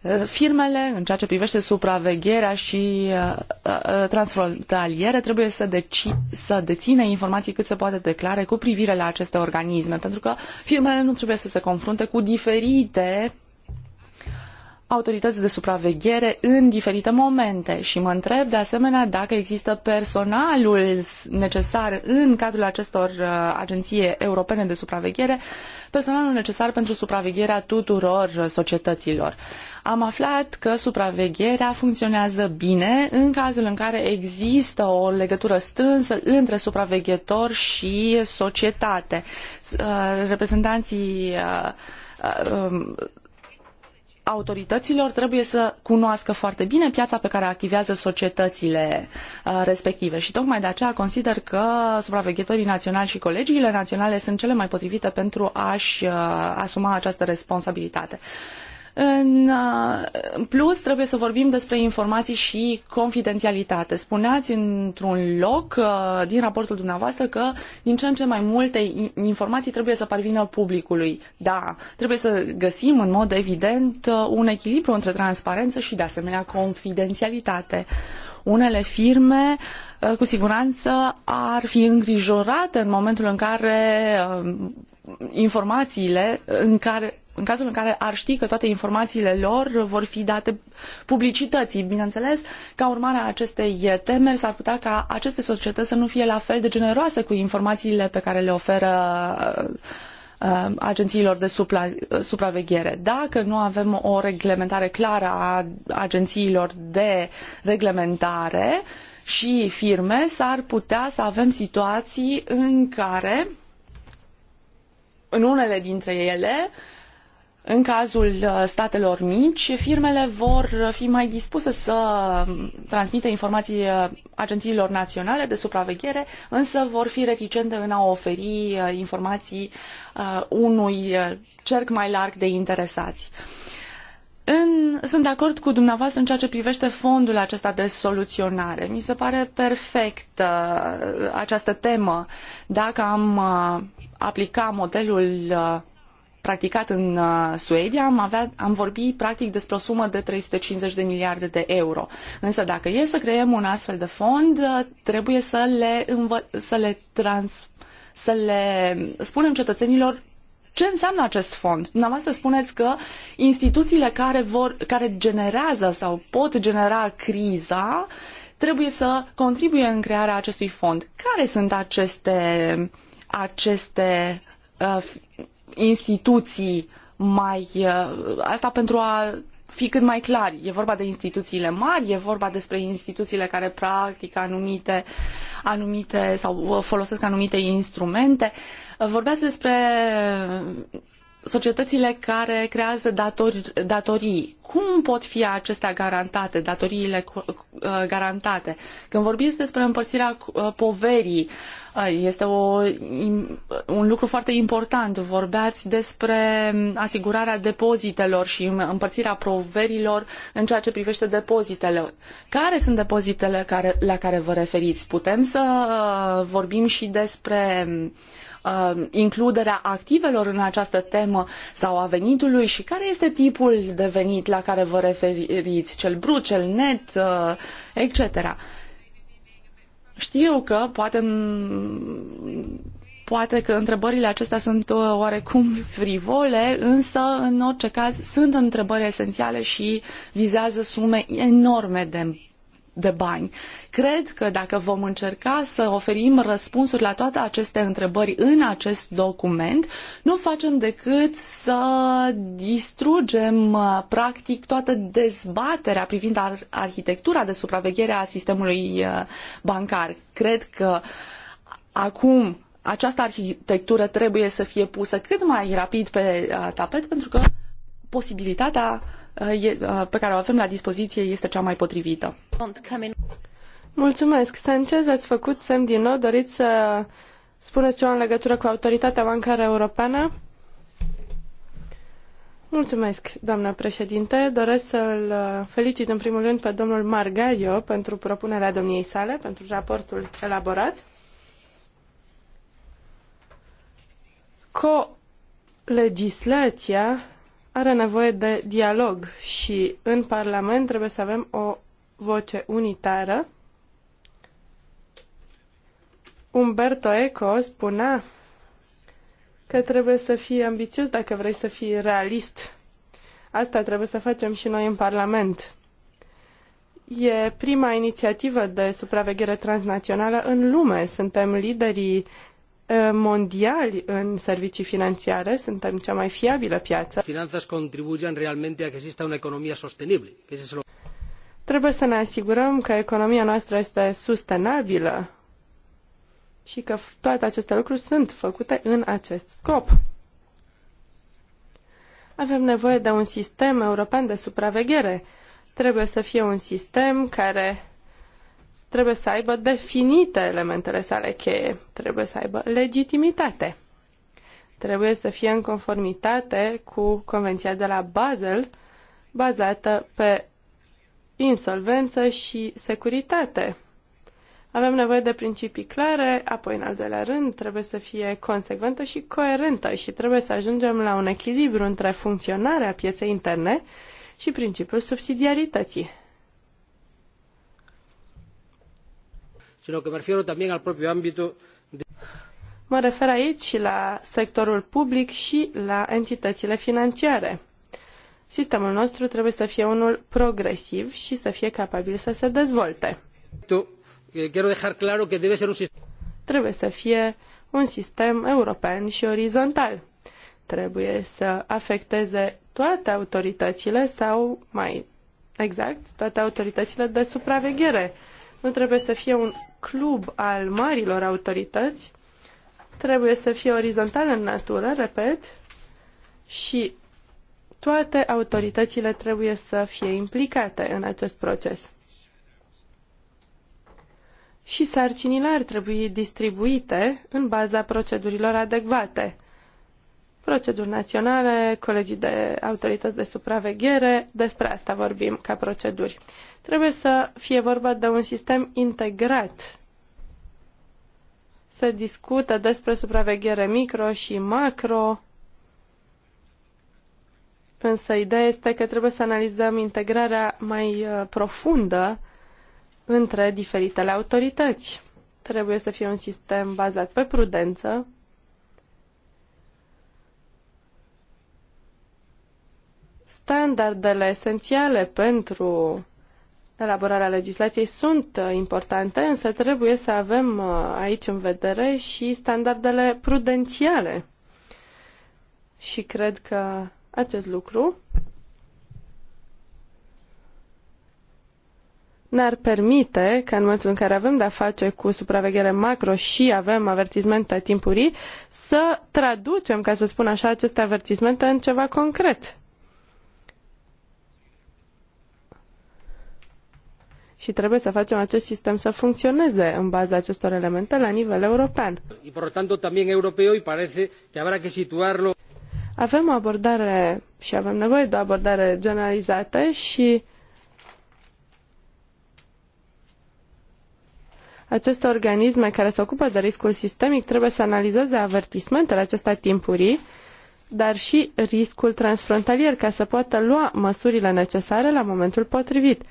Uh, firmele, în ceea ce privește supravegherea și uh, uh, transfrontaliere, trebuie să, deci- să dețină informații cât se poate declare cu privire la aceste organisme, pentru că firmele nu trebuie să se confrunte cu diferite autorități de supraveghere în diferite momente și mă întreb de asemenea dacă există personalul necesar în cadrul acestor uh, agenții europene de supraveghere, personalul necesar pentru supravegherea tuturor societăților. Am aflat că supravegherea funcționează bine în cazul în care există o legătură strânsă între supraveghetor și societate. Uh, reprezentanții uh, um, autorităților trebuie să cunoască foarte bine piața pe care activează societățile uh, respective și tocmai de aceea consider că supraveghetorii naționali și colegiile naționale sunt cele mai potrivite pentru a-și uh, asuma această responsabilitate. Uh, în plus, trebuie să vorbim despre informații și confidențialitate. Spuneați într-un loc uh, din raportul dumneavoastră că din ce în ce mai multe informații trebuie să parvină publicului. Da, trebuie să găsim în mod evident uh, un echilibru între transparență și de asemenea confidențialitate. Unele firme cu siguranță ar fi îngrijorate în momentul în care informațiile în care în cazul în care ar ști că toate informațiile lor vor fi date publicității, bineînțeles, ca urmare a acestei temeri s-ar putea ca aceste societăți să nu fie la fel de generoase cu informațiile pe care le oferă uh, uh, agențiilor de supra, uh, supraveghere. Dacă nu avem o reglementare clară a agențiilor de reglementare și firme, s-ar putea să avem situații în care în unele dintre ele uh, în cazul uh, statelor mici, firmele vor fi mai dispuse să transmită informații uh, agențiilor naționale de supraveghere, însă vor fi reticente în a oferi uh, informații unui cerc mai larg de interesați. În, sunt de acord cu dumneavoastră în ceea ce privește fondul acesta de soluționare. Mi se pare perfect această temă. Dacă am aplica modelul practicat în uh, Suedia, am, avea, am vorbit practic despre o sumă de 350 de miliarde de euro. Însă dacă e să creăm un astfel de fond, uh, trebuie să le, să le, trans- să le spunem cetățenilor ce înseamnă acest fond? Dumneavoastră spuneți că instituțiile care, vor, care generează sau pot genera criza trebuie să contribuie în crearea acestui fond. Care sunt aceste, aceste uh, instituții mai... Uh, asta pentru a fi cât mai clar. E vorba de instituțiile mari, e vorba despre instituțiile care practică anumite, anumite sau uh, folosesc anumite instrumente. Uh, vorbeați despre societățile care creează datori, datorii. Cum pot fi acestea garantate, datoriile garantate? Când vorbiți despre împărțirea poverii, este o, un lucru foarte important. Vorbeați despre asigurarea depozitelor și împărțirea proverilor în ceea ce privește depozitele. Care sunt depozitele care, la care vă referiți? Putem să uh, vorbim și despre uh, includerea activelor în această temă sau a venitului și care este tipul de venit la care vă referiți, cel brut, cel net, uh, etc. Știu că poate, poate că întrebările acestea sunt uh, oarecum frivole, însă în orice caz sunt întrebări esențiale și vizează sume enorme de de bani. Cred că dacă vom încerca să oferim răspunsuri la toate aceste întrebări în acest document, nu facem decât să distrugem uh, practic toată dezbaterea privind ar- arhitectura de supraveghere a sistemului uh, bancar. Cred că acum această arhitectură trebuie să fie pusă cât mai rapid pe uh, tapet pentru că posibilitatea pe care o avem la dispoziție este cea mai potrivită. Mulțumesc, Sanchez, ați făcut semn din nou. Doriți să spuneți ceva în legătură cu Autoritatea Bancară Europeană? Mulțumesc, doamnă președinte. Doresc să-l felicit în primul rând pe domnul Margaio pentru propunerea domniei sale, pentru raportul elaborat. Co-legislația are nevoie de dialog și în Parlament trebuie să avem o voce unitară. Umberto Eco spunea că trebuie să fii ambițios dacă vrei să fii realist. Asta trebuie să facem și noi în Parlament. E prima inițiativă de supraveghere transnațională în lume. Suntem liderii Uh, mondiali în servicii financiare, suntem cea mai fiabilă piață. Finanțas contribuyen realmente a que exista una economia Trebuie să ne asigurăm că economia noastră este sustenabilă și că toate aceste lucruri sunt făcute în acest scop. Avem nevoie de un sistem european de supraveghere. Trebuie să fie un sistem care trebuie să aibă definite elementele sale cheie, trebuie să aibă legitimitate, trebuie să fie în conformitate cu Convenția de la Basel, bazată pe insolvență și securitate. Avem nevoie de principii clare, apoi în al doilea rând trebuie să fie consecventă și coerentă și trebuie să ajungem la un echilibru între funcționarea pieței interne și principiul subsidiarității. sino que me refiero también al propio ámbito de... Mă refer aici și la sectorul public și la entitățile financiare. Sistemul nostru trebuie să fie unul progresiv și să fie capabil să se dezvolte. Eh, trebuie să fie un sistem european și orizontal. Trebuie să afecteze toate autoritățile sau, mai exact, toate autoritățile de supraveghere nu trebuie să fie un club al marilor autorități, trebuie să fie orizontal în natură, repet, și toate autoritățile trebuie să fie implicate în acest proces. Și sarcinile ar trebui distribuite în baza procedurilor adecvate. Proceduri naționale, colegii de autorități de supraveghere, despre asta vorbim ca proceduri. Trebuie să fie vorba de un sistem integrat. Se discută despre supraveghere micro și macro, însă ideea este că trebuie să analizăm integrarea mai uh, profundă între diferitele autorități. Trebuie să fie un sistem bazat pe prudență, standardele esențiale pentru elaborarea legislației sunt uh, importante, însă trebuie să avem uh, aici în vedere și standardele prudențiale. Și cred că acest lucru ne-ar permite că în momentul în care avem de-a face cu supraveghere macro și avem avertizmente timpurii, să traducem, ca să spun așa, aceste avertizmente în ceva concret și trebuie să facem acest sistem să funcționeze în baza acestor elemente la nivel european. Avem o abordare și avem nevoie de o abordare generalizată și aceste organisme care se ocupă de riscul sistemic trebuie să analizeze avertismentele acestea timpurii, dar și riscul transfrontalier ca să poată lua măsurile necesare la momentul potrivit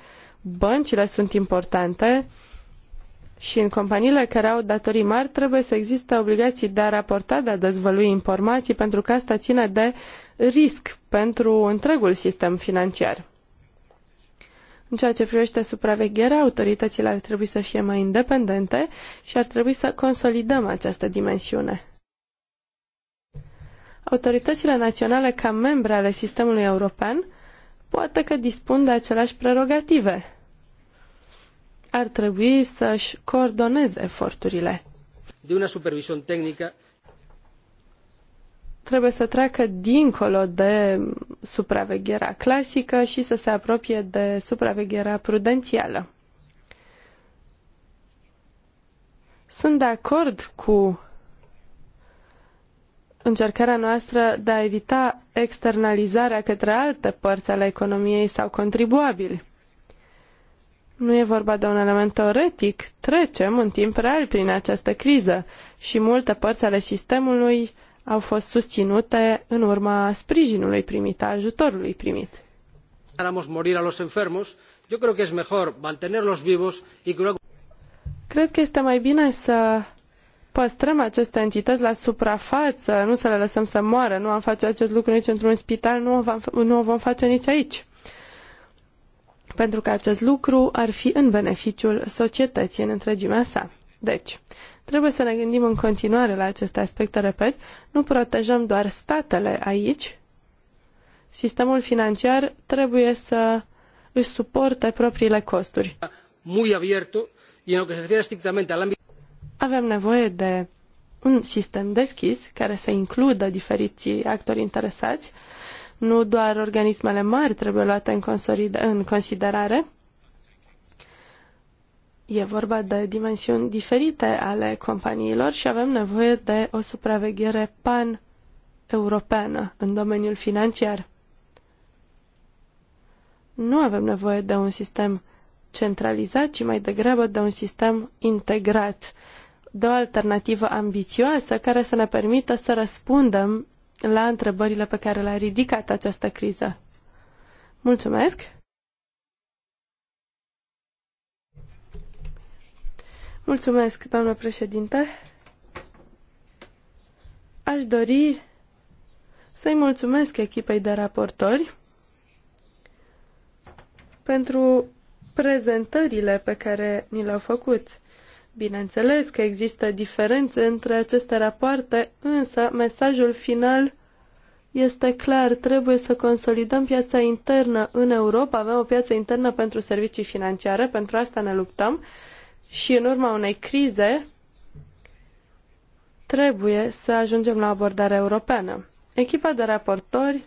băncile sunt importante și în companiile care au datorii mari trebuie să existe obligații de a raporta, de a dezvălui informații, pentru că asta ține de risc pentru întregul sistem financiar. În ceea ce privește supravegherea, autoritățile ar trebui să fie mai independente și ar trebui să consolidăm această dimensiune. Autoritățile naționale ca membre ale sistemului european poate că dispun de aceleași prerogative ar trebui să-și coordoneze eforturile. De una supervision tehnică trebuie să treacă dincolo de supravegherea clasică și să se apropie de supravegherea prudențială. Sunt de acord cu încercarea noastră de a evita externalizarea către alte părți ale economiei sau contribuabili. Nu e vorba de un element teoretic, trecem în timp real prin această criză și multe părți ale sistemului au fost susținute în urma sprijinului primit, a ajutorului primit. los enfermos, yo creo que es mejor mantenerlos vivos y Cred că este mai bine să păstrăm aceste entități la suprafață, nu să le lăsăm să moară. Nu am face acest lucru nici într-un spital, nu o vom face nici aici pentru că acest lucru ar fi în beneficiul societății în întregimea sa. Deci, trebuie să ne gândim în continuare la aceste aspecte, repet, nu protejăm doar statele aici, sistemul financiar trebuie să își suporte propriile costuri. avem nevoie de un sistem deschis care să includă diferiții actori interesați nu doar organismele mari trebuie luate în, în considerare. E vorba de dimensiuni diferite ale companiilor și avem nevoie de o supraveghere pan-europeană în domeniul financiar. Nu avem nevoie de un sistem centralizat, ci mai degrabă de un sistem integrat, de o alternativă ambițioasă care să ne permită să răspundem la întrebările pe care le-a ridicat această criză. Mulțumesc! Mulțumesc, doamnă președinte! Aș dori să-i mulțumesc echipei de raportori pentru prezentările pe care ni le-au făcut. Bineînțeles că există diferențe între aceste rapoarte, însă mesajul final este clar, trebuie să consolidăm piața internă în Europa, avem o piață internă pentru servicii financiare, pentru asta ne luptăm și în urma unei crize trebuie să ajungem la abordarea europeană. Echipa de raportori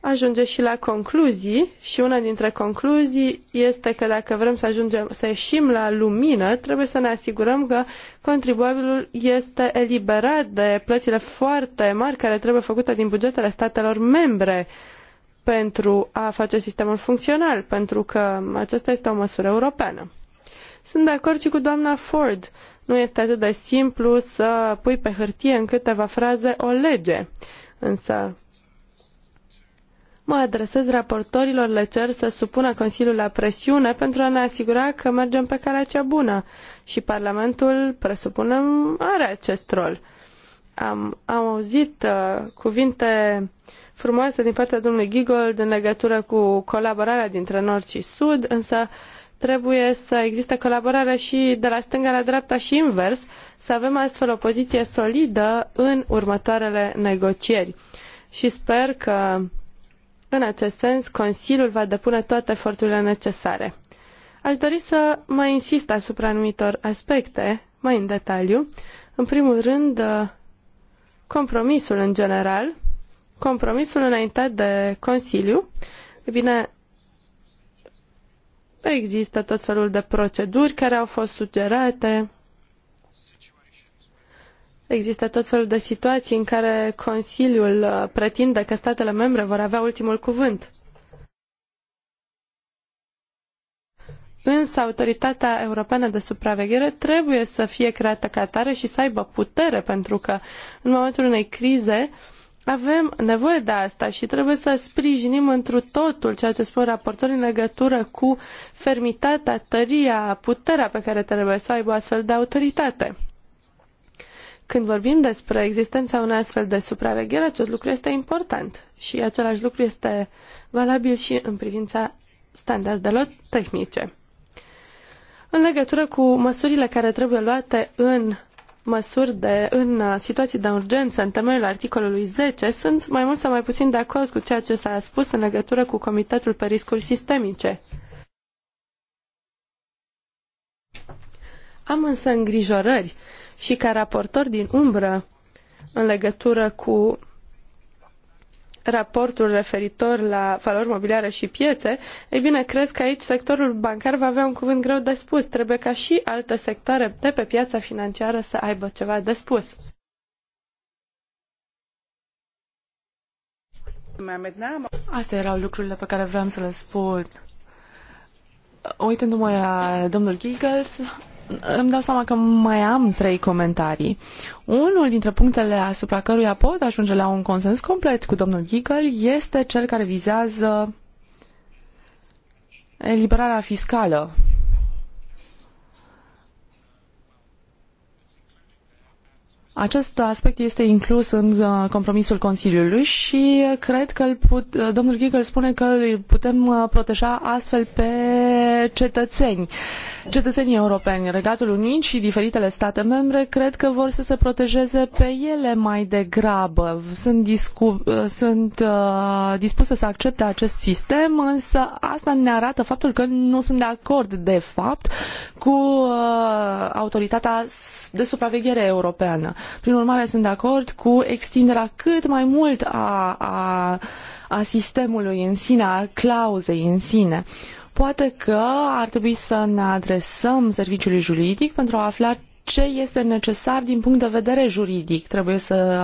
ajunge și la concluzii și una dintre concluzii este că dacă vrem să ajungem să ieșim la lumină, trebuie să ne asigurăm că contribuabilul este eliberat de plățile foarte mari care trebuie făcute din bugetele statelor membre pentru a face sistemul funcțional, pentru că aceasta este o măsură europeană. Sunt de acord și cu doamna Ford. Nu este atât de simplu să pui pe hârtie în câteva fraze o lege. Însă Mă adresez raportorilor, le cer să supună Consiliul la presiune pentru a ne asigura că mergem pe calea cea bună și Parlamentul, presupunem, are acest rol. Am, am auzit uh, cuvinte frumoase din partea domnului Giggold în legătură cu colaborarea dintre Nord și Sud, însă trebuie să existe colaborare și de la stânga la dreapta și invers, să avem astfel o poziție solidă în următoarele negocieri. Și sper că în acest sens, Consiliul va depune toate eforturile necesare. Aș dori să mai insist asupra anumitor aspecte, mai în detaliu. În primul rând, uh, compromisul în general, compromisul înaintat de Consiliu. E bine, există tot felul de proceduri care au fost sugerate, Există tot felul de situații în care Consiliul uh, pretinde că statele membre vor avea ultimul cuvânt. Însă Autoritatea Europeană de Supraveghere trebuie să fie creată ca atare și să aibă putere, pentru că în momentul unei crize avem nevoie de asta și trebuie să sprijinim întru totul ceea ce spun raportorii în legătură cu fermitatea, tăria, puterea pe care trebuie să o aibă astfel de autoritate. Când vorbim despre existența unei astfel de supraveghere, acest lucru este important și același lucru este valabil și în privința standardelor tehnice. În legătură cu măsurile care trebuie luate în măsuri de, în situații de urgență, în temeiul articolului 10, sunt mai mult sau mai puțin de acord cu ceea ce s-a spus în legătură cu Comitetul pe Riscuri Sistemice. Am însă îngrijorări și ca raportor din umbră în legătură cu raportul referitor la valori mobiliare și piețe, ei bine, cred că aici sectorul bancar va avea un cuvânt greu de spus. Trebuie ca și alte sectoare de pe piața financiară să aibă ceva de spus. Astea erau lucrurile pe care vreau să le spun. Uitându-mă la domnul Giggles, îmi dau seama că mai am trei comentarii. Unul dintre punctele asupra căruia pot ajunge la un consens complet cu domnul Giggle este cel care vizează eliberarea fiscală Acest aspect este inclus în uh, compromisul Consiliului și cred că put, uh, domnul Ghigel spune că îl putem uh, proteja astfel pe cetățeni. Cetățenii europeni, Regatul Unit și diferitele state membre cred că vor să se protejeze pe ele mai degrabă. Sunt, discu- sunt uh, să accepte acest sistem, însă asta ne arată faptul că nu sunt de acord, de fapt, cu uh, autoritatea de supraveghere europeană. Prin urmare, sunt de acord cu extinderea cât mai mult a, a, a sistemului în sine, a clauzei în sine. Poate că ar trebui să ne adresăm serviciului juridic pentru a afla ce este necesar din punct de vedere juridic. Trebuie să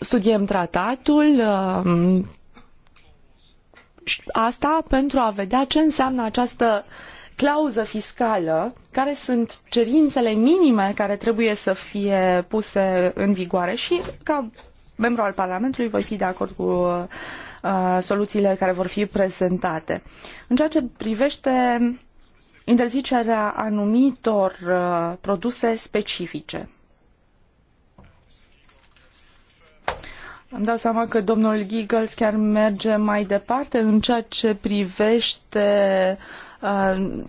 studiem tratatul, asta pentru a vedea ce înseamnă această clauză fiscală care sunt cerințele minime care trebuie să fie puse în vigoare și ca membru al Parlamentului voi fi de acord cu uh, soluțiile care vor fi prezentate. În ceea ce privește interzicerea anumitor uh, produse specifice. Îmi dau seama că domnul Giggles chiar merge mai departe în ceea ce privește uh, Uh,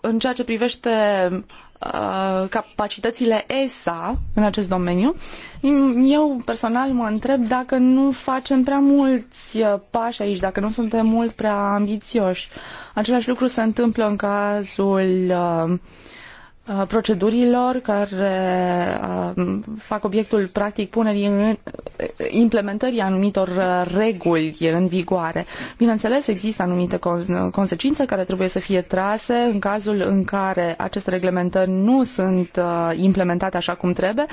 în ceea ce privește uh, capacitățile ESA în acest domeniu, eu personal mă întreb dacă nu facem prea mulți uh, pași aici, dacă nu suntem mult prea ambițioși. Același lucru se întâmplă în cazul uh, Uh, procedurilor care uh, fac obiectul practic punerii în uh, implementării anumitor reguli în vigoare. Bineînțeles, există anumite consecințe care trebuie să fie trase în cazul în care aceste reglementări nu sunt implementate așa cum trebuie.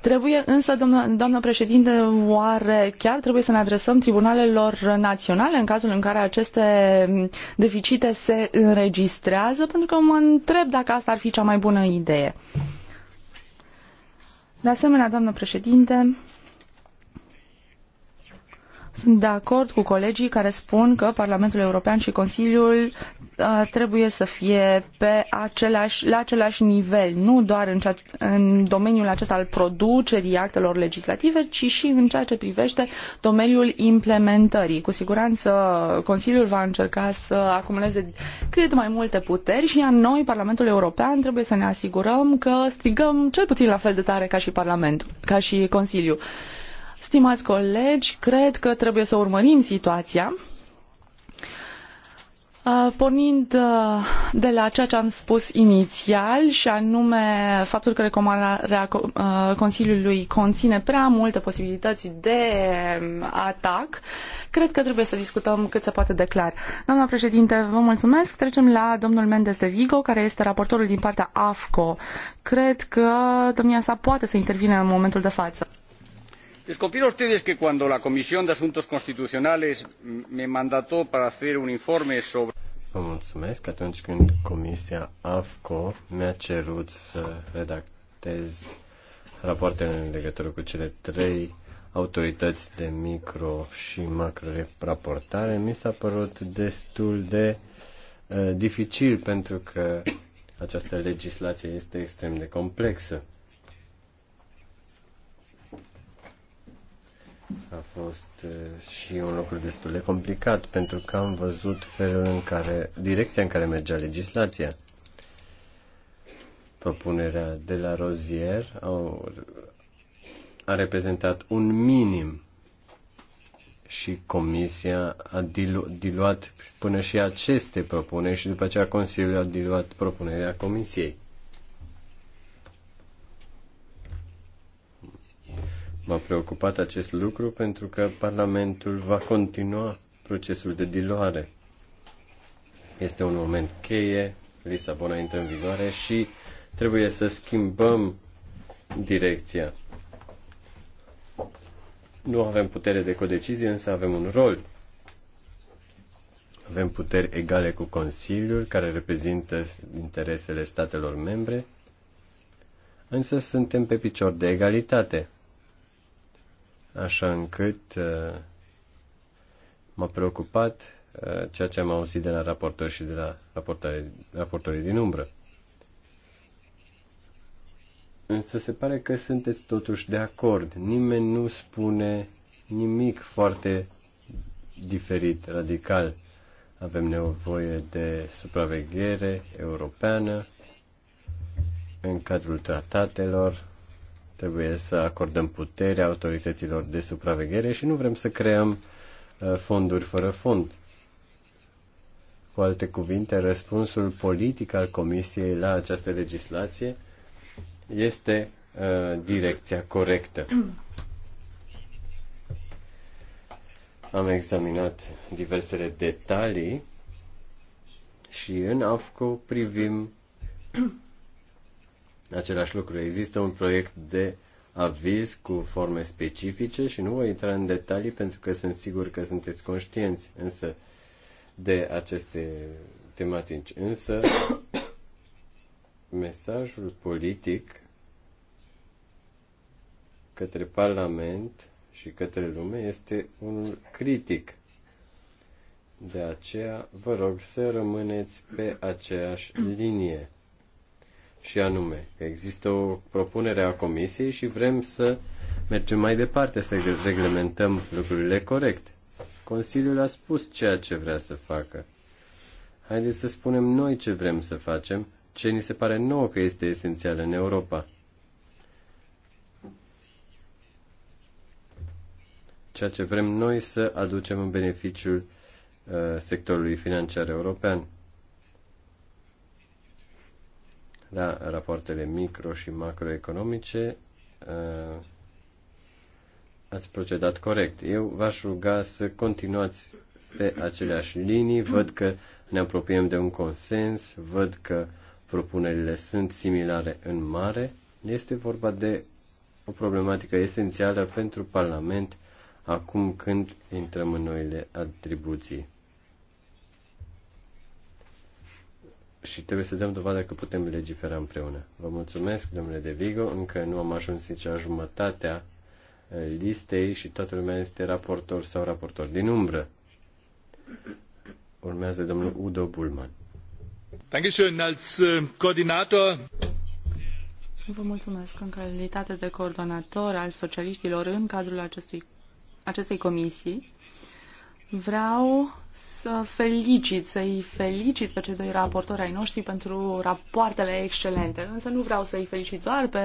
Trebuie însă, doamnă, doamnă președinte, oare chiar trebuie să ne adresăm tribunalelor naționale în cazul în care aceste deficite se înregistrează? Pentru că mă întreb dacă asta ar fi cea mai bună bună idee. De asemenea, doamnă președinte, sunt de acord cu colegii care spun că Parlamentul European și Consiliul uh, trebuie să fie pe la același nivel, nu doar în, cea, în domeniul acesta al producerii actelor legislative, ci și în ceea ce privește domeniul implementării. Cu siguranță Consiliul va încerca să acumuleze cât mai multe puteri și noi, Parlamentul European, trebuie să ne asigurăm că strigăm cel puțin la fel de tare ca și Parlamentul, ca și Consiliul. Stimați colegi, cred că trebuie să urmărim situația. Uh, pornind uh, de la ceea ce am spus inițial și anume faptul că recomandarea uh, Consiliului conține prea multe posibilități de um, atac, cred că trebuie să discutăm cât se poate de clar. Doamna președinte, vă mulțumesc. Trecem la domnul Mendes de Vigo, care este raportorul din partea AFCO. Cred că domnia sa poate să intervine în momentul de față les confieso a ustedes que cuando la comisión de asuntos constitucionales me mandató para hacer un informe sobre Vă mulțumesc atunci când Comisia AFCO mi-a cerut să redactez rapoartele în legătură cu cele trei autorități de micro și macro raportare, mi s-a părut destul de uh, dificil pentru că această legislație este extrem de complexă. a fost și un lucru destul de complicat pentru că am văzut felul în care, direcția în care mergea legislația. Propunerea de la Rozier a reprezentat un minim și comisia a dilu- diluat până și aceste propuneri și după aceea Consiliul a diluat propunerea comisiei. M-a preocupat acest lucru pentru că Parlamentul va continua procesul de diluare. Este un moment cheie, Lisabona intră în vigoare și trebuie să schimbăm direcția. Nu avem putere de codecizie, însă avem un rol. Avem puteri egale cu Consiliul, care reprezintă interesele statelor membre, însă suntem pe picior de egalitate așa încât uh, m-a preocupat uh, ceea ce am auzit de la raportori și de la raportorii, raportorii din umbră. Însă se pare că sunteți totuși de acord. Nimeni nu spune nimic foarte diferit, radical. Avem nevoie de supraveghere europeană în cadrul tratatelor, Trebuie să acordăm putere autorităților de supraveghere și nu vrem să creăm uh, fonduri fără fond. Cu alte cuvinte, răspunsul politic al Comisiei la această legislație este uh, direcția corectă. Am examinat diversele detalii și în AFCO privim același lucru. Există un proiect de aviz cu forme specifice și nu voi intra în detalii pentru că sunt sigur că sunteți conștienți însă de aceste tematici. Însă mesajul politic către Parlament și către lume este unul critic. De aceea vă rog să rămâneți pe aceeași linie și anume că există o propunere a Comisiei și vrem să mergem mai departe, să reglementăm lucrurile corect. Consiliul a spus ceea ce vrea să facă. Haideți să spunem noi ce vrem să facem, ce ni se pare nouă că este esențial în Europa. Ceea ce vrem noi să aducem în beneficiul uh, sectorului financiar european. la rapoartele micro și macroeconomice, eh, ați procedat corect. Eu v-aș ruga să continuați pe aceleași linii. Văd că ne apropiem de un consens, văd că propunerile sunt similare în mare. Este vorba de o problematică esențială pentru Parlament acum când intrăm în noile atribuții. și trebuie să dăm dovadă că putem legifera împreună. Vă mulțumesc, domnule De Vigo, încă nu am ajuns nici la jumătatea eh, listei și toată lumea este raportor sau raportor din umbră. Urmează domnul Udo Bulman. Dankeschön, als eh, coordinator. Vă mulțumesc în calitate de coordonator al socialiștilor în cadrul acestui, acestei comisii. Vreau să felicit, să-i felicit pe cei doi raportori ai noștri pentru rapoartele excelente. Însă nu vreau să-i felicit doar pe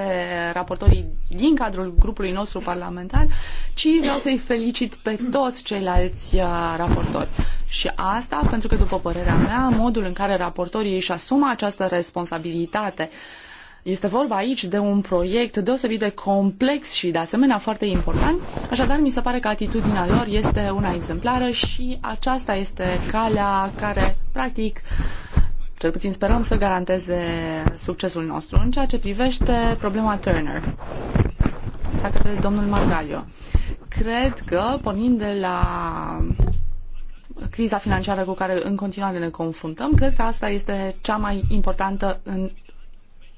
raportorii din cadrul grupului nostru parlamentar, ci vreau să-i felicit pe toți ceilalți uh, raportori. Și asta pentru că, după părerea mea, modul în care raportorii își asumă această responsabilitate uh, este vorba aici de un proiect deosebit de complex și de asemenea foarte important, așadar mi se pare că atitudinea lor este una exemplară și aceasta este calea care, practic, cel puțin sperăm să garanteze succesul nostru în ceea ce privește problema Turner. Dacă către domnul Margalio. Cred că, pornind de la criza financiară cu care în continuare ne confruntăm, cred că asta este cea mai importantă în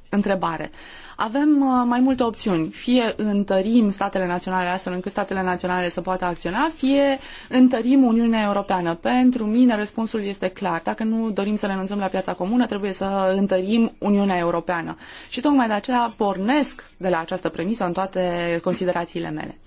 întrebare. Avem uh, mai multe opțiuni. Fie întărim statele naționale astfel încât statele naționale să poată acționa, fie întărim Uniunea Europeană. Pentru mine răspunsul este clar. Dacă nu dorim să renunțăm la piața comună, trebuie să întărim Uniunea Europeană. Și tocmai de aceea pornesc de la această premisă în toate considerațiile mele.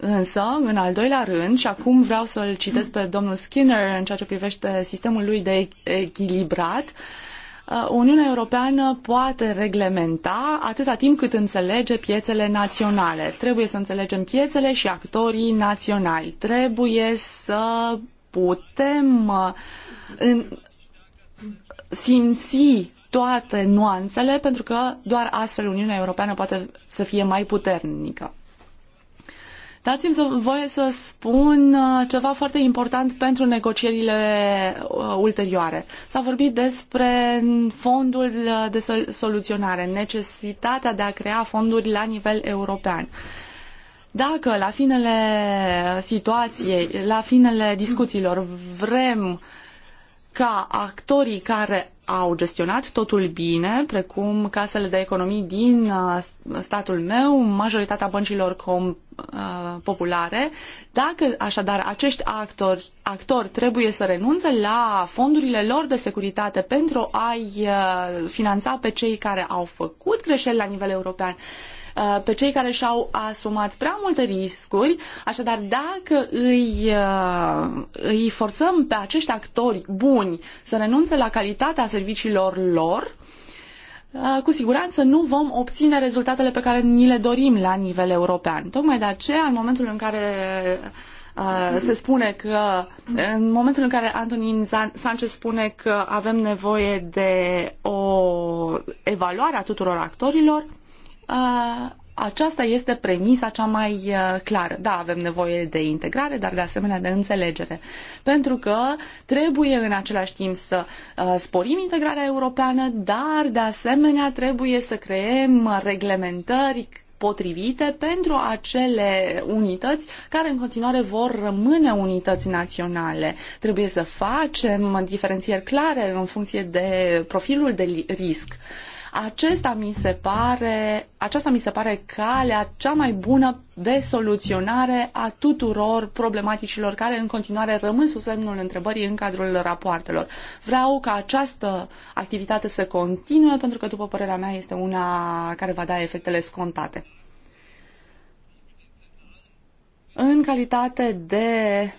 Însă, în al doilea rând, și acum vreau să-l citesc pe domnul Skinner în ceea ce privește sistemul lui de echilibrat, uh, Uh, Uniunea Europeană poate reglementa atâta timp cât înțelege piețele naționale. Trebuie să înțelegem piețele și actorii naționali. Trebuie să putem uh, în, simți toate nuanțele, pentru că doar astfel Uniunea Europeană poate să fie mai puternică. Dați-mi să, voie să spun uh, ceva foarte important pentru negocierile uh, ulterioare. S-a vorbit despre fondul uh, de soluționare, necesitatea de a crea fonduri la nivel european. Dacă la finele situației, la finele discuțiilor vrem ca actorii care au gestionat totul bine, precum casele de economii din uh, statul meu, majoritatea băncilor com, uh, populare. Dacă așadar acești actori, actori trebuie să renunțe la fondurile lor de securitate pentru a-i uh, finanța pe cei care au făcut greșeli la nivel european, Uh, pe cei care și-au asumat prea multe riscuri, așadar dacă îi, uh, îi forțăm pe acești actori buni să renunțe la calitatea serviciilor lor, uh, cu siguranță nu vom obține rezultatele pe care ni le dorim la nivel european. Tocmai de aceea, în momentul în care se spune că în momentul în care Antonin Sanchez spune că avem nevoie de o evaluare a tuturor actorilor, aceasta este premisa cea mai uh, clară. Da, avem nevoie de integrare, dar de asemenea de înțelegere. Pentru că trebuie în același timp să uh, sporim integrarea europeană, dar de asemenea trebuie să creăm reglementări potrivite pentru acele unități care în continuare vor rămâne unități naționale. Trebuie să facem diferențieri clare în funcție de profilul de risc. Uh, acesta mi se pare, aceasta mi se pare calea cea mai bună de soluționare a tuturor problematicilor care în continuare rămân sub semnul întrebării în cadrul rapoartelor. Vreau ca această activitate să continue pentru că, după părerea mea, este una care va da efectele scontate. În calitate de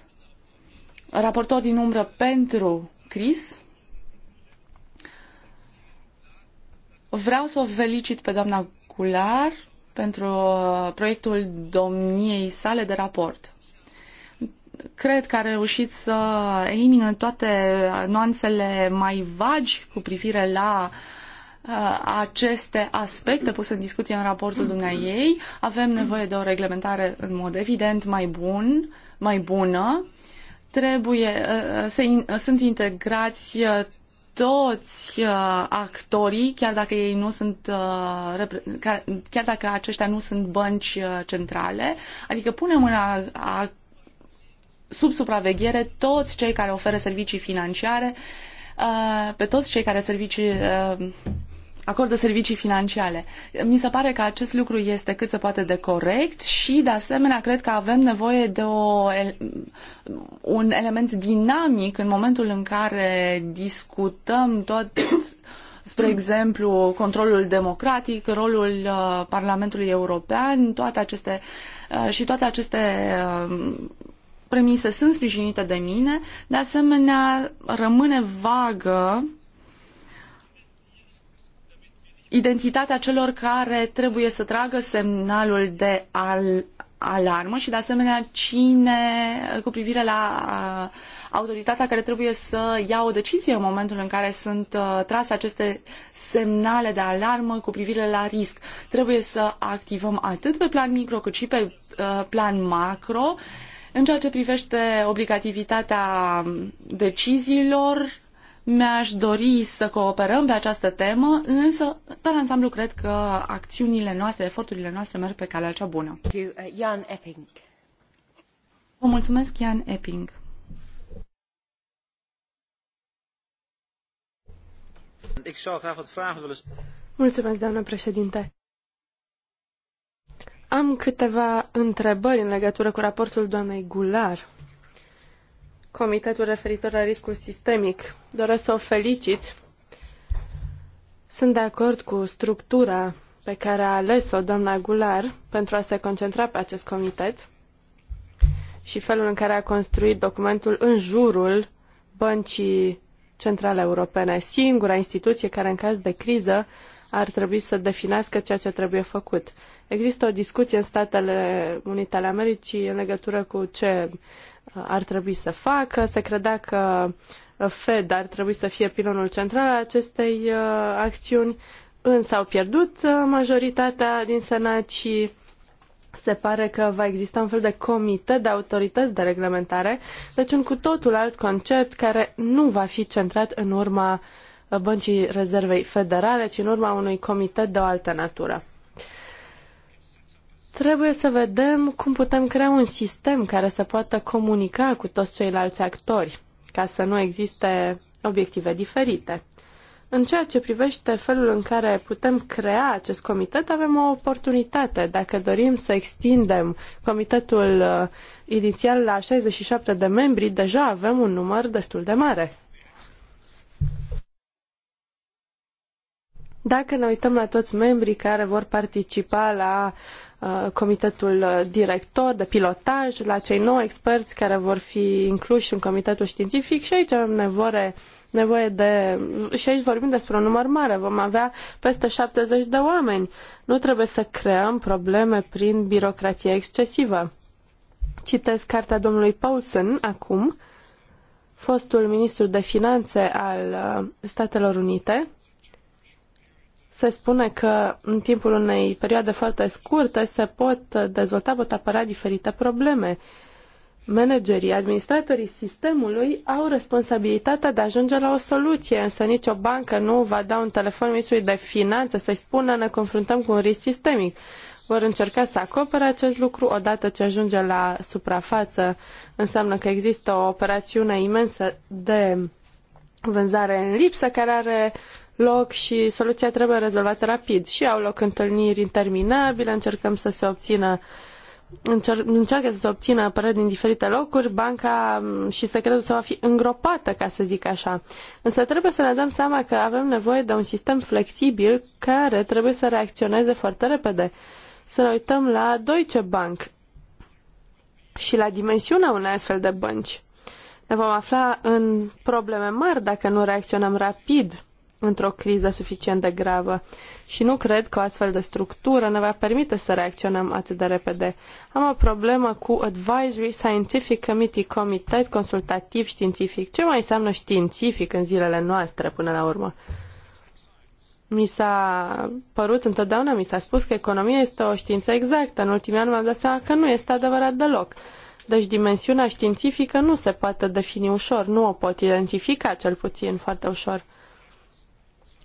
raportor din umbră pentru CRIS, Vreau să o felicit pe doamna Gular pentru uh, proiectul domniei sale de raport. Cred că a reușit să elimine toate nuanțele mai vagi cu privire la uh, aceste aspecte puse în discuție în raportul dumneai. Avem nevoie de o reglementare în mod evident mai bun, mai bună. Trebuie, uh, se, sunt integrați toți uh, actorii, chiar dacă ei nu sunt, uh, chiar dacă aceștia nu sunt bănci uh, centrale, adică punem în a, a, sub supraveghere toți cei care oferă servicii financiare, uh, pe toți cei care servicii uh, acordă servicii financiare. Mi se pare că acest lucru este cât se poate de corect și, de asemenea, cred că avem nevoie de o, un element dinamic în momentul în care discutăm tot spre exemplu, controlul democratic, rolul uh, Parlamentului European, toate aceste uh, și toate aceste uh, premise sunt sprijinite de mine. De asemenea, rămâne vagă identitatea celor care trebuie să tragă semnalul de al alarmă și de asemenea cine cu privire la uh, autoritatea care trebuie să ia o decizie în momentul în care sunt uh, trase aceste semnale de alarmă cu privire la risc. Trebuie să activăm atât pe plan micro cât și pe uh, plan macro în ceea ce privește obligativitatea deciziilor mi-aș dori să cooperăm pe această temă, însă, pe ansamblu, cred că acțiunile noastre, eforturile noastre merg pe calea cea bună. Ian uh, Epping. Vă mulțumesc, Ian Epping. Mulțumesc, doamnă președinte. Am câteva întrebări în legătură cu raportul doamnei Gular comitetul referitor la riscul sistemic. Doresc să o felicit. Sunt de acord cu structura pe care a ales-o doamna Gular pentru a se concentra pe acest comitet și felul în care a construit documentul în jurul Băncii Centrale Europene, singura instituție care în caz de criză ar trebui să definească ceea ce trebuie făcut. Există o discuție în Statele Unite ale Americii în legătură cu ce ar trebui să facă. Se credea că Fed ar trebui să fie pilonul central al acestei uh, acțiuni, însă au pierdut uh, majoritatea din Senat și se pare că va exista un fel de comitet de autorități de reglementare, deci un cu totul alt concept care nu va fi centrat în urma uh, băncii rezervei federale, ci în urma unui comitet de o altă natură. Trebuie să vedem cum putem crea un sistem care să poată comunica cu toți ceilalți actori, ca să nu existe obiective diferite. În ceea ce privește felul în care putem crea acest comitet, avem o oportunitate. Dacă dorim să extindem comitetul uh, inițial la 67 de membri, deja avem un număr destul de mare. Dacă ne uităm la toți membrii care vor participa la Uh, comitetul director de pilotaj, la cei nouă experți care vor fi incluși în comitetul științific și aici avem nevoie nevoie de... și aici vorbim despre un număr mare, vom avea peste 70 de oameni. Nu trebuie să creăm probleme prin birocrație excesivă. Citesc cartea domnului Paulson acum, fostul ministru de finanțe al uh, Statelor Unite, se spune că în timpul unei perioade foarte scurte se pot dezvolta, pot apărea diferite probleme. Managerii, administratorii sistemului au responsabilitatea de a ajunge la o soluție, însă nicio bancă nu va da un telefon ministrului de finanță să-i spună ne confruntăm cu un risc sistemic. Vor încerca să acopere acest lucru odată ce ajunge la suprafață. Înseamnă că există o operațiune imensă de vânzare în lipsă care are loc și soluția trebuie rezolvată rapid. Și au loc întâlniri interminabile, încercăm să se obțină încer- încearcă să se obțină părere din diferite locuri, banca și secretul să va fi îngropată, ca să zic așa. Însă trebuie să ne dăm seama că avem nevoie de un sistem flexibil care trebuie să reacționeze foarte repede. Să ne uităm la Deutsche Bank și la dimensiunea unei astfel de bănci. Ne vom afla în probleme mari dacă nu reacționăm rapid într-o criză suficient de gravă și nu cred că o astfel de structură ne va permite să reacționăm atât de repede. Am o problemă cu Advisory Scientific Committee, comitet consultativ științific. Ce mai înseamnă științific în zilele noastre până la urmă? Mi s-a părut întotdeauna, mi s-a spus că economia este o știință exactă. În ultimii ani mi-am dat seama că nu este adevărat deloc. Deci dimensiunea științifică nu se poate defini ușor, nu o pot identifica cel puțin foarte ușor.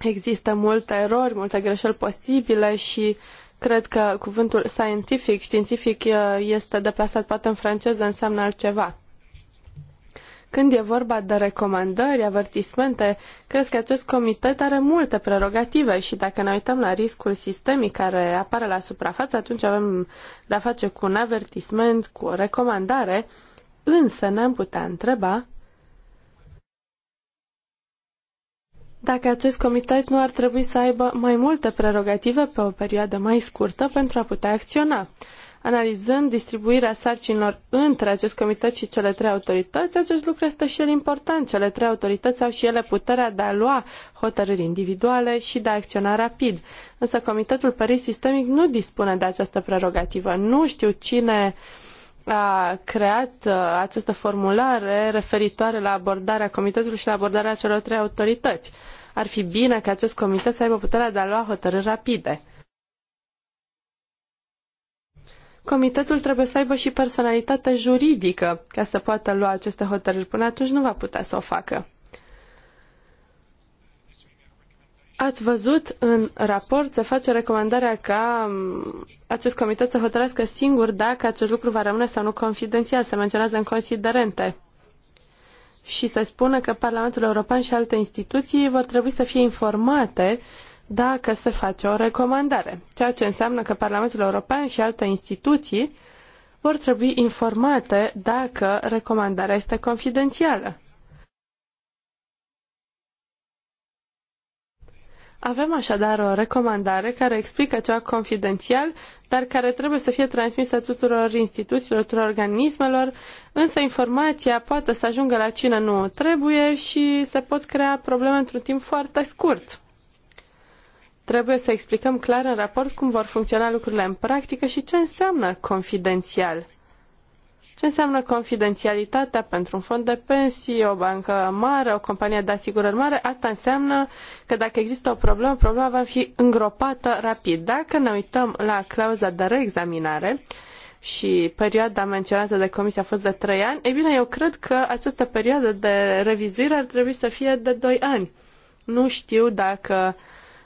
Există multe erori, multe greșeli posibile și cred că cuvântul scientific, științific, este deplasat poate în franceză, înseamnă altceva. Când e vorba de recomandări, avertismente, cred că acest comitet are multe prerogative și dacă ne uităm la riscul sistemic care apare la suprafață, atunci avem de-a face cu un avertisment, cu o recomandare, însă ne-am putea întreba dacă acest comitet nu ar trebui să aibă mai multe prerogative pe o perioadă mai scurtă pentru a putea acționa. Analizând distribuirea sarcinilor între acest comitet și cele trei autorități, acest lucru este și el important. Cele trei autorități au și ele puterea de a lua hotărâri individuale și de a acționa rapid. Însă Comitetul Paris Sistemic nu dispune de această prerogativă. Nu știu cine uh, a creat uh, această formulare referitoare la abordarea comitetului și la abordarea celor trei autorități. Ar fi bine ca acest comitet să aibă puterea de a lua hotărâri rapide. Comitetul trebuie să aibă și personalitate juridică ca să poată lua aceste hotărâri. Până atunci nu va putea să o facă. Ați văzut în raport, se face recomandarea ca um, acest comitet să hotărească singur dacă acest lucru va rămâne sau nu confidențial, se menționează în considerente. Și se spune că Parlamentul European și alte instituții vor trebui să fie informate dacă se face o recomandare, ceea ce înseamnă că Parlamentul European și alte instituții vor trebui informate dacă recomandarea este confidențială. Avem așadar o recomandare care explică ceva confidențial, dar care trebuie să fie transmisă tuturor instituțiilor, tuturor organismelor, însă informația poate să ajungă la cine nu trebuie și se pot crea probleme într-un timp foarte scurt. Trebuie să explicăm clar în raport cum vor funcționa lucrurile în practică și ce înseamnă confidențial. Ce înseamnă confidențialitatea pentru un fond de pensii, o bancă mare, o companie de asigurări mare? Asta înseamnă că dacă există o problemă, problema va fi îngropată rapid. Dacă ne uităm la clauza de reexaminare, și perioada menționată de comisie a fost de trei ani, e bine, eu cred că această perioadă de revizuire ar trebui să fie de doi ani. Nu știu dacă uh,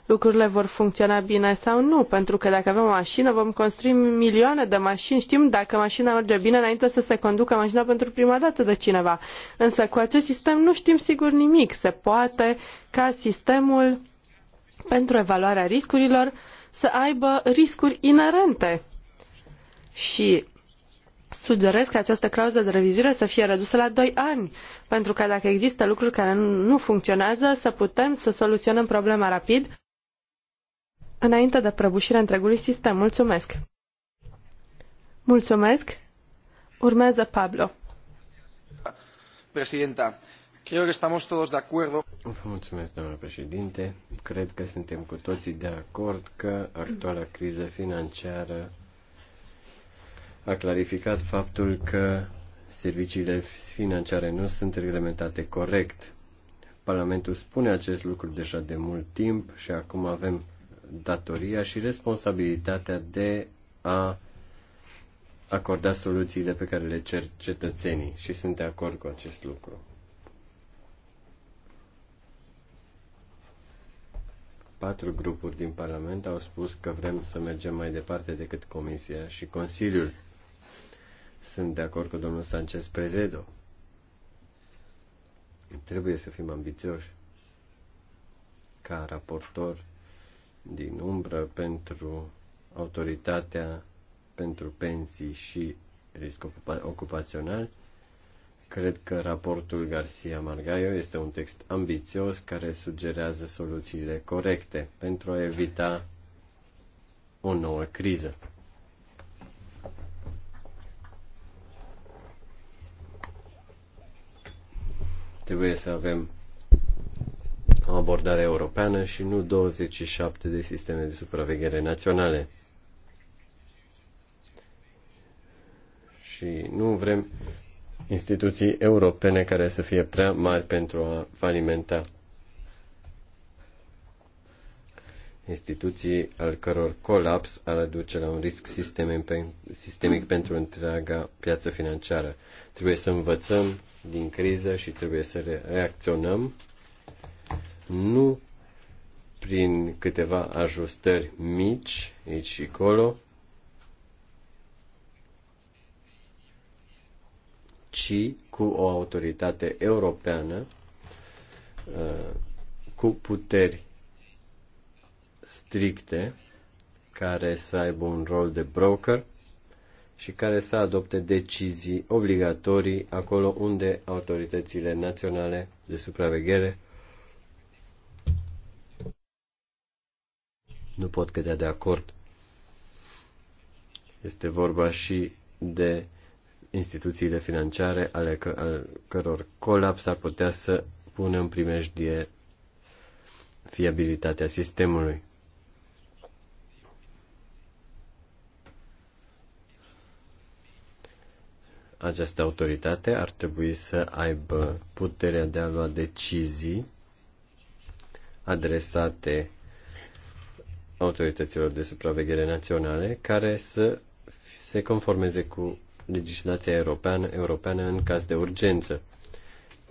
lucrurile vor funcționa bine sau nu, pentru că dacă avem o mașină, vom construi milioane de mașini, știm dacă mașina merge bine înainte să se conducă mașina pentru prima dată de cineva. Însă cu acest sistem nu știm sigur nimic. Se poate ca sistemul pentru evaluarea riscurilor să aibă riscuri inerente. Și sugerez ca această clauză de revizuire să fie redusă la doi ani, pentru că dacă există lucruri care nu funcționează, să putem să soluționăm problema rapid înainte de prăbușirea întregului sistem. Mulțumesc! Mulțumesc! Urmează Pablo. Presidenta, cred că estamos todos de acuerdo. Vă mulțumesc, doamnă președinte. Cred că suntem cu toții de acord că actuala criză financiară a clarificat faptul că serviciile financiare nu sunt reglementate corect. Parlamentul spune acest lucru deja de mult timp și acum avem datoria și responsabilitatea de a acorda soluțiile pe care le cer cetățenii și sunt de acord cu acest lucru. Patru grupuri din Parlament au spus că vrem să mergem mai departe decât Comisia și Consiliul. Sunt de acord cu domnul Sanchez Prezedo. Trebuie să fim ambițioși. Ca raportor din umbră pentru autoritatea pentru pensii și risc ocupațional. Cred că raportul Garcia Margaio este un text ambițios care sugerează soluțiile corecte pentru a evita o nouă criză. Trebuie să avem o abordare europeană și nu 27 de sisteme de supraveghere naționale. Și nu vrem instituții europene care să fie prea mari pentru a falimenta. Instituții al căror colaps ar aduce la un risc sistemic pentru întreaga piață financiară. Trebuie să învățăm din criză și trebuie să reacționăm nu prin câteva ajustări mici aici și acolo, ci cu o autoritate europeană uh, cu puteri stricte care să aibă un rol de broker și care să adopte decizii obligatorii acolo unde autoritățile naționale de supraveghere nu pot cădea de acord. Este vorba și de instituțiile financiare ale, că, al căror colaps ar putea să pună în primejdie fiabilitatea sistemului. Această autoritate ar trebui să aibă puterea de a lua decizii adresate autorităților de supraveghere naționale care să se conformeze cu legislația europeană, europeană în caz de urgență.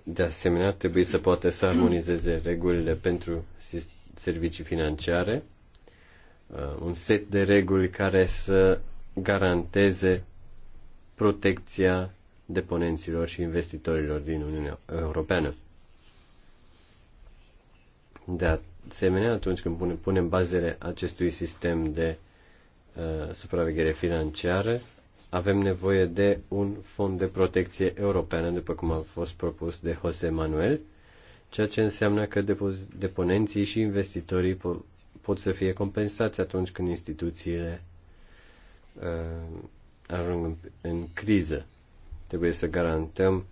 De asemenea, trebuie să poată să armonizeze regulile pentru servicii financiare, uh, un set de reguli care să garanteze protecția deponenților și investitorilor din Uniunea Europeană. De, a, asemenea, atunci când punem, punem bazele acestui sistem de uh, supraveghere financiară, avem nevoie de un fond de protecție europeană, după cum a fost propus de Jose Manuel, ceea ce înseamnă că deponenții și investitorii po- pot să fie compensați atunci când instituțiile uh, ajung în, în criză. Trebuie să garantăm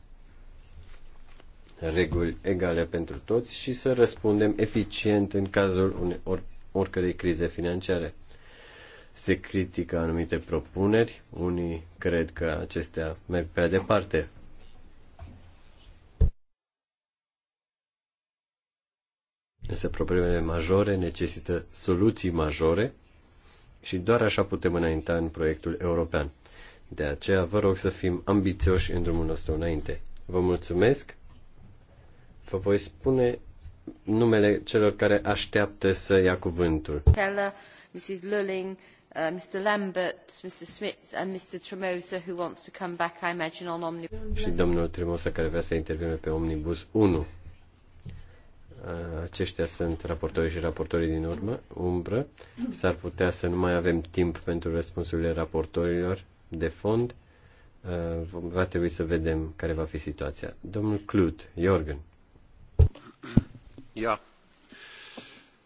reguli egale pentru toți și să răspundem eficient în cazul unei or, oricărei crize financiare. Se critică anumite propuneri, unii cred că acestea merg prea departe. Însă problemele majore necesită soluții majore și doar așa putem înainta în proiectul european. De aceea vă rog să fim ambițioși în drumul nostru înainte. Vă mulțumesc! Vă voi spune numele celor care așteaptă să ia cuvântul. Keller, Mrs. Lulling, uh, Mr. Lambert, Mr. Smith and Mr. Tremosa, who wants to come back, I imagine, on Omnibus. Și domnul Tremosa, care vrea să intervine pe Omnibus 1. Aceștia sunt raportorii și raportorii din urmă, umbră. S-ar putea să nu mai avem timp pentru răspunsurile raportorilor de fond. Uh, va trebui să vedem care va fi situația. Domnul Clut, Jorgen.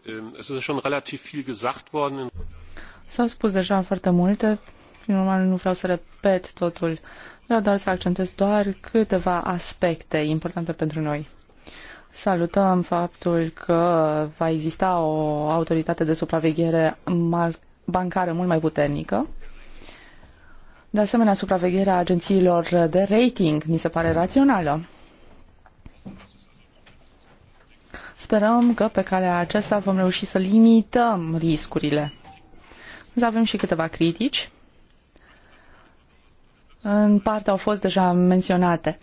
Ähm, S-au spus deja foarte multe, prin urmare nu vreau să repet totul. Vreau doar să accentuez doar câteva aspecte importante pentru noi. Salutăm faptul că va exista o autoritate de supraveghere bancară mult mai puternică. De asemenea, supravegherea agențiilor de rating ni se pare rațională. Sperăm că pe calea aceasta vom reuși să limităm riscurile. Însă avem și câteva critici. În parte au fost deja menționate.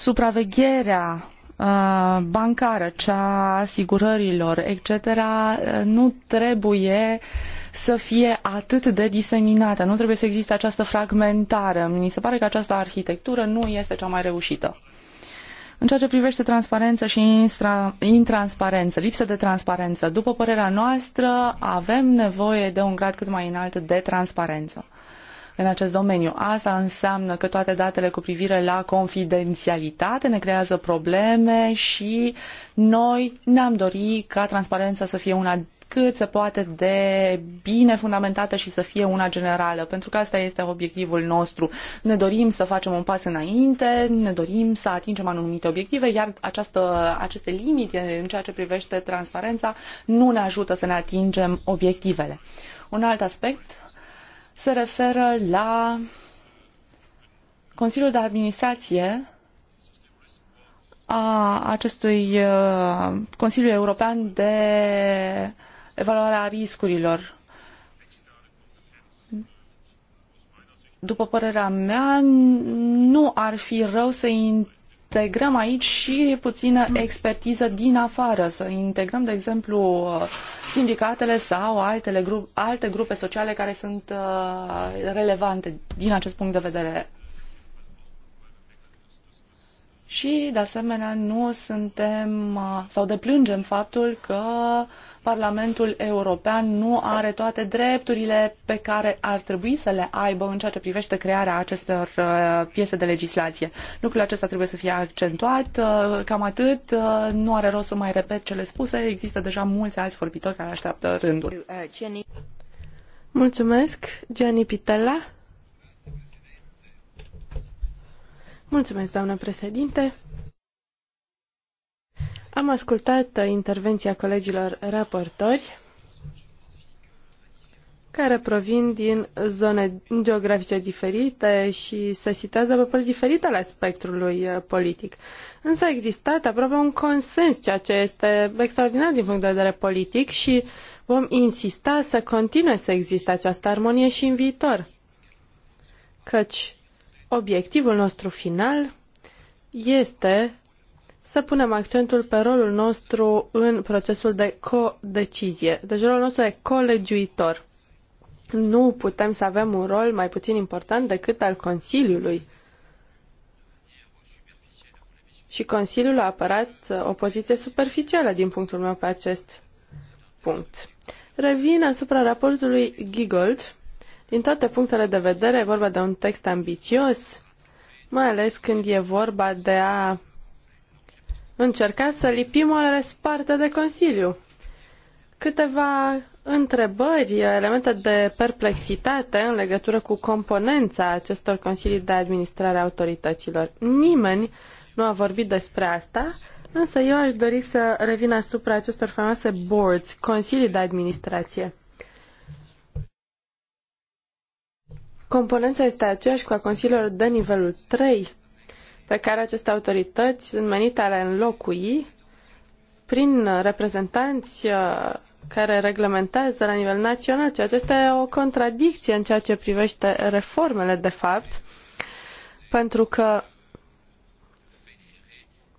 Supravegherea uh, bancară, cea asigurărilor, etc., uh, nu trebuie să fie atât de diseminată, nu trebuie să existe această fragmentare. Mi se pare că această arhitectură nu este cea mai reușită. În ceea ce privește transparența și instra, intransparență, lipsă de transparență, după părerea noastră, avem nevoie de un grad cât mai înalt de transparență în acest domeniu. Asta înseamnă că toate datele cu privire la confidențialitate ne creează probleme și noi ne-am dorit ca transparența să fie una cât se poate de bine fundamentată și să fie una generală, pentru că asta este obiectivul nostru. Ne dorim să facem un pas înainte, ne dorim să atingem anumite obiective, iar această, aceste limite în ceea ce privește transparența nu ne ajută să ne atingem obiectivele. Un alt aspect se referă la Consiliul de Administrație a acestui uh, Consiliu European de evaluarea riscurilor. După părerea mea, nu ar fi rău să integrăm aici și puțină expertiză din afară, să integrăm, de exemplu, sindicatele sau altele grup, alte grupe sociale care sunt uh, relevante din acest punct de vedere și, de asemenea, nu suntem uh, sau deplângem faptul că Parlamentul European nu are toate drepturile pe care ar trebui să le aibă în ceea ce privește crearea acestor uh, piese de legislație. Lucrul acesta trebuie să fie accentuat. Uh, cam atât. Uh, nu are rost să mai repet cele spuse. Există deja mulți alți vorbitori care așteaptă rândul. Mulțumesc, Gianni Pitella. Mulțumesc, doamnă președinte. Am ascultat intervenția colegilor raportori care provin din zone geografice diferite și se situează pe părți diferite ale spectrului uh, politic. Însă a existat aproape un consens, ceea ce este extraordinar din punct de vedere politic și vom insista să continue să existe această armonie și în viitor. Căci obiectivul nostru final este să punem accentul pe rolul nostru în procesul de co-decizie. deci rolul nostru de colegiuitor. Nu putem să avem un rol mai puțin important decât al Consiliului. Și Consiliul a apărat uh, o poziție superficială din punctul meu pe acest punct. Revin asupra raportului Giggold. Din toate punctele de vedere, e vorba de un text ambițios, mai ales când e vorba de a încerca să lipim o sparte de Consiliu. Câteva întrebări, elemente de perplexitate în legătură cu componența acestor consilii de administrare a autorităților. Nimeni nu a vorbit despre asta, însă eu aș dori să revin asupra acestor famoase boards, consilii de administrație. Componența este aceeași cu a consiliilor de nivelul 3, pe care aceste autorități sunt menite a le înlocui prin reprezentanți uh, care reglementează la nivel național, ceea ce este o contradicție în ceea ce privește reformele, de fapt, pentru că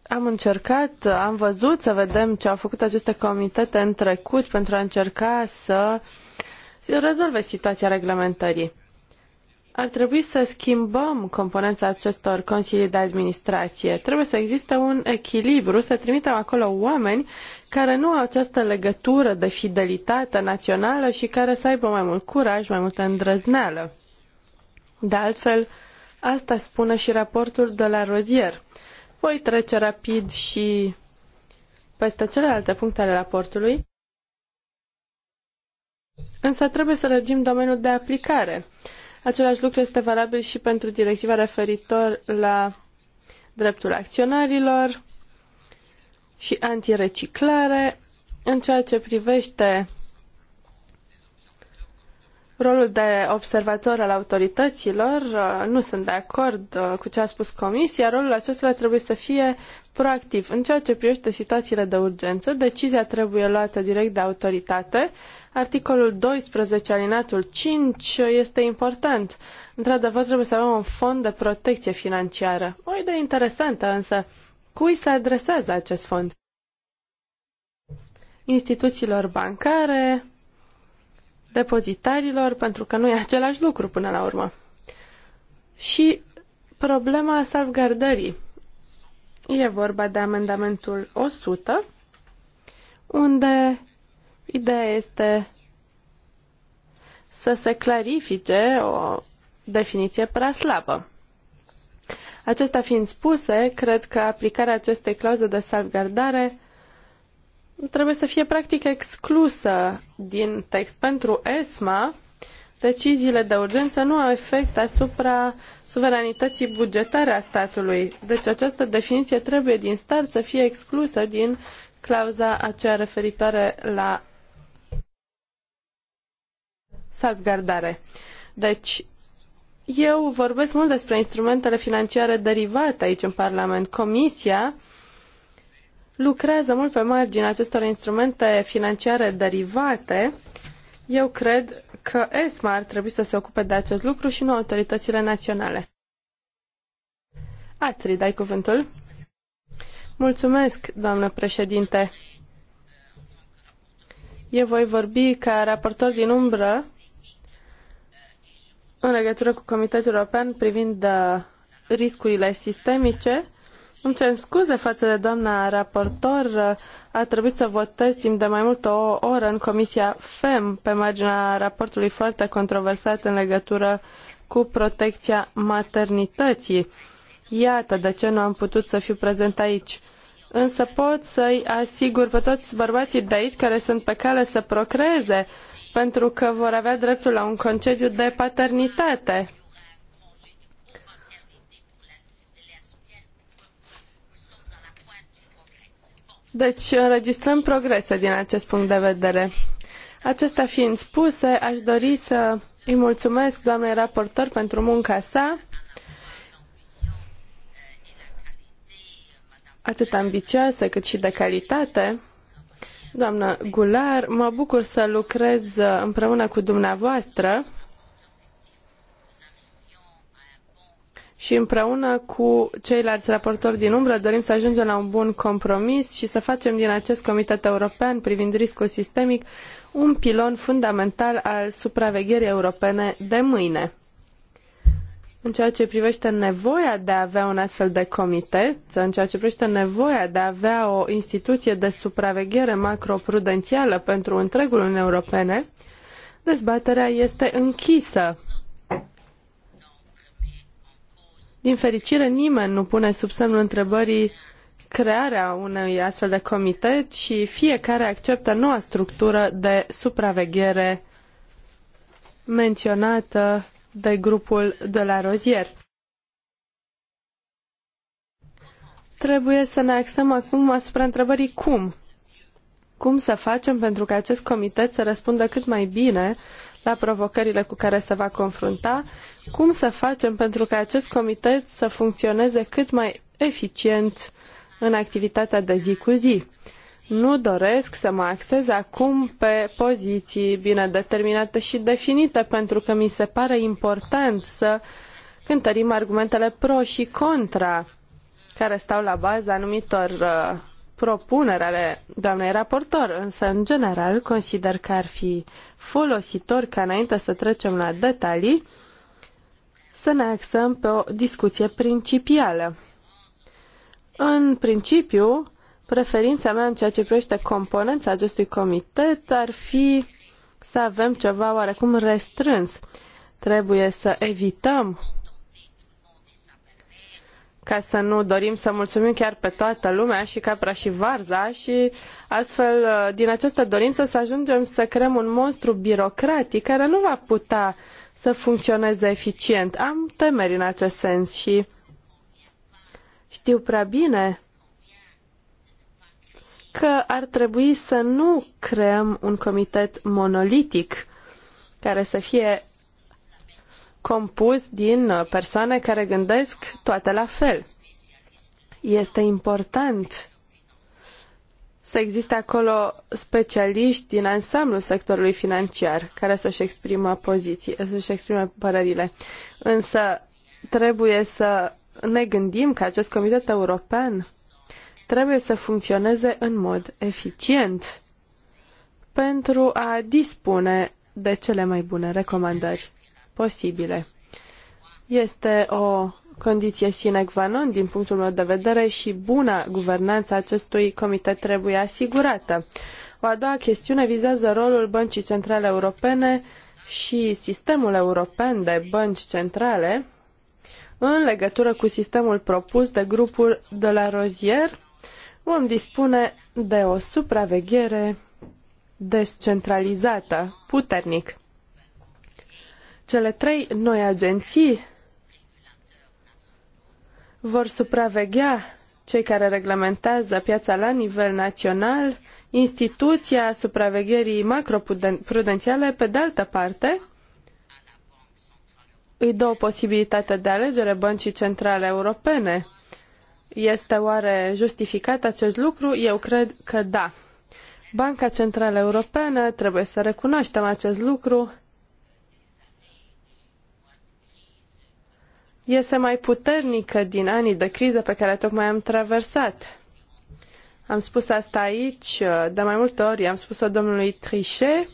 am încercat, am văzut să vedem ce au făcut aceste comitete în trecut pentru a încerca să rezolve situația reglementării. Ar trebui să schimbăm componența acestor consilii de administrație. Trebuie să existe un echilibru, să trimitem acolo oameni care nu au această legătură de fidelitate națională și care să aibă mai mult curaj, mai multă îndrăzneală. De altfel, asta spune și raportul de la Rozier. Voi trece rapid și peste celelalte puncte ale raportului, însă trebuie să răgim domeniul de aplicare. Același lucru este valabil și pentru directiva referitor la dreptul acționarilor și antireciclare. În ceea ce privește rolul de observator al autorităților, uh, nu sunt de acord uh, cu ce a spus Comisia, rolul acestora trebuie să fie proactiv. În ceea ce privește situațiile de urgență, decizia trebuie luată direct de autoritate. Articolul 12, alinatul 5, uh, este important. Într-adevăr, trebuie să avem un fond de protecție financiară. O idee interesantă, însă, cui se adresează acest fond? Instituțiilor bancare, depozitarilor, pentru că nu e același lucru până la urmă. Și problema salvgardării. E vorba de amendamentul 100, unde ideea este să se clarifice o definiție prea slabă. Acestea fiind spuse, cred că aplicarea acestei clauze de salvgardare trebuie să fie practic exclusă din text. Pentru ESMA, deciziile de urgență nu au efect asupra suveranității bugetare a statului. Deci această definiție trebuie din start să fie exclusă din clauza aceea referitoare la salvgardare. Deci, eu vorbesc mult despre instrumentele financiare derivate aici în Parlament. Comisia uh, lucrează mult pe marginea acestor instrumente financiare derivate. Eu cred că ESMA ar trebui să se ocupe de acest lucru și nu autoritățile naționale. Astrid, dai cuvântul? Mulțumesc, doamnă președinte. Eu voi vorbi ca raportor din umbră în legătură cu Comitetul European privind uh, riscurile sistemice îmi cer scuze față de doamna raportor. A trebuit să votez timp de mai mult o oră în Comisia FEM pe marginea raportului foarte controversat în legătură cu protecția maternității. Iată de ce nu am putut să fiu prezent aici. Însă pot să-i asigur pe toți bărbații de aici care sunt pe cale să procreeze, pentru că vor avea dreptul la un concediu de paternitate Deci înregistrăm progrese din acest punct de vedere. Acestea fiind spuse, aș dori să îi mulțumesc doamnei raportor pentru munca sa. atât ambițioasă cât și de calitate. Doamnă Gular, mă bucur să lucrez împreună cu dumneavoastră și împreună cu ceilalți raportori din umbră dorim să ajungem la un bun compromis și să facem din acest Comitet European privind riscul sistemic un pilon fundamental al supravegherii europene de mâine. În ceea ce privește nevoia de a avea un astfel de comitet, în ceea ce privește nevoia de a avea o instituție de supraveghere macroprudențială pentru întregul Uniunii Europene, dezbaterea este închisă Din fericire, nimeni nu pune sub semnul întrebării crearea unui astfel de comitet și fiecare acceptă noua structură de supraveghere menționată de grupul de la Rozier. Trebuie să ne axăm acum asupra întrebării cum. Cum să facem pentru ca acest comitet să răspundă cât mai bine la provocările cu care se va confrunta, cum să facem pentru ca acest comitet să funcționeze cât mai eficient în activitatea de zi cu zi. Nu doresc să mă axez acum pe poziții bine determinate și definite, pentru că mi se pare important să cântărim argumentele pro și contra care stau la baza anumitor uh, propuneri ale doamnei raportor, însă, în general, consider că ar fi folositor ca înainte să trecem la detalii, să ne axăm pe o discuție principială. În principiu, preferința mea în ceea ce privește componența acestui comitet ar fi să avem ceva oarecum restrâns. Trebuie să evităm ca să nu dorim să mulțumim chiar pe toată lumea și capra și varza și astfel uh, din această dorință să ajungem să creăm un monstru birocratic care nu va putea să funcționeze eficient. Am temeri în acest sens și știu prea bine că ar trebui să nu creăm un comitet monolitic care să fie compus din persoane care gândesc toate la fel. Este important să existe acolo specialiști din ansamblul sectorului financiar care să-și exprime poziții, să-și exprime părerile. Însă trebuie să ne gândim că acest comitet european trebuie să funcționeze în mod eficient pentru a dispune de cele mai bune recomandări posibile. Este o condiție sine qua non din punctul meu de vedere și buna guvernanță acestui comitet trebuie asigurată. O a doua chestiune vizează rolul Băncii Centrale Europene și sistemul european de bănci centrale în legătură cu sistemul propus de grupul de la Rozier, vom dispune de o supraveghere descentralizată, puternic. Cele trei noi agenții vor supraveghea cei care reglementează piața la nivel național, instituția supravegherii macroprudențiale, pe de altă parte, îi dă o posibilitate de alegere băncii centrale europene. Este oare justificat acest lucru? Eu cred că da. Banca Centrală Europeană, trebuie să recunoaștem acest lucru, este mai puternică din anii de criză pe care tocmai am traversat. Am spus asta aici uh, de mai multe ori, am spus-o domnului Trichet.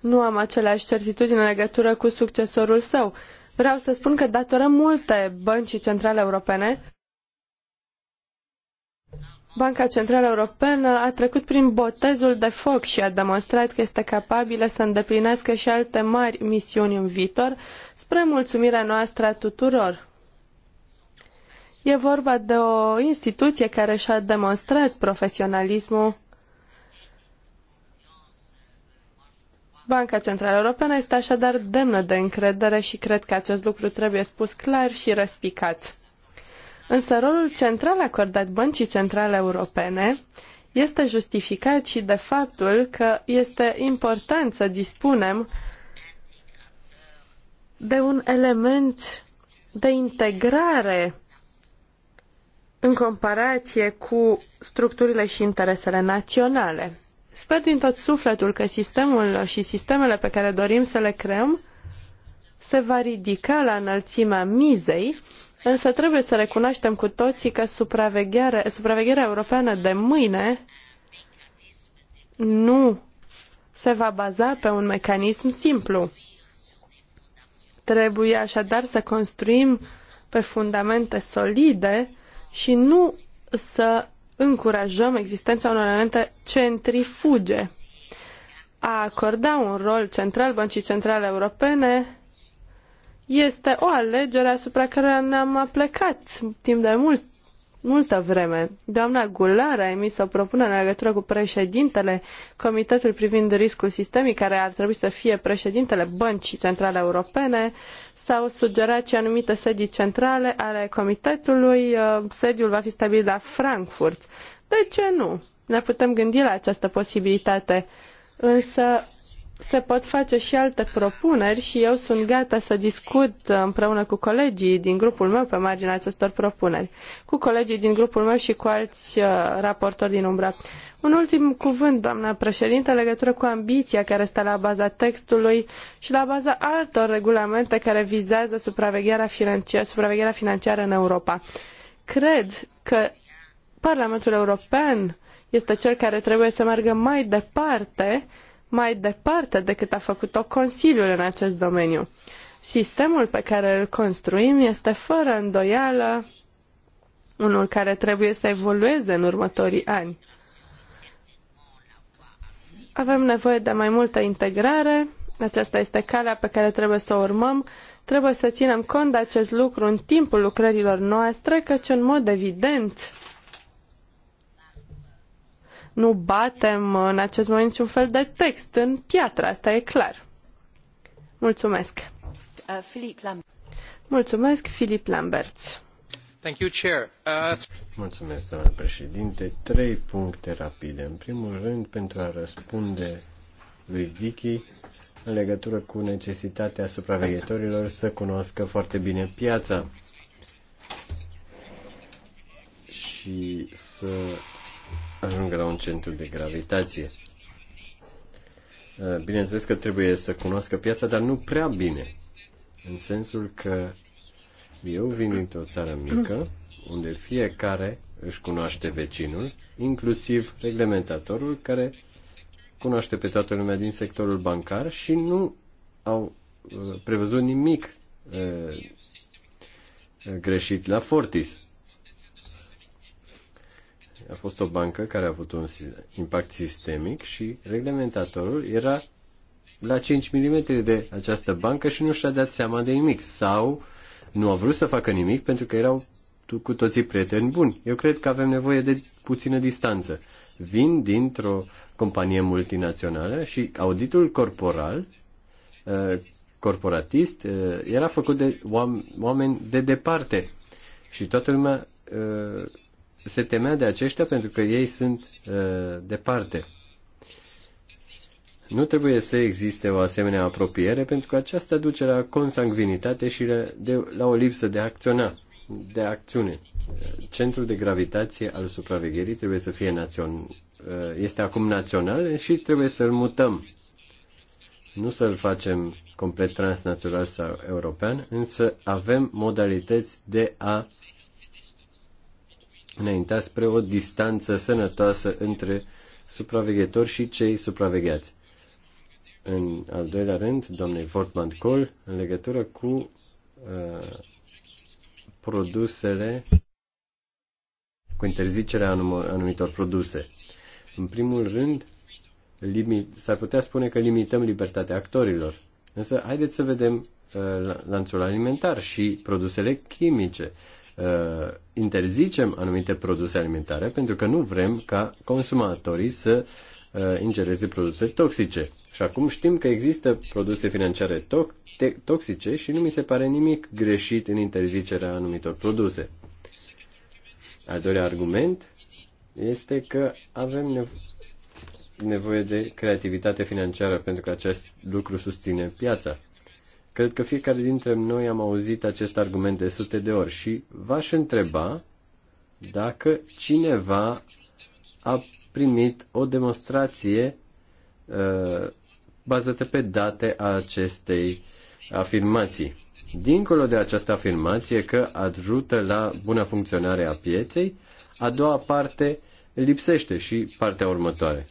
Nu am aceleași certitudini în legătură cu succesorul său. Vreau să spun că datorăm multe băncii centrale europene Banca Centrală Europeană a trecut prin botezul de foc și a demonstrat că este capabilă să îndeplinească și alte mari misiuni în viitor, spre mulțumirea noastră a tuturor. E vorba de o instituție care și-a demonstrat profesionalismul. Banca Centrală Europeană este așadar demnă de încredere și cred că acest lucru trebuie spus clar și răspicat. Însă rolul central acordat Băncii Centrale Europene este justificat și de faptul că este important să dispunem de un element de integrare în comparație cu structurile și interesele naționale. Sper din tot sufletul că sistemul și sistemele pe care dorim să le creăm se va ridica la înălțimea mizei Însă trebuie să recunoaștem cu toții că supravegherea, supravegherea europeană de mâine nu se va baza pe un mecanism simplu. Trebuie așadar să construim pe fundamente solide și nu să încurajăm existența unor elemente centrifuge. A acorda un rol central băncii centrale europene este o alegere asupra care ne-am aplecat timp de mult multă vreme. Doamna Gular a emis o propunere în legătură cu președintele Comitetului privind riscul sistemic, care ar trebui să fie președintele Băncii Centrale Europene. S-au sugerat și anumite sedii centrale ale comitetului. Uh, sediul va fi stabilit la Frankfurt. De ce nu? Ne putem gândi la această posibilitate. Însă se pot face și alte propuneri și eu sunt gata să discut împreună cu colegii din grupul meu pe marginea acestor propuneri, cu colegii din grupul meu și cu alți uh, raportori din umbra. Un ultim cuvânt, doamna președinte, în legătură cu ambiția care stă la baza textului și la baza altor regulamente care vizează supravegherea financiară, supravegherea financiară în Europa. Cred că Parlamentul European este cel care trebuie să meargă mai departe mai departe decât a făcut-o Consiliul în acest domeniu. Sistemul pe care îl construim este fără îndoială unul care trebuie să evolueze în următorii ani. Avem nevoie de mai multă integrare, aceasta este calea pe care trebuie să o urmăm, trebuie să ținem cont de acest lucru în timpul lucrărilor noastre, căci în mod evident nu batem în acest moment niciun fel de text în piatră, asta e clar. Mulțumesc. Uh, Lambert. Mulțumesc, Filip Lambert. Thank you, Chair. Uh... Mulțumesc, doamnă președinte. Trei puncte rapide. În primul rând, pentru a răspunde lui Vicky în legătură cu necesitatea supraveghetorilor să cunoască foarte bine piața și să ajungă la un centru de gravitație. Eh, bineînțeles că trebuie să cunoască piața, dar nu prea bine. În sensul că eu vin dintr-o țară mică, unde fiecare își cunoaște vecinul, inclusiv reglementatorul care cunoaște pe toată lumea din sectorul bancar și nu au eh, prevăzut nimic eh, greșit la Fortis a fost o bancă care a avut un impact sistemic și reglementatorul era la 5 mm de această bancă și nu și-a dat seama de nimic sau nu a vrut să facă nimic pentru că erau cu toții prieteni buni. Eu cred că avem nevoie de puțină distanță. Vin dintr-o companie multinațională și auditul corporal, uh, corporatist, uh, era făcut de oameni de departe. Și toată lumea uh, se temea de aceștia pentru că ei sunt uh, departe. Nu trebuie să existe o asemenea apropiere pentru că aceasta duce la consangvinitate și la, de, la o lipsă de acționa, de acțiune. Centrul de gravitație al supravegherii trebuie să fie uh, este acum național și trebuie să-l mutăm. Nu să-l facem complet transnațional sau european, însă avem modalități de a înaintea spre o distanță sănătoasă între supraveghetori și cei supravegheați. În al doilea rând, domnul fortman Col, în legătură cu uh, produsele, cu interzicerea anum anumitor produse. În primul rând, s-ar putea spune că limităm libertatea actorilor. Însă, haideți să vedem uh, lanțul alimentar și produsele chimice. Uh, Uh, interzicem anumite produse alimentare pentru că nu vrem ca consumatorii să uh, ingereze produse toxice. Și acum știm că există produse financiare to- toxice și nu mi se pare nimic greșit în interzicerea anumitor produse. Al doilea argument este că avem nevo- nevoie de creativitate financiară pentru că acest lucru susține piața. Cred că fiecare dintre noi am auzit acest argument de sute de ori și v-aș întreba dacă cineva a primit o demonstrație uh, bazată pe date a acestei afirmații. Dincolo de această afirmație că ajută la buna funcționare a pieței, a doua parte lipsește și partea următoare.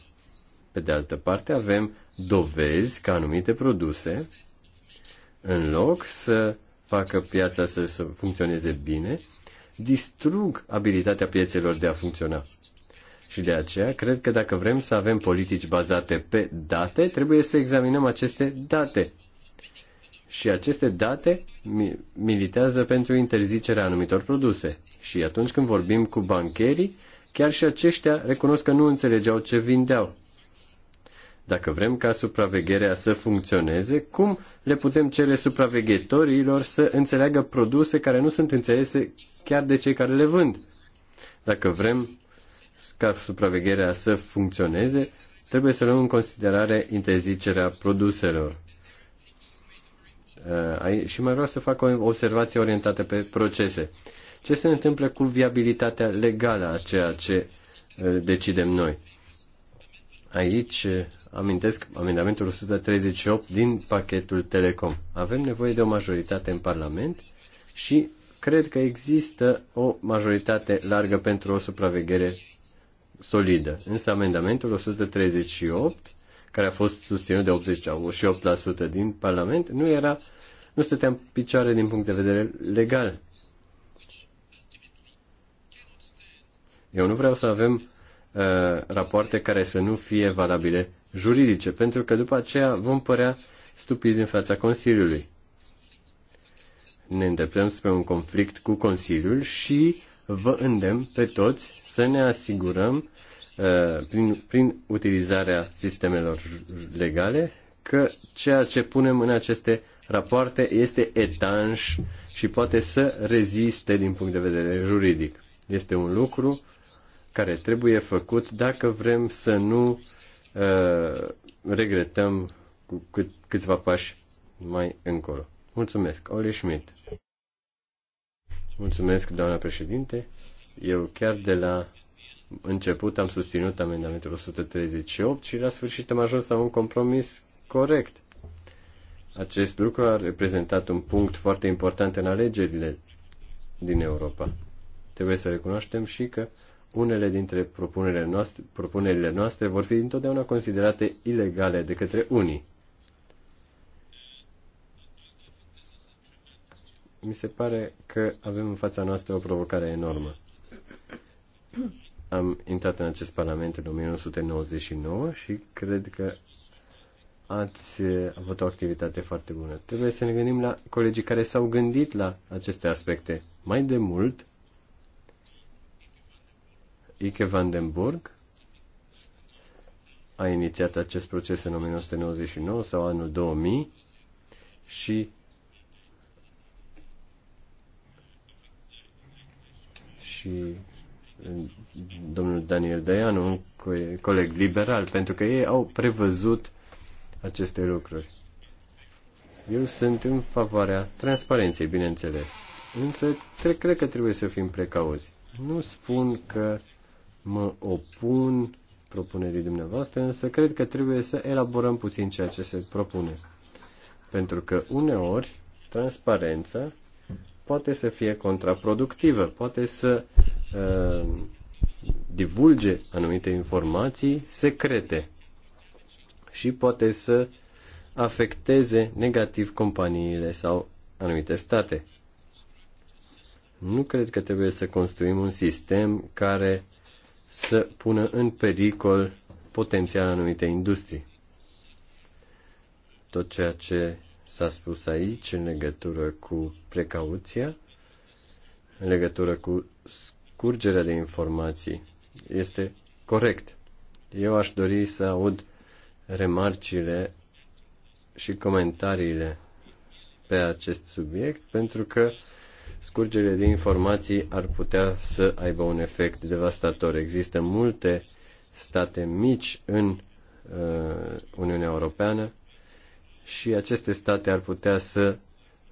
Pe de altă parte, avem dovezi că anumite produse în loc să facă piața să, să funcționeze bine, distrug abilitatea piețelor de a funcționa. Și de aceea, cred că dacă vrem să avem politici bazate pe date, trebuie să examinăm aceste date. Și aceste date militează pentru interzicerea anumitor produse. Și atunci când vorbim cu bancherii, chiar și aceștia recunosc că nu înțelegeau ce vindeau. Dacă vrem ca supravegherea să funcționeze, cum le putem cere supraveghetorilor să înțeleagă produse care nu sunt înțelese chiar de cei care le vând? Dacă vrem ca supravegherea să funcționeze, trebuie să luăm în considerare interzicerea produselor. Uh, și mai vreau să fac o observație orientată pe procese. Ce se întâmplă cu viabilitatea legală a ceea ce uh, decidem noi? Aici uh, amintesc amendamentul 138 din pachetul Telecom. Avem nevoie de o majoritate în Parlament și cred că există o majoritate largă pentru o supraveghere solidă. Însă amendamentul 138, care a fost susținut de 88% din Parlament, nu era nu stătea în picioare din punct de vedere legal. Eu nu vreau să avem uh, rapoarte care să nu fie valabile juridice, pentru că după aceea vom părea stupizi în fața Consiliului. Ne îndreptăm spre un conflict cu Consiliul și vă îndemn pe toți să ne asigurăm uh, prin, prin utilizarea sistemelor legale că ceea ce punem în aceste rapoarte este etanș și poate să reziste din punct de vedere juridic. Este un lucru care trebuie făcut dacă vrem să nu Uh, regretăm cu cât, câțiva pași mai încolo. Mulțumesc, Oli Schmidt. Mulțumesc, doamna președinte. Eu chiar de la început am susținut amendamentul 138 și la sfârșit am ajuns la un compromis corect. Acest lucru a reprezentat un punct foarte important în alegerile din Europa. Trebuie să recunoaștem și că unele dintre propunerile noastre, propunerile noastre vor fi întotdeauna considerate ilegale de către unii. Mi se pare că avem în fața noastră o provocare enormă. Am intrat în acest parlament în 1999 și cred că ați avut o activitate foarte bună. Trebuie să ne gândim la colegii care s-au gândit la aceste aspecte. Mai de mult, Ike Burg a inițiat acest proces în 1999 sau anul 2000 și și domnul Daniel Dayan, un coleg liberal, pentru că ei au prevăzut aceste lucruri. Eu sunt în favoarea transparenței, bineînțeles. Însă cred că trebuie să fim precauți. Nu spun că mă opun propunerii dumneavoastră, însă cred că trebuie să elaborăm puțin ceea ce se propune. Pentru că uneori transparența poate să fie contraproductivă, poate să uh, divulge anumite informații secrete și poate să afecteze negativ companiile sau anumite state. Nu cred că trebuie să construim un sistem care să pună în pericol potențial anumite industrii. Tot ceea ce s-a spus aici în legătură cu precauția, în legătură cu scurgerea de informații, este corect. Eu aș dori să aud remarcile și comentariile pe acest subiect, pentru că uh, scurgerile de informații ar putea să aibă un efect devastator. Există multe state mici în uh, Uniunea Europeană și aceste state ar putea să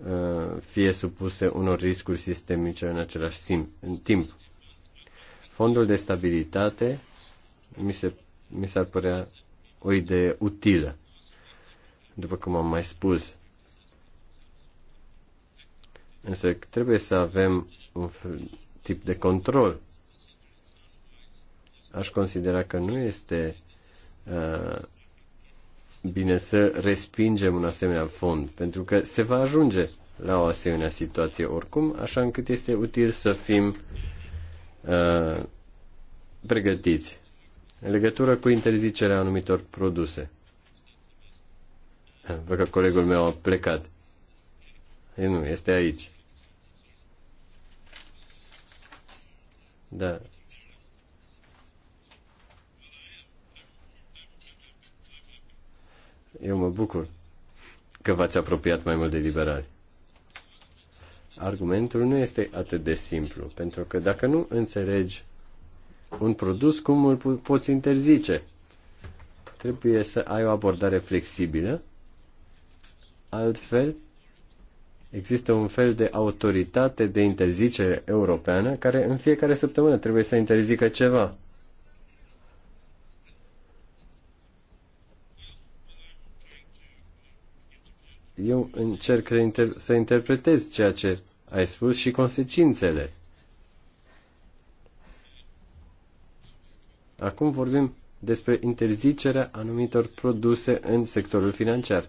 uh, fie supuse unor riscuri sistemice în același sim, în timp. Fondul de stabilitate mi, se, mi s-ar părea o idee utilă, după cum am mai spus Însă trebuie să avem un tip de control. Aș considera că nu este uh, bine să respingem un asemenea fond, pentru că se va ajunge la o asemenea situație oricum, așa încât este util să fim uh, pregătiți în legătură cu interzicerea anumitor produse. Văd că colegul meu a plecat. E, nu, este aici. Da. Eu mă bucur că v-ați apropiat mai mult de liberali. Argumentul nu este atât de simplu, pentru că dacă nu înțelegi un produs, cum îl poți interzice? Trebuie să ai o abordare flexibilă, altfel Există un fel de autoritate de interzicere europeană care în fiecare săptămână trebuie să interzică ceva. Eu încerc să, inter- să interpretez ceea ce ai spus și consecințele. Acum vorbim despre interzicerea anumitor produse în sectorul financiar.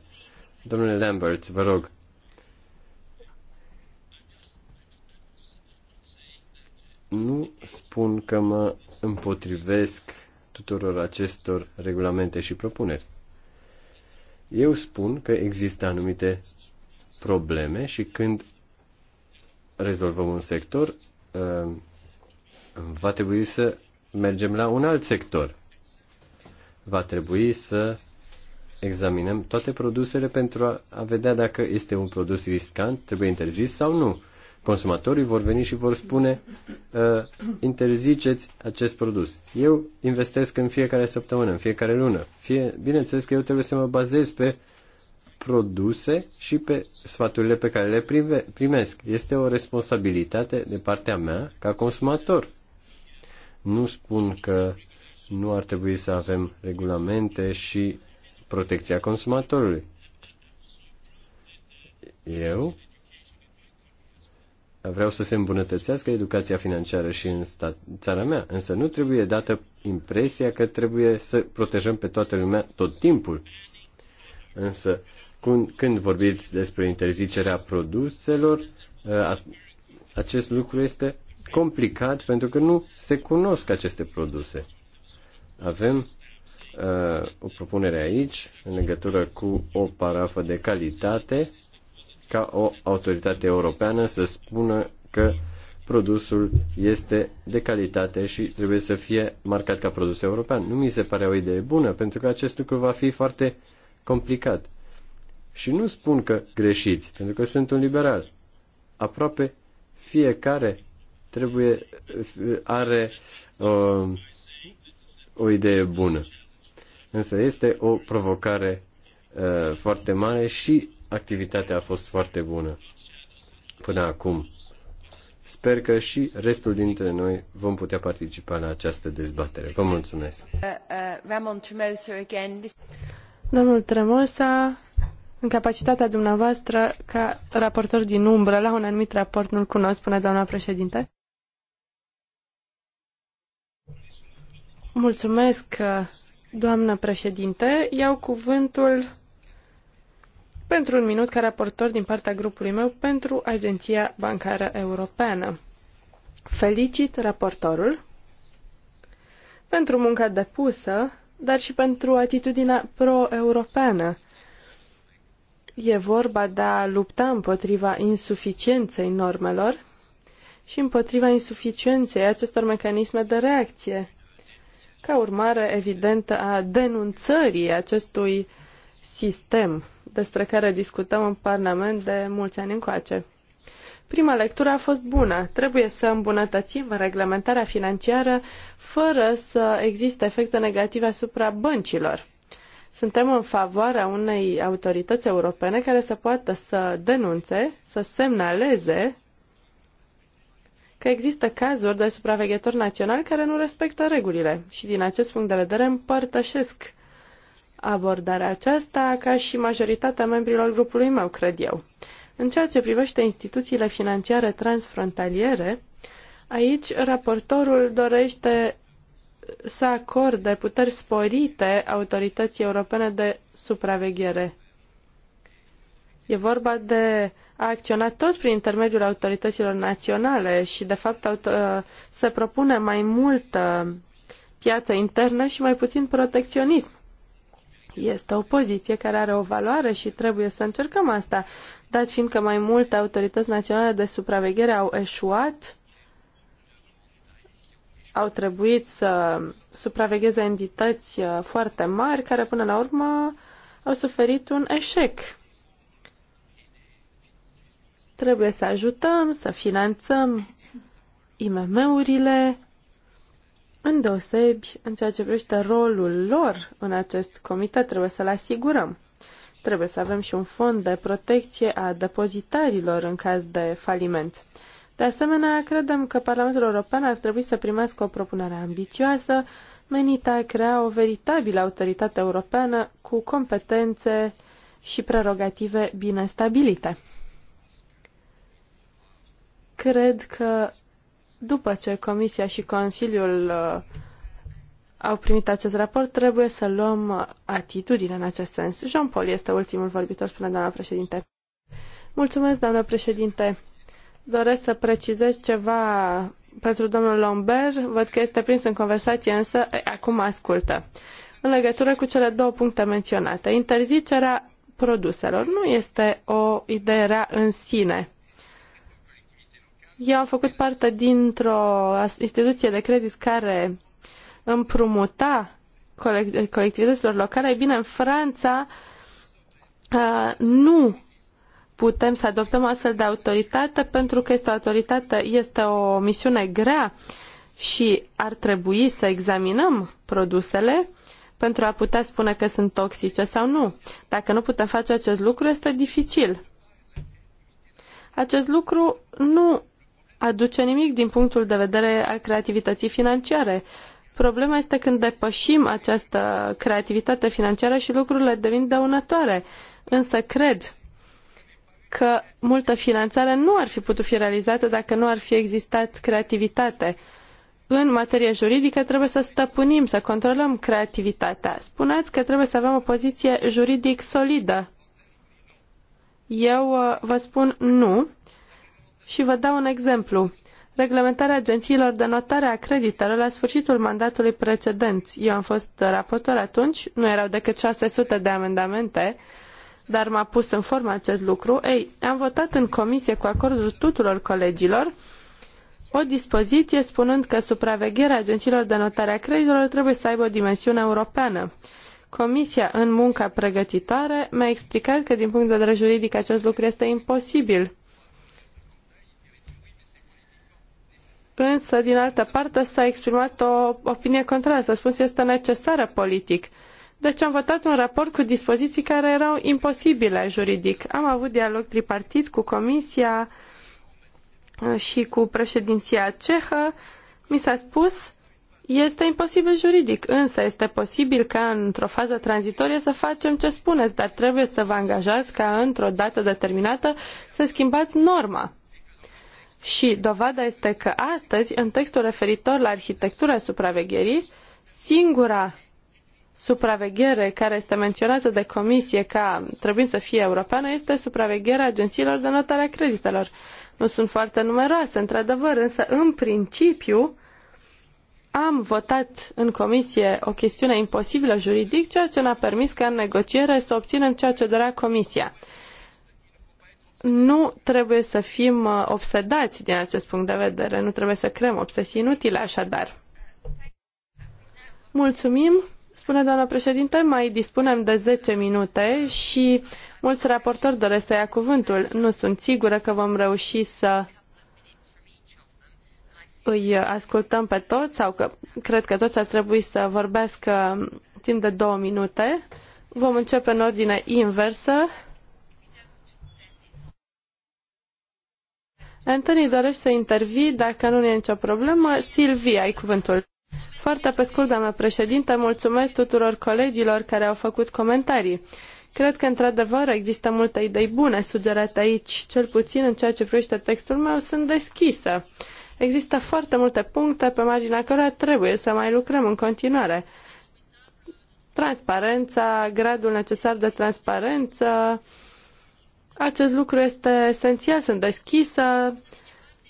Domnule Lambert, vă rog, nu spun că mă împotrivesc tuturor acestor regulamente și propuneri. Eu spun că există anumite probleme și când rezolvăm un sector, uh, va trebui să mergem la un alt sector. Va trebui să examinăm toate produsele pentru a, vedea dacă este un produs riscant, trebuie interzis sau nu consumatorii vor veni și vor spune ă, interziceți acest produs. Eu investesc în fiecare săptămână, în fiecare lună. Fie, bineînțeles că eu trebuie să mă bazez pe produse și pe sfaturile pe care le prive, primesc. Este o responsabilitate de partea mea ca consumator. Nu spun că nu ar trebui să avem regulamente și protecția consumatorului. Eu Vreau să se îmbunătățească educația financiară și în stat, țara mea, însă nu trebuie dată impresia că trebuie să protejăm pe toată lumea tot timpul. Însă, când vorbiți despre interzicerea produselor, ă, acest lucru este complicat pentru că nu se cunosc aceste produse. Avem uh, o propunere aici în legătură cu o parafă de calitate ca o autoritate europeană să spună că produsul este de calitate și trebuie să fie marcat ca produs european. Nu mi se pare o idee bună, pentru că acest lucru va fi foarte complicat. Și nu spun că greșiți, pentru că sunt un liberal. Aproape fiecare trebuie are uh, o idee bună. Însă este o provocare uh, foarte mare și activitatea a fost foarte bună până acum. Sper că și restul dintre noi vom putea participa la această dezbatere. Vă mulțumesc. Uh, uh, Tremosa Domnul Tremosa, în capacitatea dumneavoastră ca raportor din umbră la un anumit raport, nu-l cunosc, spune doamna președinte. Mulțumesc, doamnă președinte. Iau cuvântul pentru un minut ca raportor din partea grupului meu pentru Agenția Bancară Europeană. Felicit raportorul pentru munca depusă, dar și pentru atitudinea pro-europeană. E vorba de a lupta împotriva insuficienței normelor și împotriva insuficienței acestor mecanisme de reacție, ca urmare evidentă a denunțării acestui sistem despre care discutăm în Parlament de mulți ani încoace. Prima lectură a fost bună. Trebuie să îmbunătățim reglementarea financiară fără să existe efecte negative asupra băncilor. Suntem în favoarea unei autorități europene care să poată să denunțe, să semnaleze că există cazuri de supraveghetori naționali care nu respectă regulile și din acest punct de vedere împărtășesc abordarea aceasta, ca și majoritatea membrilor grupului meu, cred eu. În ceea ce privește instituțiile financiare transfrontaliere, aici raportorul dorește să acorde puteri sporite autorității europene de supraveghere. E vorba de a acționa tot prin intermediul autorităților naționale și, de fapt, se propune mai multă piață internă și mai puțin protecționism. Este o poziție care are o valoare și trebuie să încercăm asta, dat fiindcă mai multe autorități naționale de supraveghere au eșuat, au trebuit să supravegheze entități uh, foarte mari care până la urmă au suferit un eșec. Trebuie să ajutăm, să finanțăm IMM-urile, îndeosebi în ceea ce privește rolul lor în acest comitet, trebuie să-l asigurăm. Trebuie să avem și un fond de protecție a depozitarilor în caz de faliment. De asemenea, credem că Parlamentul European ar trebui să primească o propunere ambițioasă menită a crea o veritabilă autoritate europeană cu competențe și prerogative bine stabilite. Cred că după ce Comisia și Consiliul uh, au primit acest raport, trebuie să luăm atitudine în acest sens. Jean-Paul este ultimul vorbitor, spune doamna președinte. Mulțumesc, doamna președinte. Doresc să precizez ceva pentru domnul Lombert. Văd că este prins în conversație, însă acum ascultă. În legătură cu cele două puncte menționate, interzicerea produselor nu este o idee rea în sine eu am făcut parte dintr-o instituție de credit care împrumuta colectivităților locale. Ei bine, în Franța nu putem să adoptăm astfel de autoritate pentru că este o autoritate, este o misiune grea și ar trebui să examinăm produsele pentru a putea spune că sunt toxice sau nu. Dacă nu putem face acest lucru, este dificil. Acest lucru nu aduce nimic din punctul de vedere al creativității financiare. Problema este când depășim această creativitate financiară și lucrurile devin dăunătoare. Însă cred că multă finanțare nu ar fi putut fi realizată dacă nu ar fi existat creativitate. În materie juridică trebuie să stăpânim, să controlăm creativitatea. Spuneți că trebuie să avem o poziție juridic solidă. Eu uh, vă spun nu și vă dau un exemplu. Reglementarea agențiilor de notare a creditelor la sfârșitul mandatului precedent. Eu am fost raportor atunci, nu erau decât 600 de amendamente, dar m-a pus în formă acest lucru. Ei, am votat în comisie cu acordul tuturor colegilor o dispoziție spunând că supravegherea agențiilor de notare a creditelor trebuie să aibă o dimensiune europeană. Comisia, în munca pregătitoare, mi-a explicat că, din punct de vedere juridic, acest lucru este imposibil. însă, din altă parte, s-a exprimat o opinie contrară. S-a spus este necesară politic. Deci am votat un raport cu dispoziții care erau imposibile juridic. Am avut dialog tripartit cu Comisia uh, și cu președinția cehă. Mi s-a spus este imposibil juridic, însă este posibil ca într-o fază tranzitorie să facem ce spuneți, dar trebuie să vă angajați ca într-o dată determinată să schimbați norma. Și dovada este că astăzi, în textul referitor la arhitectura supravegherii, singura supraveghere care este menționată de comisie ca trebuind să fie europeană este supravegherea agențiilor de notare a creditelor. Nu sunt foarte numeroase, într-adevăr, însă în principiu am votat în comisie o chestiune imposibilă juridic, ceea ce ne-a permis ca în negociere să obținem ceea ce dorea comisia nu trebuie să fim uh, obsedați din acest punct de vedere, nu trebuie să creăm obsesii inutile așadar. Mulțumim, spune doamna președinte, mai dispunem de 10 minute și mulți raportori doresc să ia cuvântul. Nu sunt sigură că vom reuși să îi ascultăm pe toți sau că cred că toți ar trebui să vorbească timp de două minute. Vom începe în ordine inversă. Anthony, dorește să intervii? Dacă nu e nicio problemă, Silvia, ai cuvântul. Foarte pe scurt, doamnă președinte, mulțumesc tuturor colegilor care au făcut comentarii. Cred că, într-adevăr, există multe idei bune sugerate aici, cel puțin în ceea ce privește textul meu, sunt deschisă. Există foarte multe puncte pe marginea cărora trebuie să mai lucrăm în continuare. Transparența, gradul necesar de transparență, acest lucru este esențial, sunt deschisă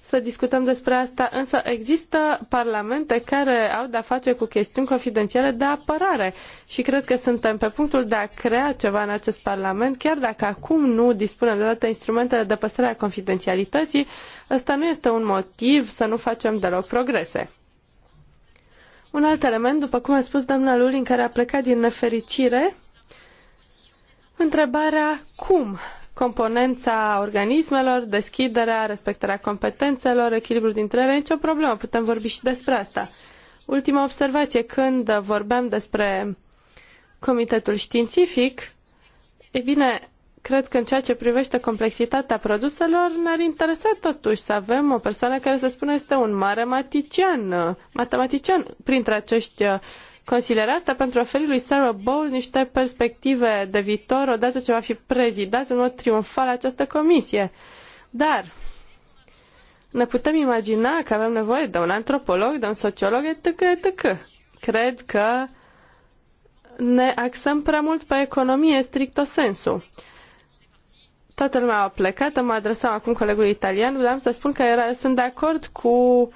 să discutăm despre asta, însă există parlamente care au de-a face cu chestiuni confidențiale de apărare și cred că suntem pe punctul de a crea ceva în acest parlament, chiar dacă acum nu dispunem de toate instrumentele de păstrare a confidențialității, ăsta nu este un motiv să nu facem deloc progrese. Un alt element, după cum a spus doamna Lulin, care a plecat din nefericire, întrebarea cum componența organismelor, deschiderea, respectarea competențelor, echilibrul dintre ele, nicio problemă, putem vorbi și despre asta. Ultima observație, când vorbeam despre comitetul științific, e bine, cred că în ceea ce privește complexitatea produselor, ne-ar interesa totuși să avem o persoană care să spună este un mare matematician, matematician printre acești Considerați asta pentru a oferi lui Sarah Bowles niște perspective de viitor odată ce va fi prezidat în mod triumfal această comisie. Dar ne putem imagina că avem nevoie de un antropolog, de un sociolog, etc., etc. Cred că ne axăm prea mult pe economie stricto sensu. Toată lumea a plecat, mă adresam acum colegului italian, vreau să spun că era, sunt de acord cu uh,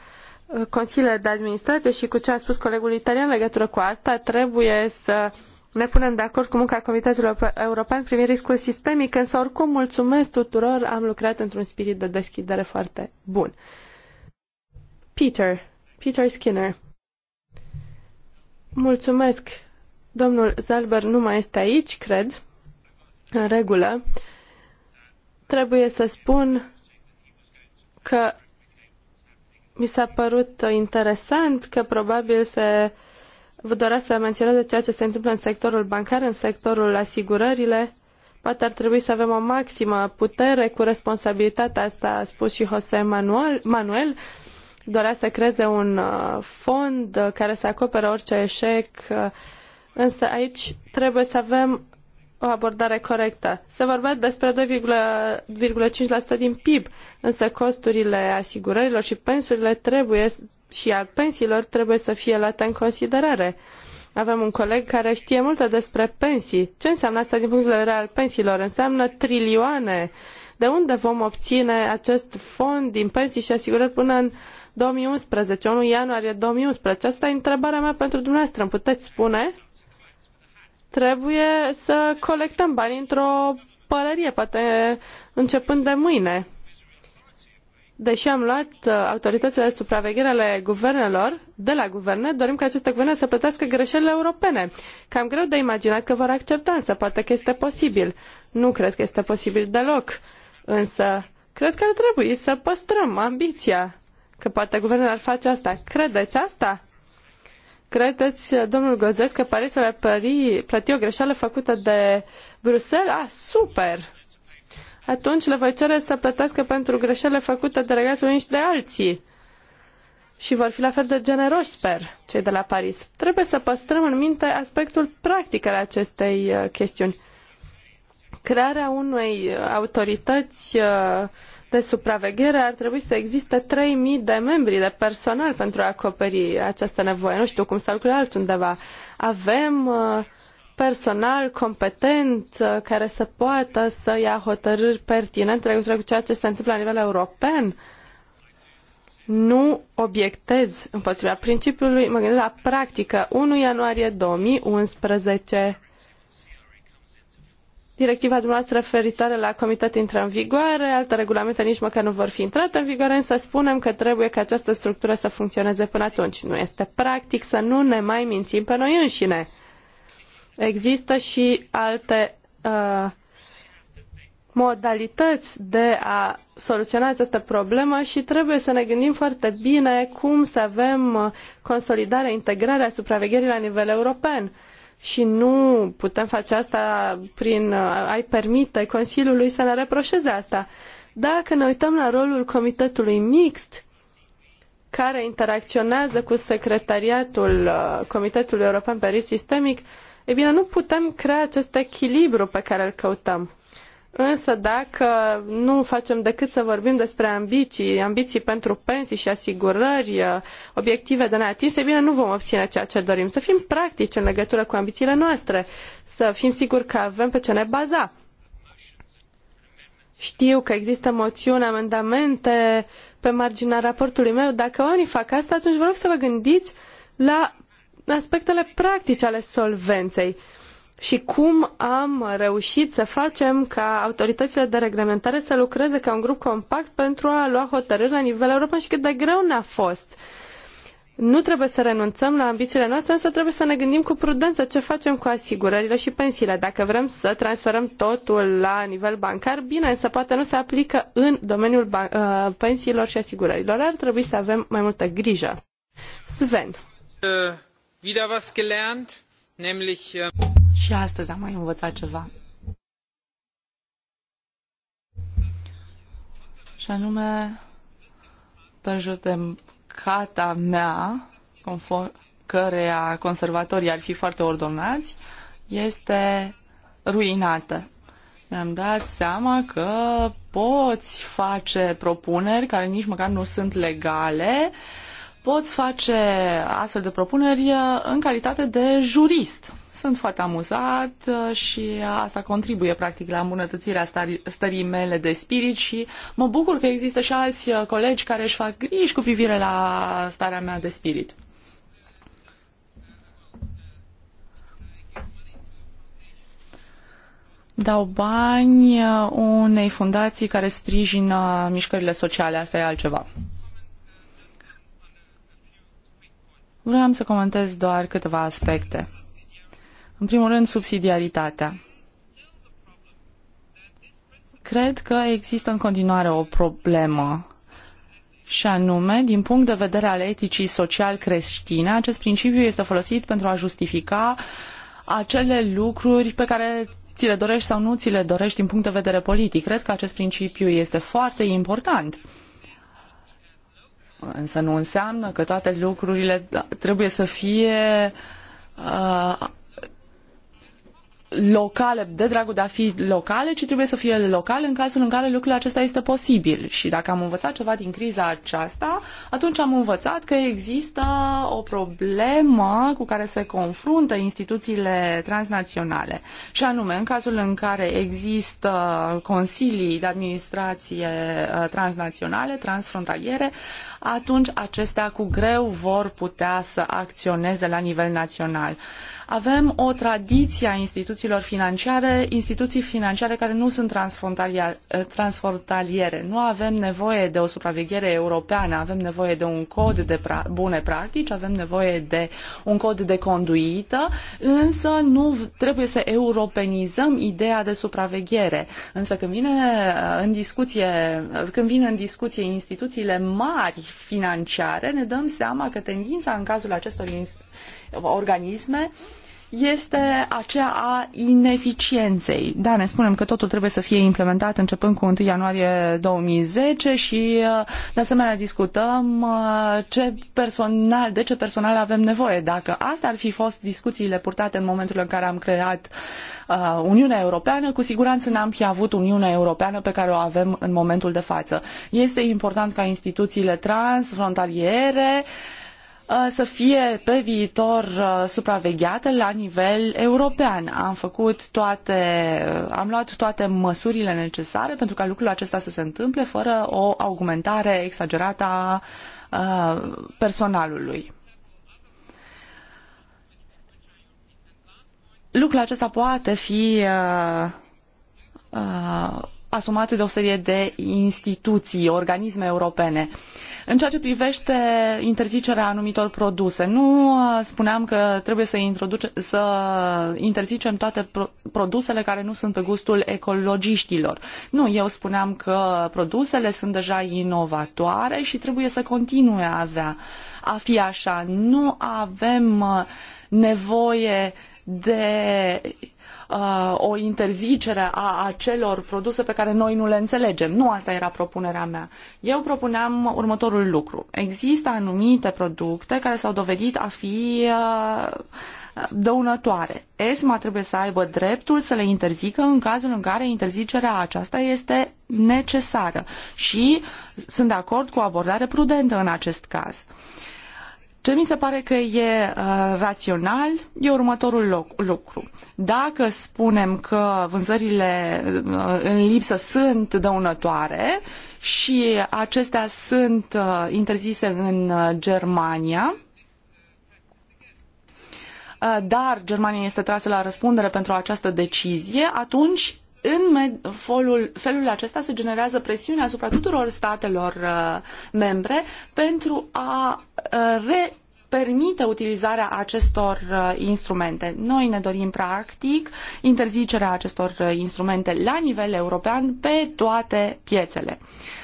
consiliile de administrație și cu ce a spus colegul italian în legătură cu asta, trebuie să ne punem de acord cu munca Comitetului European privind riscul sistemic, însă oricum mulțumesc tuturor, am lucrat într-un spirit de deschidere foarte bun. Peter, Peter Skinner. Mulțumesc. Domnul Zalber nu mai este aici, cred. În regulă. Trebuie să spun că mi s-a părut interesant că probabil se vă dorea să menționeze ceea ce se întâmplă în sectorul bancar, în sectorul asigurările. Poate ar trebui să avem o maximă putere cu responsabilitatea asta, a spus și Jose Manuel. Manuel dorea să creeze un uh, fond care să acopere orice eșec, uh, însă aici trebuie să avem o abordare corectă. Se vorbea despre 2,5% din PIB, însă costurile asigurărilor și pensurile trebuie și al pensiilor trebuie să fie luate în considerare. Avem un coleg care știe multe despre pensii. Ce înseamnă asta din punct de vedere al pensiilor? Înseamnă trilioane. De unde vom obține acest fond din pensii și asigurări până în 2011, 1 ianuarie 2011? Asta e întrebarea mea pentru dumneavoastră. Îmi puteți spune? trebuie să colectăm bani într-o pălărie, poate începând de mâine. Deși am luat uh, autoritățile de supraveghere ale guvernelor, de la guverne, dorim ca aceste guverne să plătească greșelile europene. Cam greu de imaginat că vor accepta, însă poate că este posibil. Nu cred că este posibil deloc, însă cred că ar trebui să păstrăm ambiția că poate guvernul ar face asta. Credeți asta? Credeți, domnul Gozes, că Parisul ar pări, plăti o greșeală făcută de Bruxelles? Ah, super! Atunci le voi cere să plătească pentru greșele făcute de regați unii și de alții. Și vor fi la fel de generoși, sper, cei de la Paris. Trebuie să păstrăm în minte aspectul practic al acestei uh, chestiuni. Crearea unei autorități uh, de supraveghere, ar trebui să existe 3.000 de membri de personal pentru a acoperi această nevoie. Nu știu cum s-a lucrat altundeva. Avem uh, personal competent uh, care să poată să ia hotărâri pertinente legătură cu ceea ce se întâmplă la nivel european? nu obiectez împotriva principiului, mă gândesc la practică 1 ianuarie 2011 directiva dumneavoastră referitoare la comitet intră în vigoare, alte regulamente nici măcar nu vor fi intrate în vigoare, însă spunem că trebuie ca această structură să funcționeze până atunci. Nu este practic să nu ne mai mințim pe noi înșine. Există și alte uh, modalități de a soluționa această problemă și trebuie să ne gândim foarte bine cum să avem consolidarea, integrarea supravegherii la nivel european. Uh, și nu putem face asta prin uh, a-i permite Consiliului să ne reproșeze asta. Dacă ne uităm la rolul comitetului mixt, care interacționează cu secretariatul uh, Comitetului European pe Risc Sistemic, e bine, nu putem crea acest echilibru pe care îl căutăm. Însă dacă nu facem decât să vorbim despre ambiții, ambiții pentru pensii și asigurări, obiective de neatinse, bine, nu vom obține ceea ce dorim. Să fim practici în legătură cu ambițiile noastre, să fim siguri că avem pe ce ne baza. Știu că există moțiuni, amendamente pe marginea raportului meu. Dacă oamenii fac asta, atunci vă rog să vă gândiți la aspectele practice ale solvenței și cum am reușit să facem ca autoritățile de reglementare să lucreze ca un grup compact pentru a lua hotărâri la nivel european și cât de greu ne-a fost. Nu trebuie să renunțăm la ambițiile noastre, însă trebuie să ne gândim cu prudență ce facem cu asigurările și pensiile. Dacă vrem să transferăm totul la nivel bancar, bine, însă poate nu se aplică în domeniul uh, pensiilor și asigurărilor. Ar trebui să avem mai multă grijă. Sven. Uh, wieder was gelernt, nämlich, uh... Și astăzi am mai învățat ceva. Și anume, cata mea, conform căreia conservatorii ar fi foarte ordonați, este ruinată. Mi-am dat seama că poți face propuneri care nici măcar nu sunt legale, uh, poți face astfel de propuneri uh, în calitate de jurist. Sunt foarte amuzat uh, și asta contribuie practic la îmbunătățirea stării mele de spirit și mă bucur că există și alți uh, colegi care își fac griji cu privire la starea mea de spirit. dau bani unei fundații care sprijină mișcările sociale. Asta e altceva. Vreau să comentez doar câteva aspecte. În primul rând, subsidiaritatea. Cred că există în continuare o problemă și anume, din punct de vedere al eticii social-creștine, acest principiu este folosit pentru a justifica acele lucruri pe care ți le dorești sau nu ți le dorești din punct de vedere politic. Cred că acest principiu este foarte important. Însă nu înseamnă că toate lucrurile trebuie să fie uh, locale de dragul de a fi locale, ci trebuie să fie locale în cazul în care lucrul acesta este posibil. Și dacă am învățat ceva din criza aceasta, atunci am învățat că există o problemă cu care se confruntă instituțiile transnaționale. Și anume, în cazul în care există consilii de administrație uh, transnaționale, transfrontaliere, atunci acestea cu greu vor putea să acționeze la nivel național. Avem o tradiție a instituțiilor financiare, instituții financiare care nu sunt transfrontaliere. Nu avem nevoie de o supraveghere europeană, avem nevoie de un cod de pra- bune practici, avem nevoie de un cod de conduită, însă nu trebuie să europenizăm ideea de supraveghere. Însă când vine uh, în discuție, uh, când vine în discuție instituțiile mari financiare, ne dăm seama că tendința în cazul acestor organisme este aceea a ineficienței. Da, ne spunem că totul trebuie să fie implementat începând cu 1 ianuarie 2010 și de asemenea discutăm uh, ce personal, de ce personal avem nevoie. Dacă astea ar fi fost discuțiile purtate în momentul în care am creat uh, Uniunea Europeană, cu siguranță n-am fi avut Uniunea Europeană pe care o avem în momentul de față. Este important ca instituțiile transfrontaliere Uh, să fie pe viitor uh, supravegheată la nivel european. Am făcut toate, uh, am luat toate măsurile necesare pentru ca lucrul acesta să se întâmple fără o augmentare exagerată a personalului. Lucrul acesta poate fi asumat de o serie de instituții, organisme europene. Uh, în ceea ce privește interzicerea anumitor produse, nu uh, spuneam că trebuie să, introduce, să interzicem toate pro produsele care nu sunt pe gustul ecologiștilor. Nu, eu spuneam că produsele sunt deja inovatoare și trebuie să continue a avea a fi așa. Nu avem uh, nevoie de Uh, o interzicere a acelor produse pe care noi nu le înțelegem. Nu asta era propunerea mea. Eu propuneam următorul lucru. Există anumite producte care s-au dovedit a fi uh, dăunătoare. ESMA trebuie să aibă dreptul să le interzică în cazul în care interzicerea aceasta este necesară și sunt de acord cu o abordare prudentă în acest caz. Ce mi se pare că e uh, rațional e următorul loc, lucru. Dacă spunem că vânzările uh, în lipsă sunt dăunătoare și acestea sunt uh, interzise în uh, Germania, uh, dar Germania este trasă la răspundere pentru această decizie, atunci în folul, felul acesta se generează presiune asupra tuturor statelor uh, membre pentru a uh, re permite utilizarea acestor uh, instrumente. Noi ne dorim practic interzicerea acestor uh, instrumente la nivel european pe toate piețele.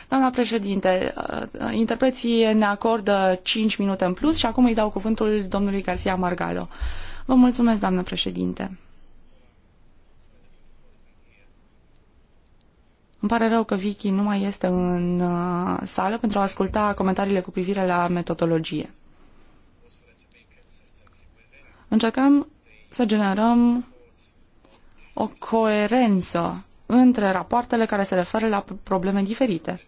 Doamna președinte, uh, interpreții ne acordă 5 minute în plus și acum îi dau cuvântul domnului Garcia Margalo. Vă mulțumesc, doamnă președinte. Îmi pare rău că Vicky nu mai este în uh, sală pentru a asculta comentariile cu privire la metodologie. Încercăm să generăm o coerență între rapoartele care se referă la probleme diferite.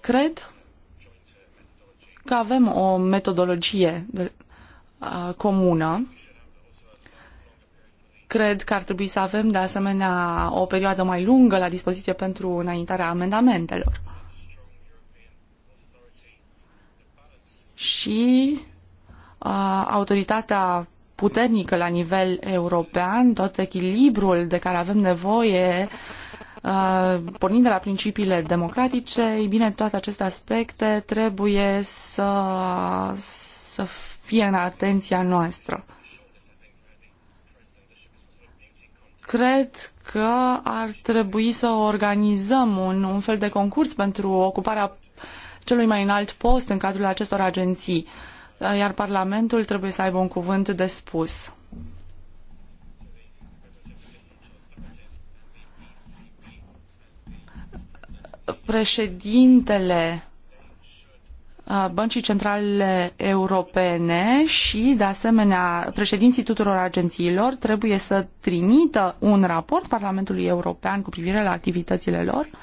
Cred că avem o metodologie de, uh, comună. Cred că ar trebui să avem, de asemenea, o perioadă mai lungă la dispoziție pentru înaintarea amendamentelor. Și uh, autoritatea puternică la nivel european, tot echilibrul de care avem nevoie uh, Uh, pornind de la principiile democratice, ei bine, toate aceste aspecte trebuie să, să fie în atenția noastră. Cred că ar trebui să organizăm un, un fel de concurs pentru ocuparea celui mai înalt post în cadrul acestor agenții, uh, iar Parlamentul trebuie să aibă un cuvânt de spus. președintele Băncii Centrale Europene și, de asemenea, președinții tuturor agențiilor trebuie să trimită un raport Parlamentului European cu privire la activitățile lor uh,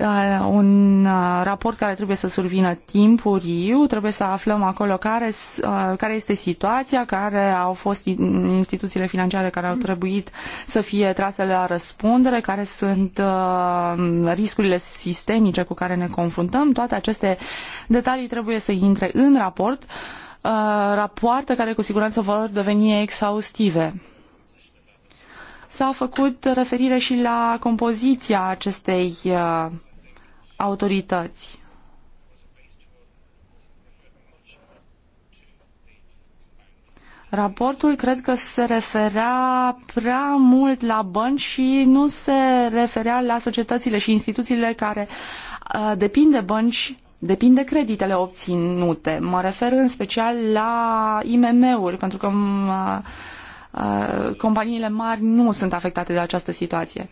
Uh, un uh, raport care trebuie să survină timpuriu, trebuie să aflăm acolo care, uh, care este situația, care au fost instituțiile financiare care au trebuit să fie trase la răspundere, care sunt riscurile sistemice cu care ne confruntăm. Toate aceste detalii trebuie să intre în raport, rapoarte care cu siguranță vor deveni exhaustive s-a făcut referire și la compoziția acestei autorități. Raportul cred că se referea prea mult la bănci și nu se referea la societățile și instituțiile care uh, depind de bănci, depind de creditele obținute. Mă refer în special la IMM-uri, pentru că uh, uh, companiile mari nu sunt afectate de această situație.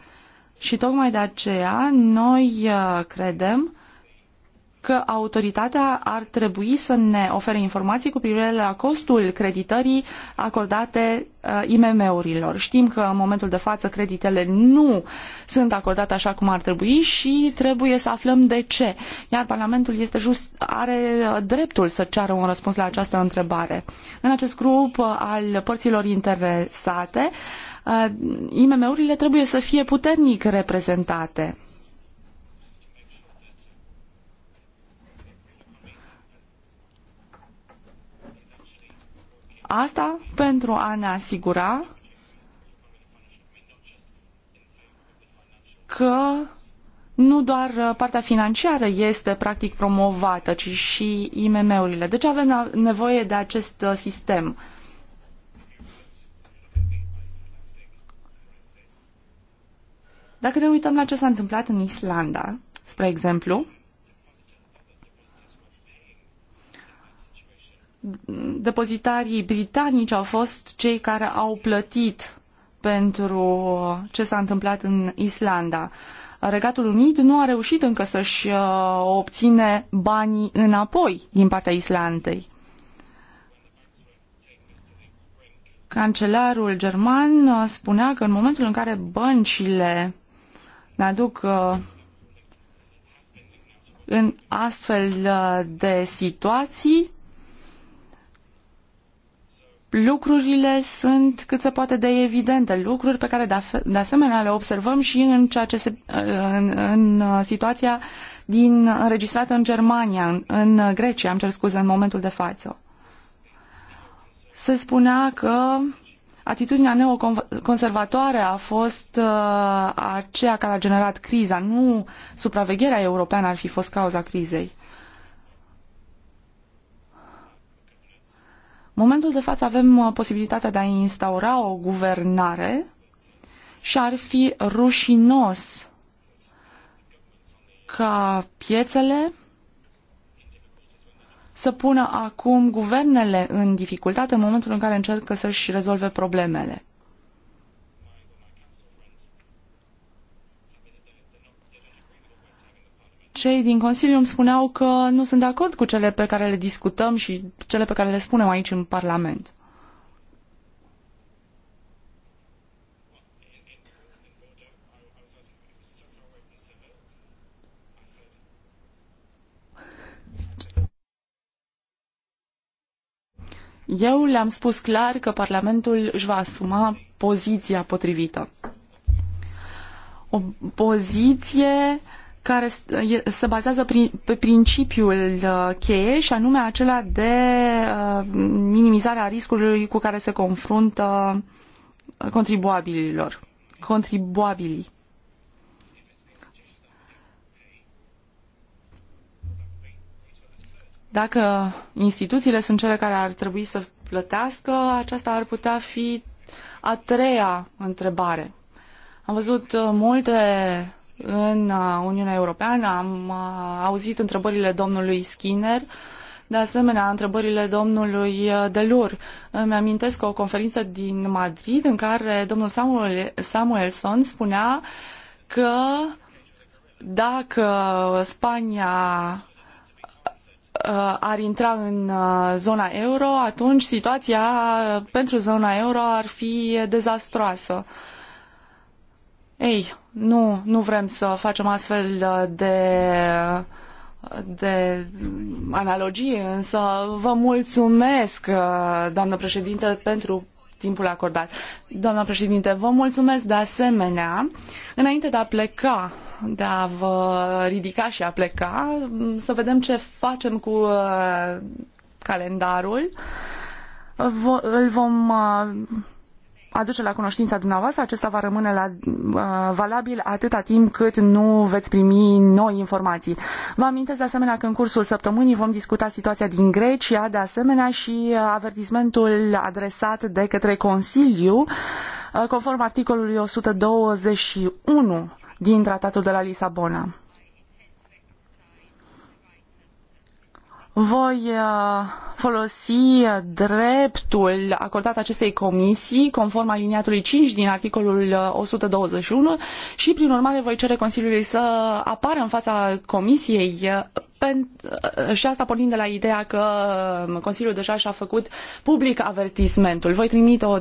Și tocmai de aceea noi uh, credem că autoritatea ar trebui să ne ofere informații cu privire la costul creditării acordate uh, IMM-urilor. Știm că în momentul de față creditele nu sunt acordate așa cum ar trebui și trebuie să aflăm de ce. Iar Parlamentul este just, are uh, dreptul să ceară un răspuns la această întrebare. În acest grup uh, al părților interesate uh, Uh, IMM-urile trebuie să fie puternic reprezentate. Asta pentru a ne asigura că nu doar partea financiară este practic promovată, ci și IMM-urile. Deci avem nevoie de acest uh, sistem. Dacă ne uităm la ce s-a întâmplat în Islanda, spre exemplu, depozitarii britanici au fost cei care au plătit pentru ce s-a întâmplat în Islanda. Regatul Unit nu a reușit încă să-și uh, obține banii înapoi din partea Islandei. Cancelarul german uh, spunea că în momentul în care băncile ne-aduc uh, în astfel uh, de situații, lucrurile sunt cât se poate de evidente, lucruri pe care de asemenea le observăm și în, ceea ce se, uh, în, în situația din înregistrată în Germania, în, în Grecia, am cer scuze, în momentul de față. Se spunea că Atitudinea neoconservatoare a fost uh, aceea care a generat criza, nu supravegherea europeană ar fi fost cauza crizei. momentul de față avem uh, posibilitatea de a instaura o guvernare și ar fi rușinos ca piețele să pună acum guvernele în dificultate în momentul în care încercă să-și rezolve problemele. Cei din Consiliu îmi spuneau că nu sunt de acord cu cele pe care le discutăm și cele pe care le spunem aici în Parlament. Eu le-am spus clar că Parlamentul își va asuma poziția potrivită. O poziție care se bazează pe principiul uh, cheie și anume acela de uh, minimizarea riscului cu care se confruntă uh, contribuabililor, contribuabilii. Dacă instituțiile sunt cele care ar trebui să plătească, aceasta ar putea fi a treia întrebare. Am văzut uh, multe în uh, Uniunea Europeană, am uh, auzit întrebările domnului Skinner, de asemenea întrebările domnului Delur. Îmi amintesc o conferință din Madrid în care domnul Samuel, Samuelson spunea că dacă Spania Uh, ar intra în uh, zona euro, atunci situația uh, pentru zona euro ar fi dezastroasă. Ei, nu, nu vrem să facem astfel de de analogie, însă vă mulțumesc, doamnă președinte, pentru timpul acordat. Doamna președinte, vă mulțumesc de asemenea. Înainte de a pleca de a vă ridica și a pleca, să vedem ce facem cu uh, calendarul. Îl vom uh, aduce la cunoștința dumneavoastră, acesta va rămâne la, uh, valabil atâta timp cât nu veți primi noi informații. Vă amintesc de asemenea că în cursul săptămânii vom discuta situația din Grecia, de asemenea și uh, avertismentul adresat de către Consiliu, uh, conform articolului 121 din tratatul de la Lisabona. Voi uh, folosi uh, dreptul acordat acestei comisii conform aliniatului 5 din articolul 121 uh, și prin urmare voi cere Consiliului să apară în fața comisiei și asta pornind de la ideea că Consiliul deja și-a făcut public avertismentul. Voi trimite o